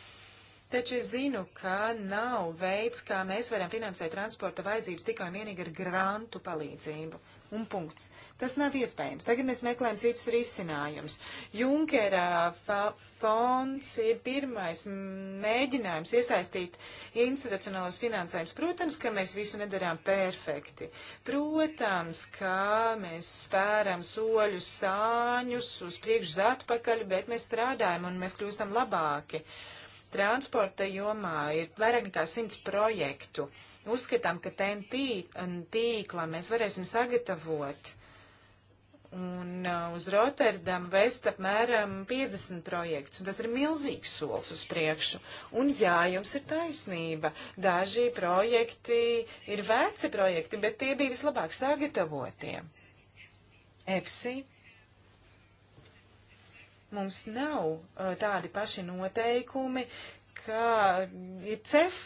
Taču es zinu, ka nav veids, kā mēs varam finansēt transporta vajadzības tikai un vienīgi ar grantu palīdzību. Un punkts. Tas nav iespējams. Tagad mēs meklējam citus risinājumus. Junkera fonds ir pirmais mēģinājums iesaistīt institucionālos finansējumus. Protams, ka mēs visu nedarām perfekti. Protams, ka mēs spēram soļus sāņus uz priekšu atpakaļ, bet mēs strādājam un mēs kļūstam labāki. Uh, Transporta jomā ir vairāk nekā simts projektu. Uzskatām, ka TNT tīklā mēs varēsim sagatavot un uh, uz Rotterdamu vest apmēram 50 projekts, un tas ir milzīgs solis uz priekšu. Un jā, jums ir taisnība, daži projekti ir veci projekti, bet tie bija vislabāk sagatavotie. EFSI Mums nav uh, tādi paši noteikumi, kā ir CEF.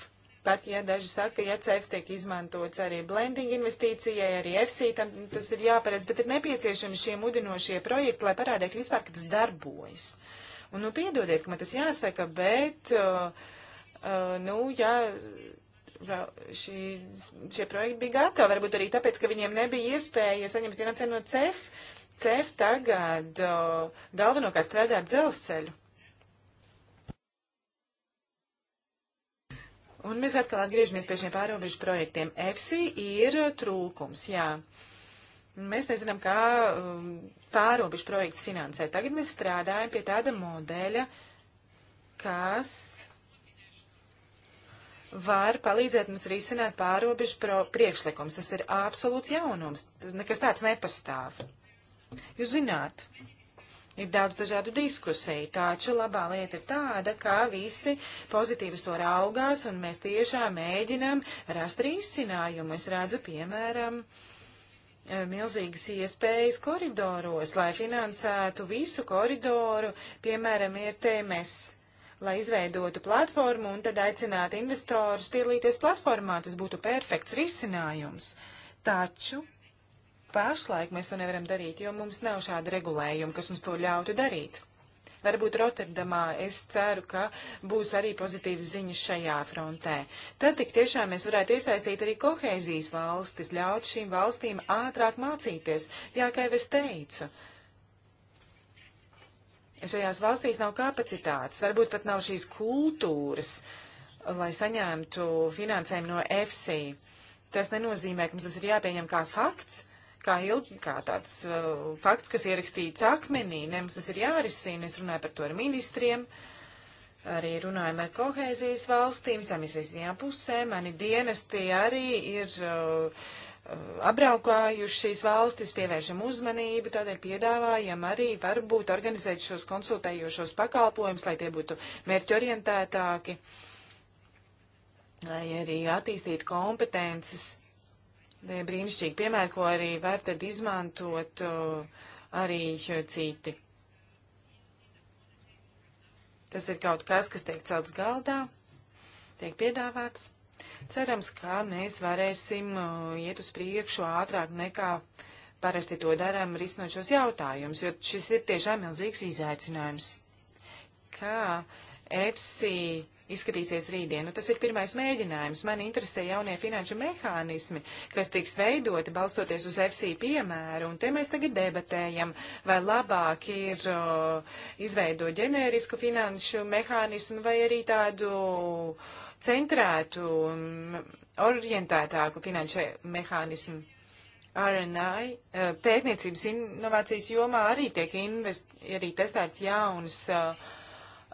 Pat, ja daži saka, ja CEF tiek izmantots arī blending investīcijai, arī FC, tam tas ir jāparedz, bet ir nepieciešami šie mudinošie projekti, lai parādētu vispār, ka tas darbojas. Un, nu, piedodiet, ka man tas jāsaka, bet, uh, uh, nu, jā. Ja, šī, šie projekti bija gatavi, varbūt arī tāpēc, ka viņiem nebija iespēja saņemt finansējumu no CEF. CEF tagad galvenokārt strādā ar dzelzceļu. Un mēs atkal atgriežamies pie šiem pārobežu projektiem. EFSI ir trūkums, jā. Mēs nezinām, kā um, pārobežu projekts finansē. Tagad mēs strādājam pie tāda modeļa, kas var palīdzēt mums risināt pārobežu priekšlikums. Tas ir absolūts jaunums. Tas nekas tāds nepastāv. Jūs zināt, ir daudz dažādu diskusiju, taču labā lieta ir tāda, ka visi pozitīvi to raugās, un mēs tiešām mēģinām rast risinājumu. Es redzu, piemēram, eh, milzīgas iespējas koridoros, lai finansētu visu koridoru, piemēram, ir TMS lai izveidotu platformu un tad aicinātu investorus piedalīties platformā. Tas būtu perfekts risinājums. Taču pašlaik mēs to nevaram darīt, jo mums nav šāda regulējuma, kas mums to ļautu darīt. Varbūt Rotterdamā es ceru, ka būs arī pozitīvas ziņas šajā frontē. Tad tik tiešām mēs varētu iesaistīt arī kohēzijas valstis, ļaut šīm valstīm ātrāk mācīties, jā, kā jau es teicu. Šajās valstīs nav kapacitātes, varbūt pat nav šīs kultūras, lai saņemtu finansējumu no EFSI. Tas nenozīmē, ka mums tas ir jāpieņem kā fakts, kā, ilg, kā tāds uh, fakts, kas ierakstīts akmenī. Ne mums tas ir jārisina. Es runāju par to ar ministriem, arī runājam ar kohēzijas valstīm, visām iesaistītajām pusēm. Mani dienesti arī ir. Uh, uh, apbraukājuši šīs valstis, pievēršam uzmanību, tādēļ piedāvājam arī varbūt organizēt šos konsultējošos pakalpojumus, lai tie būtu mērķorientētāki, lai arī attīstītu kompetences brīnišķīgi piemēri, ko arī var tad izmantot arī citi. Tas ir kaut kas, kas tiek celts galdā, tiek piedāvāts. Cerams, ka mēs varēsim iet uz priekšu ātrāk nekā parasti to darām, risinot šos jautājumus, jo šis ir tiešām milzīgs izaicinājums. Kā EPSI izskatīsies rītdien. Nu, tas ir pirmais mēģinājums. Man interesē jaunie finanšu mehānismi, kas tiks veidoti balstoties uz FC piemēru. Un te mēs tagad debatējam, vai labāk ir uh, izveidot ģenērisku finanšu mehānismu vai arī tādu centrētu, um, orientētāku finanšu mehānismu. RNI uh, pētniecības inovācijas jomā arī tiek invest, arī testēts jaunas uh,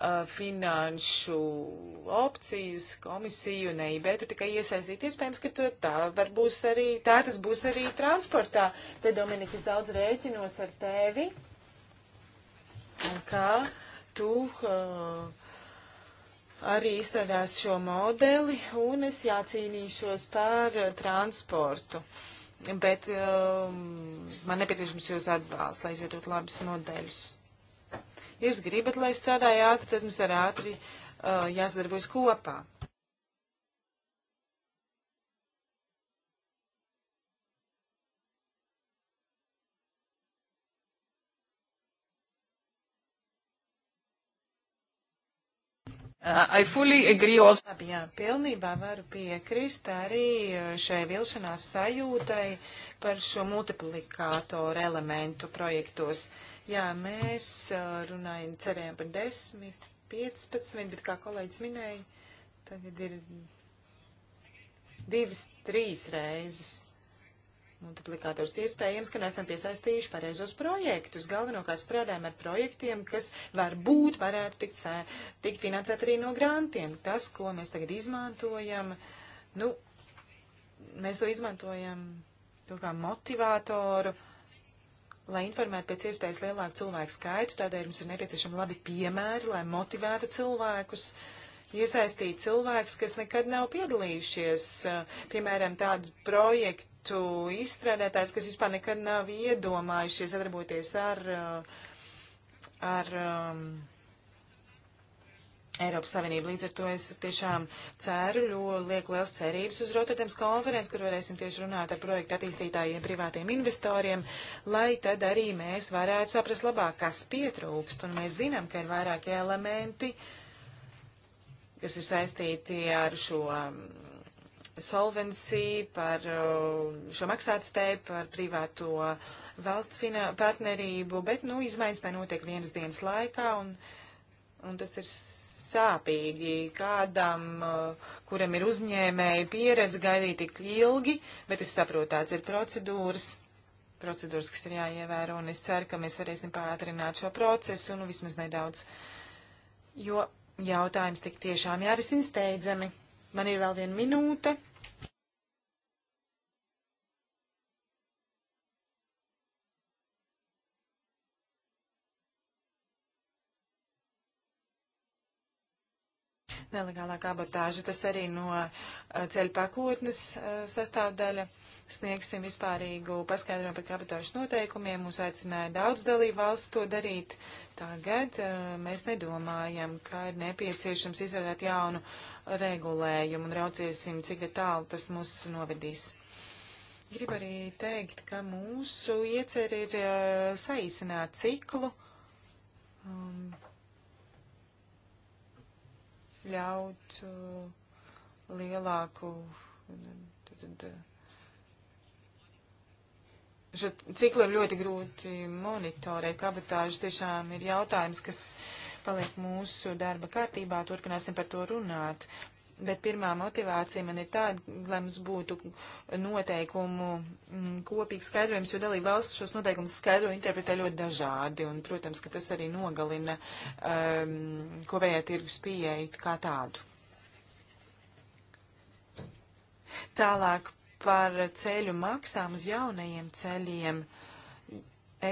Uh, finanšu opcijas komisiju un EIB tur tikai iesaistīt. Iespējams, ka tā var būs arī, tā tas būs arī transportā. Te, Dominika, es daudz rēķinos ar tevi. Un kā tu uh, arī izstrādās šo modeli un es jācīnīšos par uh, transportu. Bet um, man nepieciešams jūs atbalsts, lai izvietot labus modeļus. Jūs gribat, lai strādāju ātri, tad mums ir ātri uh, jāsadarbojas kopā. Uh, I fully agree also. Labi, jā, pilnībā varu piekrist arī uh, šai vilšanās sajūtai par šo multiplikātoru elementu projektos. Uh, Jā, mēs runājam, cerējām par 10, 15, bet kā kolēģis minēja, tagad ir divas, trīs reizes multiplikators. Iespējams, ka nesam piesaistījuši pareizos projektus. Galvenokārt strādājam ar projektiem, kas varbūt varētu tikt, tikt finansēt arī no grantiem. Tas, ko mēs tagad izmantojam, nu, mēs to izmantojam to kā motivātoru. Uh, lai informētu pēc iespējas lielāku cilvēku skaitu. Tādēļ mums ir nepieciešami labi piemēri, lai motivētu cilvēkus, iesaistīt cilvēkus, kas nekad nav piedalījušies, piemēram, tādu projektu izstrādātājs, kas vispār nekad nav iedomājušies sadarboties ar, ar um, Eiropas Savienību. Līdz ar to es tiešām ceru, ļoti lieku liels cerības uz Rotterdams konferenci, kur varēsim tieši runāt ar projektu attīstītājiem, privātiem investoriem, lai tad arī mēs varētu saprast labāk, kas pietrūkst. Un mēs zinām, ka ir vairāki elementi, kas ir saistīti ar šo um, solvency, par uh, šo maksātspēju, par privāto valsts partnerību, bet, nu, izmaiņas nenotiek vienas dienas laikā, un, un tas ir sāpīgi kādam, eh, kuram ir uzņēmēja pieredze gaidīt tik ilgi, bet es saprotu, tāds ir procedūras, procedūras, kas ir jāievēro, un es ceru, ka mēs varēsim pātrināt šo procesu, nu vismaz nedaudz, jo jautājums tik tiešām jārisina steidzami. Man ir vēl viena minūte. Nelegālā kabotāža tas arī no eh, ceļu pakotnes eh, sastāvdaļa. Sniegsim vispārīgu paskaidrojumu par kabotāžas noteikumiem. Mūs aicināja daudz dalību valsts to darīt. Tagad eh, mēs nedomājam, ka ir nepieciešams izrādāt jaunu regulējumu un rauciesim, cik tālu tas mūs novedīs. Gribu arī teikt, ka mūsu iecer ir uh, saīsināt ciklu. Um, ļaut uh, lielāku, tad, šo ciklu ir ļoti grūti monitorēt. Kabatāža tiešām ir jautājums, kas paliek mūsu darba kārtībā, turpināsim par to runāt. Bet pirmā motivācija man ir tāda, lai mums būtu noteikumu mm, kopīgs skaidrojums, jo dalība valsts šos noteikumus skaidro un interpretē ļoti dažādi. Un, protams, ka tas arī nogalina um, kopējā tirgus pieeju kā tādu. Tālāk par ceļu maksām uz jaunajiem ceļiem.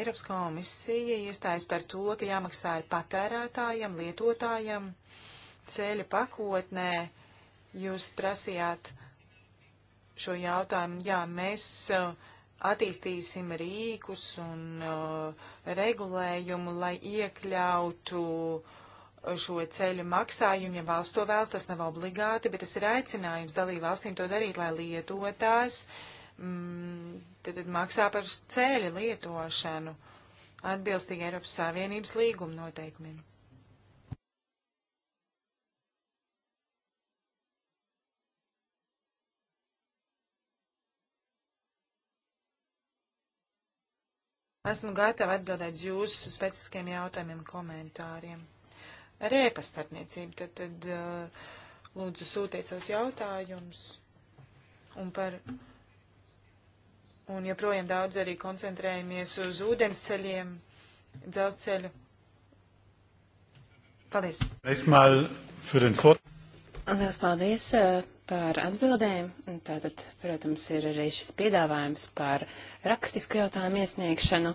Eiropas komisija iestājas par to, ka jāmaksā ir patērētājiem, lietotājiem ceļa pakotnē Jūs prasījāt šo jautājumu. Jā, mēs uh, attīstīsim rīkus un uh, regulējumu, lai iekļautu uh, šo ceļu maksājumu, ja valsts to vēlas, tas nav obligāti, bet tas ir aicinājums dalību valstīm to darīt, lai lietotājs mm, tad, tad maksā par ceļa lietošanu atbilstīgi Eiropas Savienības līguma noteikumiem. Esmu gatava atbildēt jūsu specifiskiem jautājumiem, komentāriem. Ar ēpastarniecību tad, tad uh, lūdzu sūtiet savus jautājumus un par. Un joprojām daudz arī koncentrējamies uz ūdensceļiem, dzelzceļu. Paldies! Liels paldies par atbildēm. Tātad, protams, ir arī šis piedāvājums par rakstisku jautājumu iesniegšanu.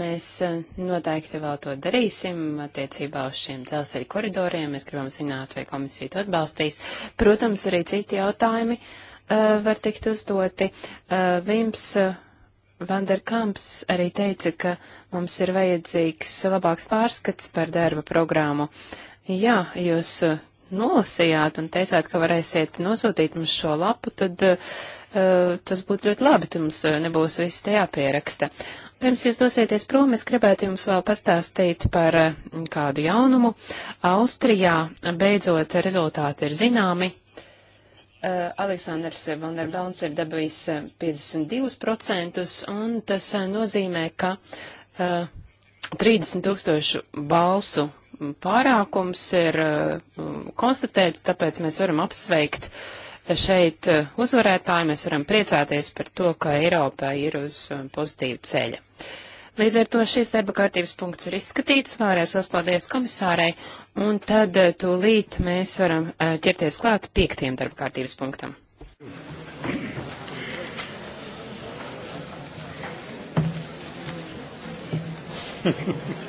Mēs e, noteikti vēl to darīsim attiecībā uz šiem dzelzceļa koridoriem. Mēs gribam zināt, vai komisija to atbalstīs. Protams, arī citi jautājumi uh, var tikt uzdoti. Uh, Vims uh, Vanderkamps arī teica, ka mums ir vajadzīgs labāks pārskats par darba programmu. Jā, jūs nolasījāt un teicāt, ka varēsiet nosūtīt mums šo lapu, tad uh, tas būtu ļoti labi, tad mums eh, nebūs viss te jāpieraksta. Pirms jūs dosieties prom, es gribētu jums vēl pastāstīt par uh, kādu jaunumu. Austrijā beidzot rezultāti ir zināmi. Uh, Aleksandrs Vanderbelns ir dabījis 52%, un tas nozīmē, ka 30 tūkstošu balsu pārākums ir uh, konstatēts, tāpēc mēs varam apsveikt šeit uh, uzvarētāji, mēs varam priecāties par to, ka Eiropā ir uz uh, pozitīvu ceļa. Līdz ar to šis darba kārtības punkts ir izskatīts, vēlreiz liels paldies komisārai, un tad tūlīt mēs varam ķerties klāt piektiem darba kārtības punktam. Thank [laughs] you.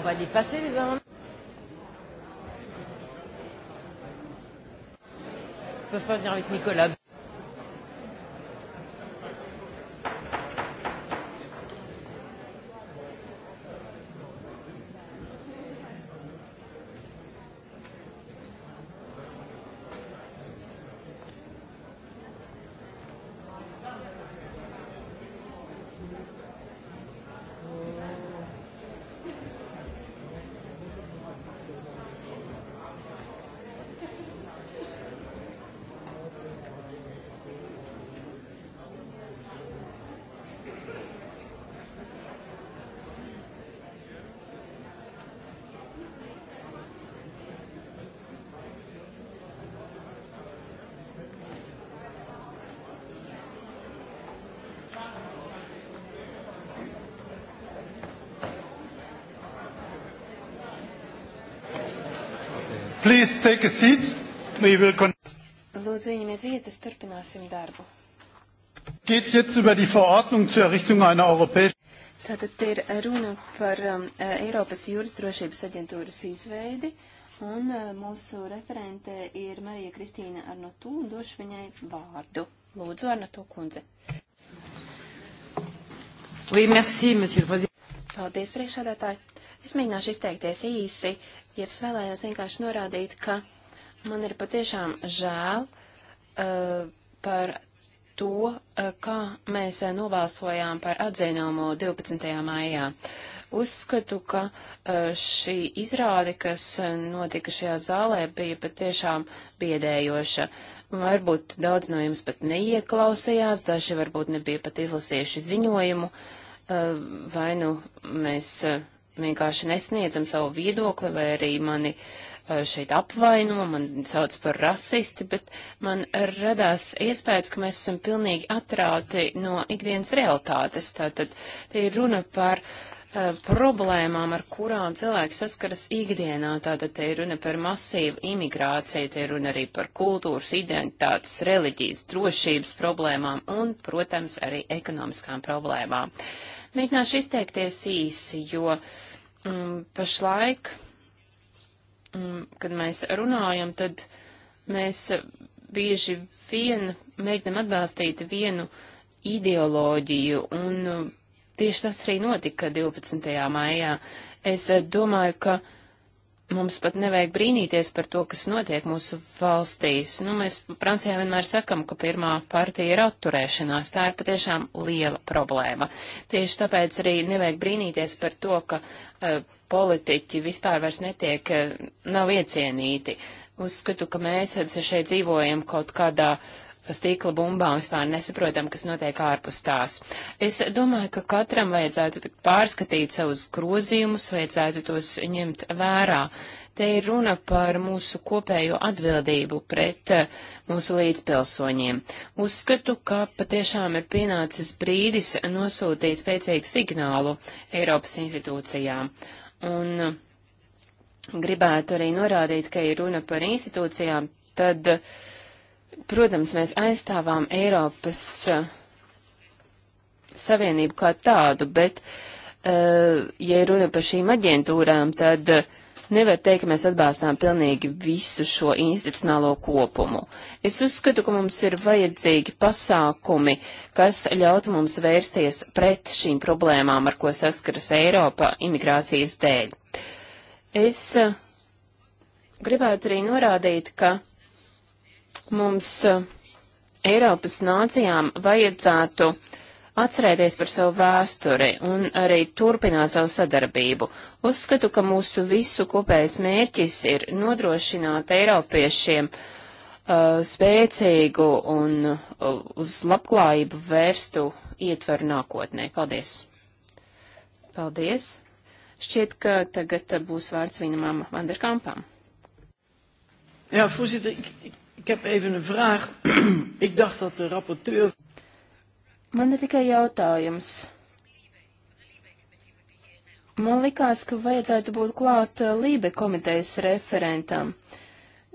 on va dépasser les amendements. Ils peuvent pas venir avec Nicolas. Please take a seat. We will con Lūdzu, ieņemiet vietas, turpināsim darbu. Geht jetzt über die Verordnung zur Errichtung einer europäischen Tātad te ir runa par um, eh, Eiropas jūras drošības aģentūras izveidi, un uh, mūsu referente ir Marija Kristīna Arnotu, un došu viņai vārdu. Lūdzu, Arnotu kundze. Oui, merci, monsieur le président. Paldies, priekšādātāji. Es mēģināšu izteikties īsi, ja es vēlējos vienkārši norādīt, ka man ir patiešām žēl uh, par to, uh, kā mēs uh, nobalsojām par atzinumu 12. maijā. Uzskatu, ka uh, šī izrāde, kas notika šajā zālē, bija patiešām biedējoša. Varbūt daudz no jums pat neieklausījās, daži varbūt nebija pat izlasījuši ziņojumu, vai nu mēs vienkārši nesniedzam savu viedokli vai arī mani eh, šeit apvaino, man sauc par rasisti, bet man radās iespējas, ka mēs esam pilnīgi atrauti no ikdienas realitātes. Tātad te ir runa par uh, problēmām, ar kurām cilvēks saskaras ikdienā. Tātad te ir runa par masīvu imigrāciju, te ir runa arī par kultūras, identitātes, reliģijas, drošības problēmām un, protams, arī ekonomiskām problēmām. Mēģināšu izteikties īsi, jo uh, Mm, pašlaik, mm, kad mēs runājam, tad mēs bieži vien mēģinam atbalstīt vienu ideoloģiju, un mm, tieši tas arī notika 12. maijā. Es eh, domāju, ka mums pat nevajag brīnīties par to, kas notiek mūsu valstīs. Nu, mēs Francijā vienmēr sakam, ka pirmā partija ir atturēšanās. Tā ir patiešām liela problēma. Tieši tāpēc arī nevajag brīnīties par to, ka uh, politiķi vispār vairs netiek, uh, nav iecienīti. Uzskatu, ka mēs šeit dzīvojam kaut kādā uh, stikla bumbām vispār nesaprotam, kas notiek ārpus tās. Es domāju, ka katram vajadzētu pārskatīt savus grozījumus, vajadzētu tos ņemt vērā. Te ir runa par mūsu kopējo atbildību pret eh, mūsu līdzpilsoņiem. Uzskatu, ka patiešām ir pienācis brīdis nosūtīt spēcīgu signālu Eiropas institūcijām. Un eh, gribētu arī norādīt, ka ir runa par institūcijām, tad uh, Protams, mēs aizstāvām Eiropas eh, Savienību kā tādu, bet, eh, ja runa par šīm aģentūrām, tad eh, nevar teikt, ka mēs atbalstām pilnīgi visu šo institucionālo kopumu. Es uzskatu, ka mums ir vajadzīgi pasākumi, kas ļautu mums vērsties pret šīm problēmām, ar ko saskaras Eiropa imigrācijas dēļ. Es gribētu arī norādīt, ka Mums eh, Eiropas nācijām vajadzētu atcerēties par savu vēsturi un arī turpināt savu sadarbību. Uzskatu, ka mūsu visu kopējais mērķis ir nodrošināt Eiropiešiem uh, spēcīgu un uh, uz labklājību vērstu ietveru nākotnē. Paldies! Paldies! Šķiet, ka tagad būs vārds vienam Vanderkampam. Jā, ja, voorzitter, ik, ik Ik heb even een vraag. [clears throat] Ik dacht dat de rapporteur. Man ir er tikai jautājums. Man likās, ka vajadzētu būt klāt eh, Lībe komitejas referentam.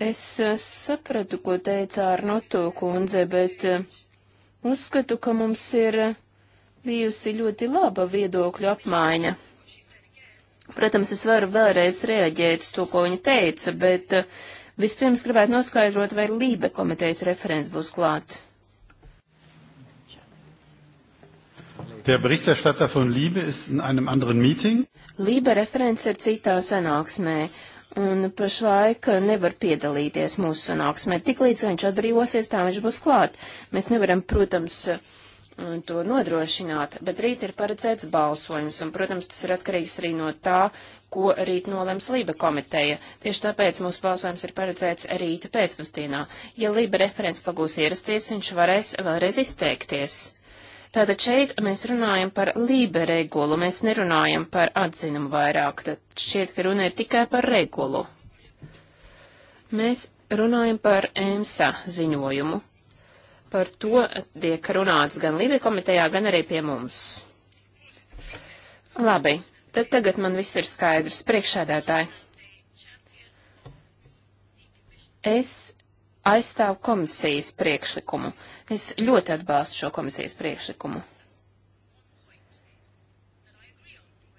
Es eh, sapratu, ko teica Arnoto kundze, bet eh, uzskatu, ka mums ir bijusi ļoti laba viedokļu apmaiņa. Protams, es varu vēlreiz reaģēt uz to, ko viņa teica, bet uh, Vispirms gribētu noskaidrot, vai Lībe komitejas referents būs klāt. Der Berichterstatter von Liebe ist in einem anderen Meeting. Liebe referents ir citā sanāksmē, un pašlaik nevar piedalīties mūsu sanāksmē. Tiklīdz viņš atbrīvosies, tā viņš būs klāt. Mēs nevaram, protams, to nodrošināt, bet rīt ir paredzēts balsojums, un, protams, tas ir atkarīgs arī no tā, ko rīt nolems Lība komiteja. Tieši tāpēc mūsu balsojums ir paredzēts rīta pēcpusdienā. Ja Lība referents pagūs ierasties, viņš varēs vēlreiz izteikties. Tātad šeit mēs runājam par Lība regulu, mēs nerunājam par atzinumu vairāk, tad šķiet, ka runa ir tikai par regulu. Mēs runājam par EMSA ziņojumu. Par to tiek runāts gan Lībija komitejā, gan arī pie mums. Labi, Tad tagad man viss ir skaidrs. Priekšādātāji. Es aizstāvu komisijas priekšlikumu. Es ļoti atbalstu šo komisijas priekšlikumu.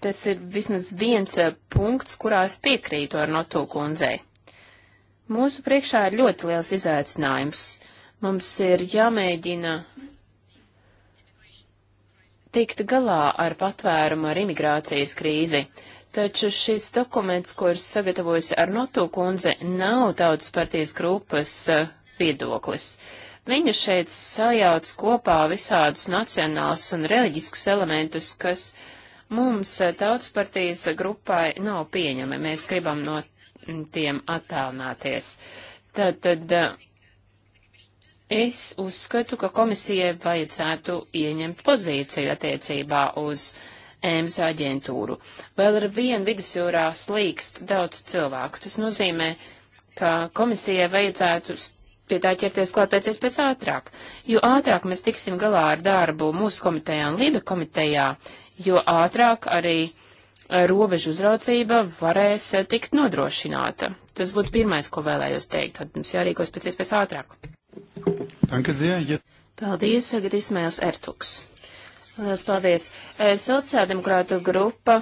Tas ir vismaz viens eh, punkts, kurā es piekrītu ar Notu kundzei. Mūsu priekšā ir ļoti liels izaicinājums. Mums ir jāmēģina tikt galā ar patvērumu, ar imigrācijas krīzi. Taču šis dokuments, ko ir sagatavojis Arnotu kundze, nav tautas partijas grupas uh, viedoklis. Viņa šeit sajauc kopā visādus nacionālus un reliģiskus elementus, kas mums eh, tautas partijas grupai nav pieņemi. Mēs gribam no tiem attālināties. Tad, tad eh, Es uzskatu, ka komisijai vajadzētu ieņemt pozīciju attiecībā uz EMS aģentūru. Vēl ar vienu vidusjūrā slīkst daudz cilvēku. Tas nozīmē, ka komisijai vajadzētu pie tā ķerties klāt pēc iespējas ātrāk. Jo ātrāk mēs tiksim galā ar darbu mūsu komitejā un Lībe komitejā, jo ātrāk arī robežu uzraucība varēs tikt nodrošināta. Tas būtu pirmais, ko vēlējos teikt. Tad mums jārīkos pēc iespējas ātrāk. Paldies, tagad Ismēls Ertuks. Lielas paldies. Eh, sociāldemokrātu grupa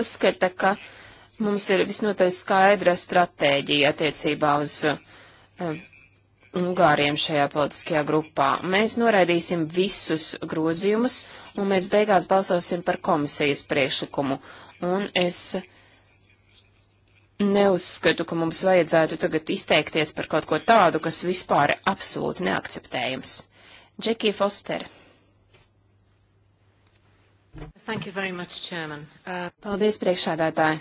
uzskata, ka mums ir visnotaļ skaidra stratēģija attiecībā uz eh, Ungāriem šajā politiskajā grupā. Mēs noraidīsim visus grozījumus, un mēs beigās balsosim par komisijas priekšlikumu. Un es neuzskatu, ka mums vajadzētu tagad izteikties par kaut ko tādu, kas vispār ir absolūti neakceptējams. Džekija Fosteri. Thank you very much, Chairman. Uh... Paldies, priekšādātāji.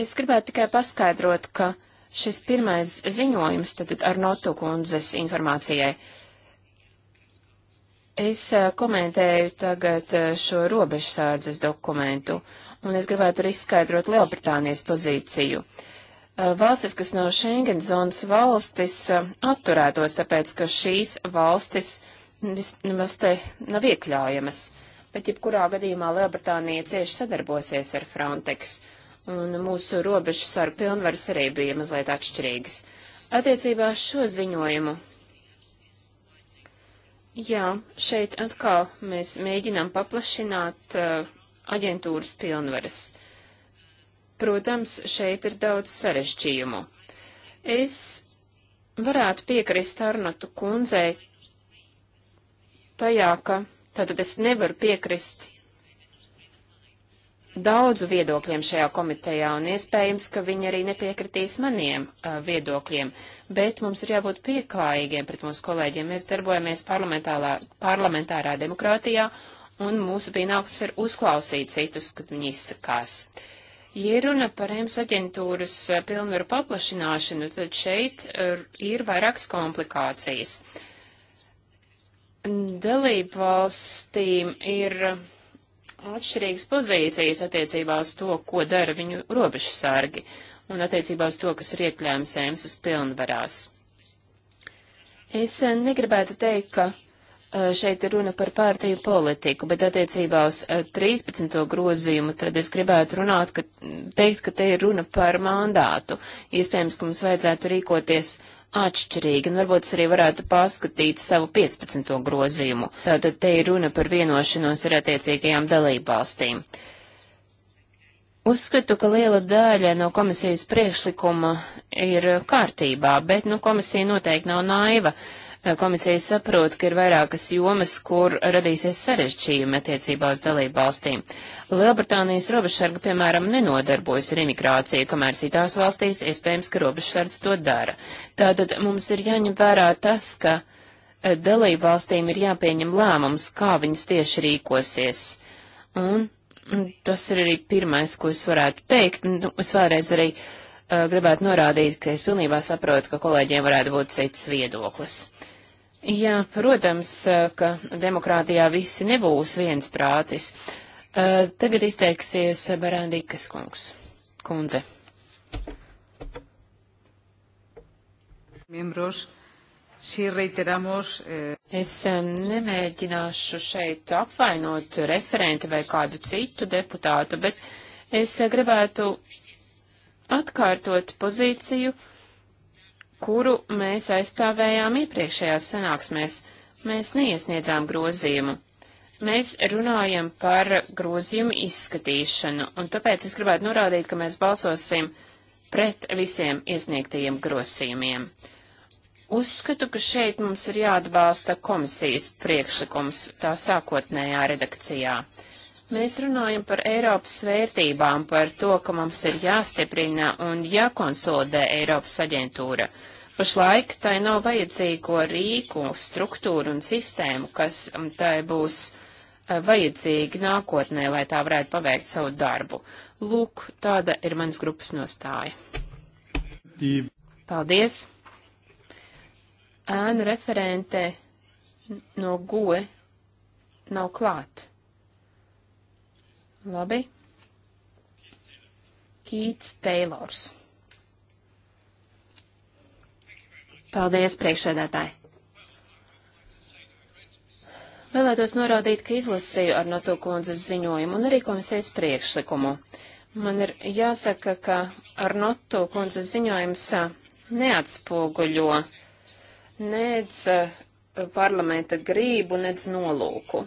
Es gribētu tikai paskaidrot, ka šis pirmais ziņojums, tad ar notu kundzes informācijai, es uh, komentēju tagad uh, šo robežsārdzes dokumentu, un es gribētu arī izskaidrot Lielbritānijas pozīciju. Valstis, kas nav Schengen zonas valstis, atturētos, tāpēc, ka šīs valstis nemaz te nav iekļaujamas. Bet jebkurā gadījumā Lielbritānija cieši sadarbosies ar Frontex, un mūsu robežu sargu pilnvaras arī bija mazliet atšķirīgas. Attiecībā uz šo ziņojumu Jā, šeit atkal mēs mēģinām paplašināt uh, aģentūras pilnvaras. Protams, šeit ir daudz sarežģījumu. Es varētu piekrist Arnotu kundzei tajā, ka tātad es nevaru piekrist daudzu viedokļiem šajā komitejā, un iespējams, ka viņi arī nepiekritīs maniem a, viedokļiem, bet mums ir jābūt pieklājīgiem pret mūsu kolēģiem. Mēs darbojamies parlamentārā demokrātijā, un mūsu pienākums ir uzklausīt citus, kad viņi izsakās. Ja runa par EMS aģentūras eh, pilnvaru paplašināšanu, tad šeit eh, ir vairākas komplikācijas. Dalību valstīm ir atšķirīgas pozīcijas attiecībā uz to, ko dara viņu robežu sargi, un attiecībā uz to, kas ir iekļāms EMS pilnvarās. Es eh, negribētu teikt, ka Eh, šeit ir runa par pārtīju politiku, bet attiecībā uz 13. Eh, grozījumu, tad es gribētu runāt, ka, teikt, ka te ir runa par mandātu. Iespējams, ka mums vajadzētu rīkoties atšķirīgi, un varbūt es arī varētu pārskatīt savu 15. grozījumu. Tātad te ir runa par vienošanos ar attiecīgajām dalībvalstīm. Uzskatu, ka liela daļa no komisijas priekšlikuma ir kārtībā, bet, nu, komisija noteikti nav naiva. Uh, Komisija saprot, ka ir vairākas jomas, kur radīsies sarežģījumi attiecībā uz dalību valstīm. Lielbritānijas robežsarga, piemēram, nenodarbojas ar imigrāciju, kamēr citās valstīs iespējams, ka robežsargs to dara. Tātad mums ir jāņem vērā tas, ka dalību valstīm ir jāpieņem lēmums, kā viņas tieši rīkosies. Un tas ir arī pirmais, ko es varētu teikt. Nu, es vēlreiz arī uh, gribētu norādīt, ka es pilnībā saprotu, ka kolēģiem varētu būt cits viedoklis. Jā, protams, ka demokrātijā visi nebūs viens prātis. Tagad izteiksies Barandīkas kungs, kundze. Miembros, si reiteramos, eh... Es nemēģināšu šeit apvainot referenti vai kādu citu deputātu, bet es gribētu atkārtot pozīciju, uh, kuru mēs aizstāvējām iepriekšējās sanāksmēs. Mēs neiesniedzām grozījumu. Mēs runājam par grozījumu izskatīšanu, un tāpēc es gribētu norādīt, ka mēs balsosim pret visiem iesniegtajiem grozījumiem. Uzskatu, ka šeit mums ir jāatbalsta komisijas priekšlikums tā sākotnējā redakcijā. Mēs runājam par Eiropas vērtībām, par to, ka mums ir jāstiprina un jākonsolidē Eiropas aģentūra. Pašlaik tai nav vajadzīgo rīku, struktūru un sistēmu, kas um, tai būs eh, vajadzīgi nākotnē, lai tā varētu paveikt savu darbu. Lūk, tāda ir manas grupas nostāja. Paldies! Ēnu referente no GOE nav klāt. Labi. Kīts Teilors. Paldies, priekšsēdētāji! Vēlētos norādīt, ka izlasīju ar Noto kundzes ziņojumu un arī komisijas priekšlikumu. Man ir jāsaka, ka ar Noto kundzes ziņojums neatspoguļo nedz parlamenta grību, nedz nolūku.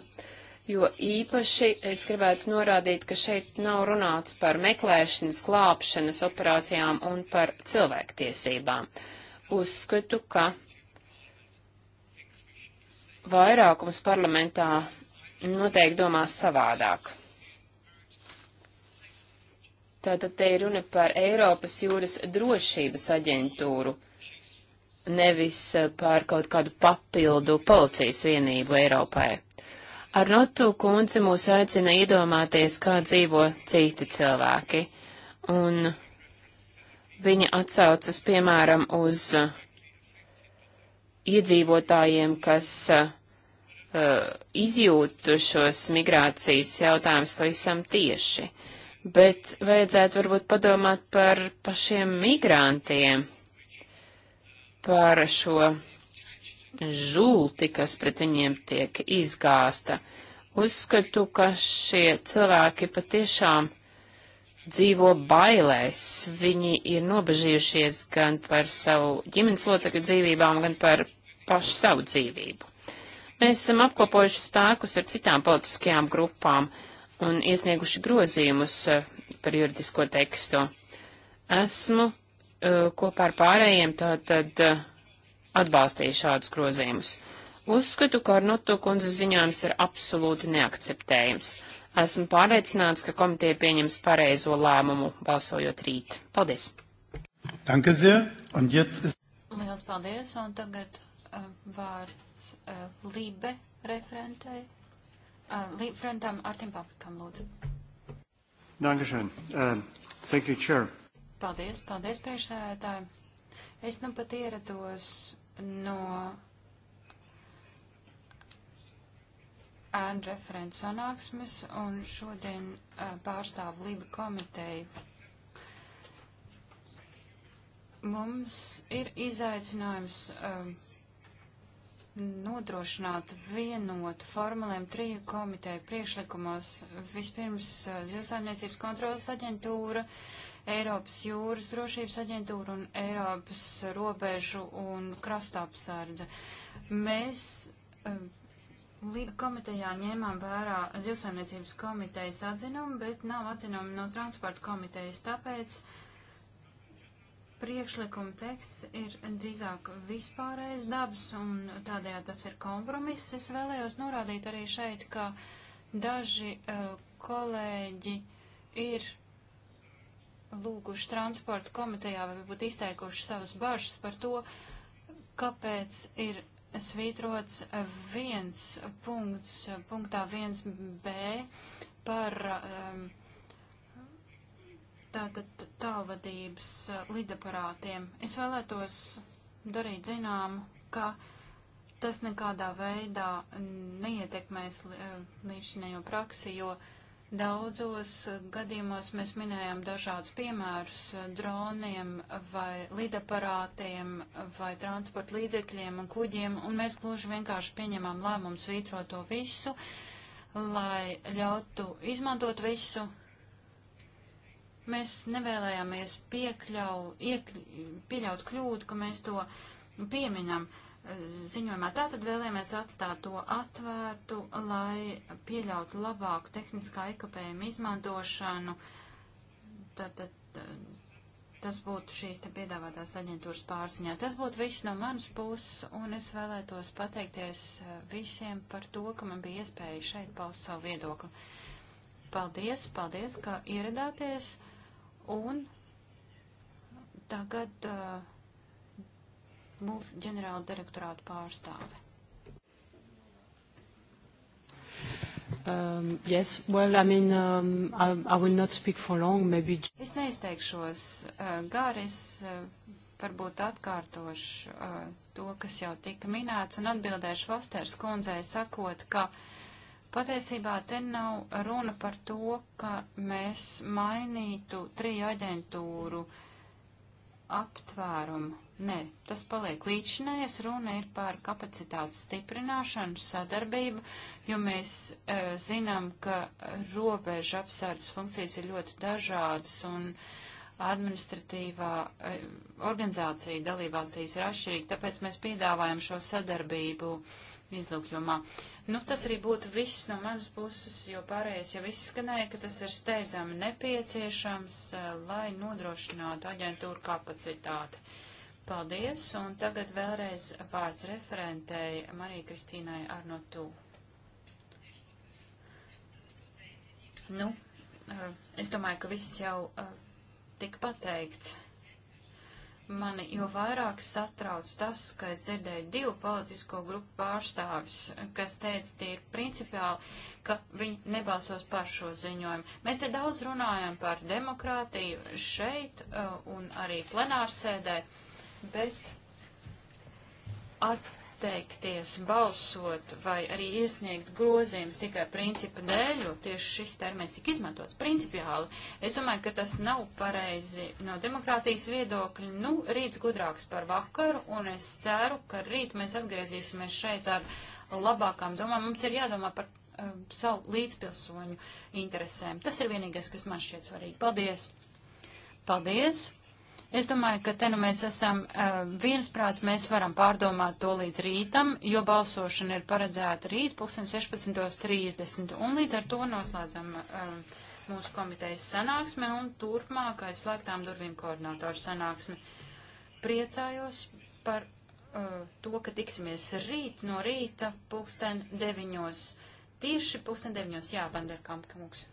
Jo īpaši es gribētu norādīt, ka šeit nav runāts par meklēšanas, glābšanas operācijām un par cilvēktiesībām. Uh, uzskatu, ka vairākums parlamentā noteikti domās savādāk. Tātad te ir runa par Eiropas jūras drošības aģentūru, nevis par kaut kādu papildu policijas vienību Eiropai. Ar notu kundzi mūs aicina iedomāties, kā dzīvo citi cilvēki, un Viņa atsaucas, piemēram, uz uh, iedzīvotājiem, kas uh, uh, izjūt šos migrācijas jautājumus pavisam tieši, bet vajadzētu varbūt padomāt par pašiem migrantiem, par šo žulti, kas pret viņiem tiek izgāsta. Uzskatu, ka šie cilvēki patiešām dzīvo bailēs. Viņi ir nobežījušies gan par savu ģimenes locekļu dzīvībām, gan par pašu savu dzīvību. Mēs esam apkopojuši spēkus ar citām politiskajām grupām un iesnieguši grozījumus eh, par juridisko tekstu. Esmu eh, kopā ar pārējiem tātad eh, atbalstīju šādus grozījumus. Uzskatu, ka Arnoto kundze ziņojums ir absolūti neakceptējams. Esmu pārliecināts, ka komiteja pieņems pareizo lēmumu, balsojot rīt. Paldies! Danke sehr. Un jetzt ist... Liels paldies, un tagad uh, vārds uh, Libe referentei. Uh, eh, Libe referentam Artim Paprikam, lūdzu. Dankeschön. Uh, thank you, Chair. Paldies, paldies, priekšsēdētāji. Es nu pat ierados no ēnu referents sanāksmes, un šodien uh, pārstāvu Liba komiteju. Mums ir izaicinājums um, nodrošināt vienotu formulēm triju komiteju priekšlikumos. Vispirms uh, Zivsaimniecības kontrolas aģentūra, Eiropas jūras drošības aģentūra un Eiropas robežu un krastapsārdze. Mēs um, Lība komitejā ņēmām vērā zivsaimniecības komitejas atzinumu, bet nav atzinumu no transporta komitejas, tāpēc priekšlikuma teksts ir drīzāk vispārējais dabas, un tādējā tas ir kompromiss. Es vēlējos norādīt arī šeit, ka daži uh, kolēģi ir lūguši transporta komitejā vai varbūt izteikuši savas bažas par to, kāpēc ir svītrots viens punkts, punktā 1b par um, tātad tālvadības uh, lidaparātiem. Es vēlētos darīt zinām, ka tas nekādā veidā neietekmēs līdzinējo uh, praksi, jo uh, Daudzos eh, gadījumos mēs minējām dažādus piemērus eh, droniem vai lidaparātiem vai transporta līdzekļiem un kuģiem, un mēs gluži vienkārši pieņemām lēmumu svītrot to visu, lai ļautu izmantot visu. Mēs nevēlējāmies piekļau, iekļ, pieļaut kļūdu, ka mēs to pieminam. Uh, ziņojumā. Tātad vēlamies atstāt to atvērtu, lai pieļautu labāku tehniskā ekapējuma izmantošanu. Tātad eh, tas būtu šīs te piedāvātās aģentūras pārziņā. Tas būtu viss no manas puses, un es vēlētos pateikties eh, visiem par to, ka man bija iespēja šeit paust savu viedokli. Paldies, paldies, ka ieradāties, un tagad. Uh, MUF ģenerāla direktorāta pārstāve. Um, yes, well, I mean, um, I, I will not speak for long, maybe. Es neizteikšos uh, gari, es uh, varbūt atkārtošu uh, to, kas jau tika minēts, un atbildēšu Vosters kundzei sakot, ka patiesībā te nav runa par to, ka mēs mainītu triju aģentūru aptvērumu Nē, tas paliek līdzinējas. Runa ir par kapacitātes stiprināšanu, sadarbību, jo mēs e, zinām, ka robeža apsardzes funkcijas ir ļoti dažādas un administratīvā e, organizācija dalībvalstīs ir atšķirīga, tāpēc mēs piedāvājam šo sadarbību izlūkjumā. Nu, tas arī būtu viss no manas puses, jo pārējais jau izskanēja, ka tas ir steidzami nepieciešams, e, lai nodrošinātu aģentūru kapacitāti. Paldies, un tagad vēlreiz vārds referentei Marija Kristīnai Arnotu. Nu, eh, es domāju, ka viss jau eh, tika pateikts. Mani jo vairāk satrauc tas, ka es dzirdēju divu politisko grupu pārstāvis, kas teica tīri principiāli, ka viņi nebalsos par šo ziņojumu. Mēs te daudz runājam par demokrātiju šeit eh, un arī plenārsēdē. Ar bet atteikties balsot vai arī iesniegt grozījums tikai principa dēļ, jo tieši šis termins tika izmantots principiāli, es domāju, ka tas nav pareizi no demokrātijas viedokļa. Nu, rīts gudrāks par vakaru, un es ceru, ka rīt mēs atgriezīsimies šeit ar labākām domām. Mums ir jādomā par uh, savu līdzpilsoņu interesēm. Tas ir vienīgais, kas man šķiet svarīgi. Paldies! Paldies! Es domāju, ka te nu mēs esam uh, viensprāts, mēs varam pārdomāt to līdz rītam, jo balsošana ir paredzēta rīt 16.30. Un līdz ar to noslēdzam um, mūsu komitejas sanāksmi un turpmākais slēgtām durvīm koordinātoru sanāksmi. Priecājos par eh, to, ka tiksimies rīt no rīta pulksten deviņos. Tieši pulksten deviņos, jā, Vanderkamp, kungs.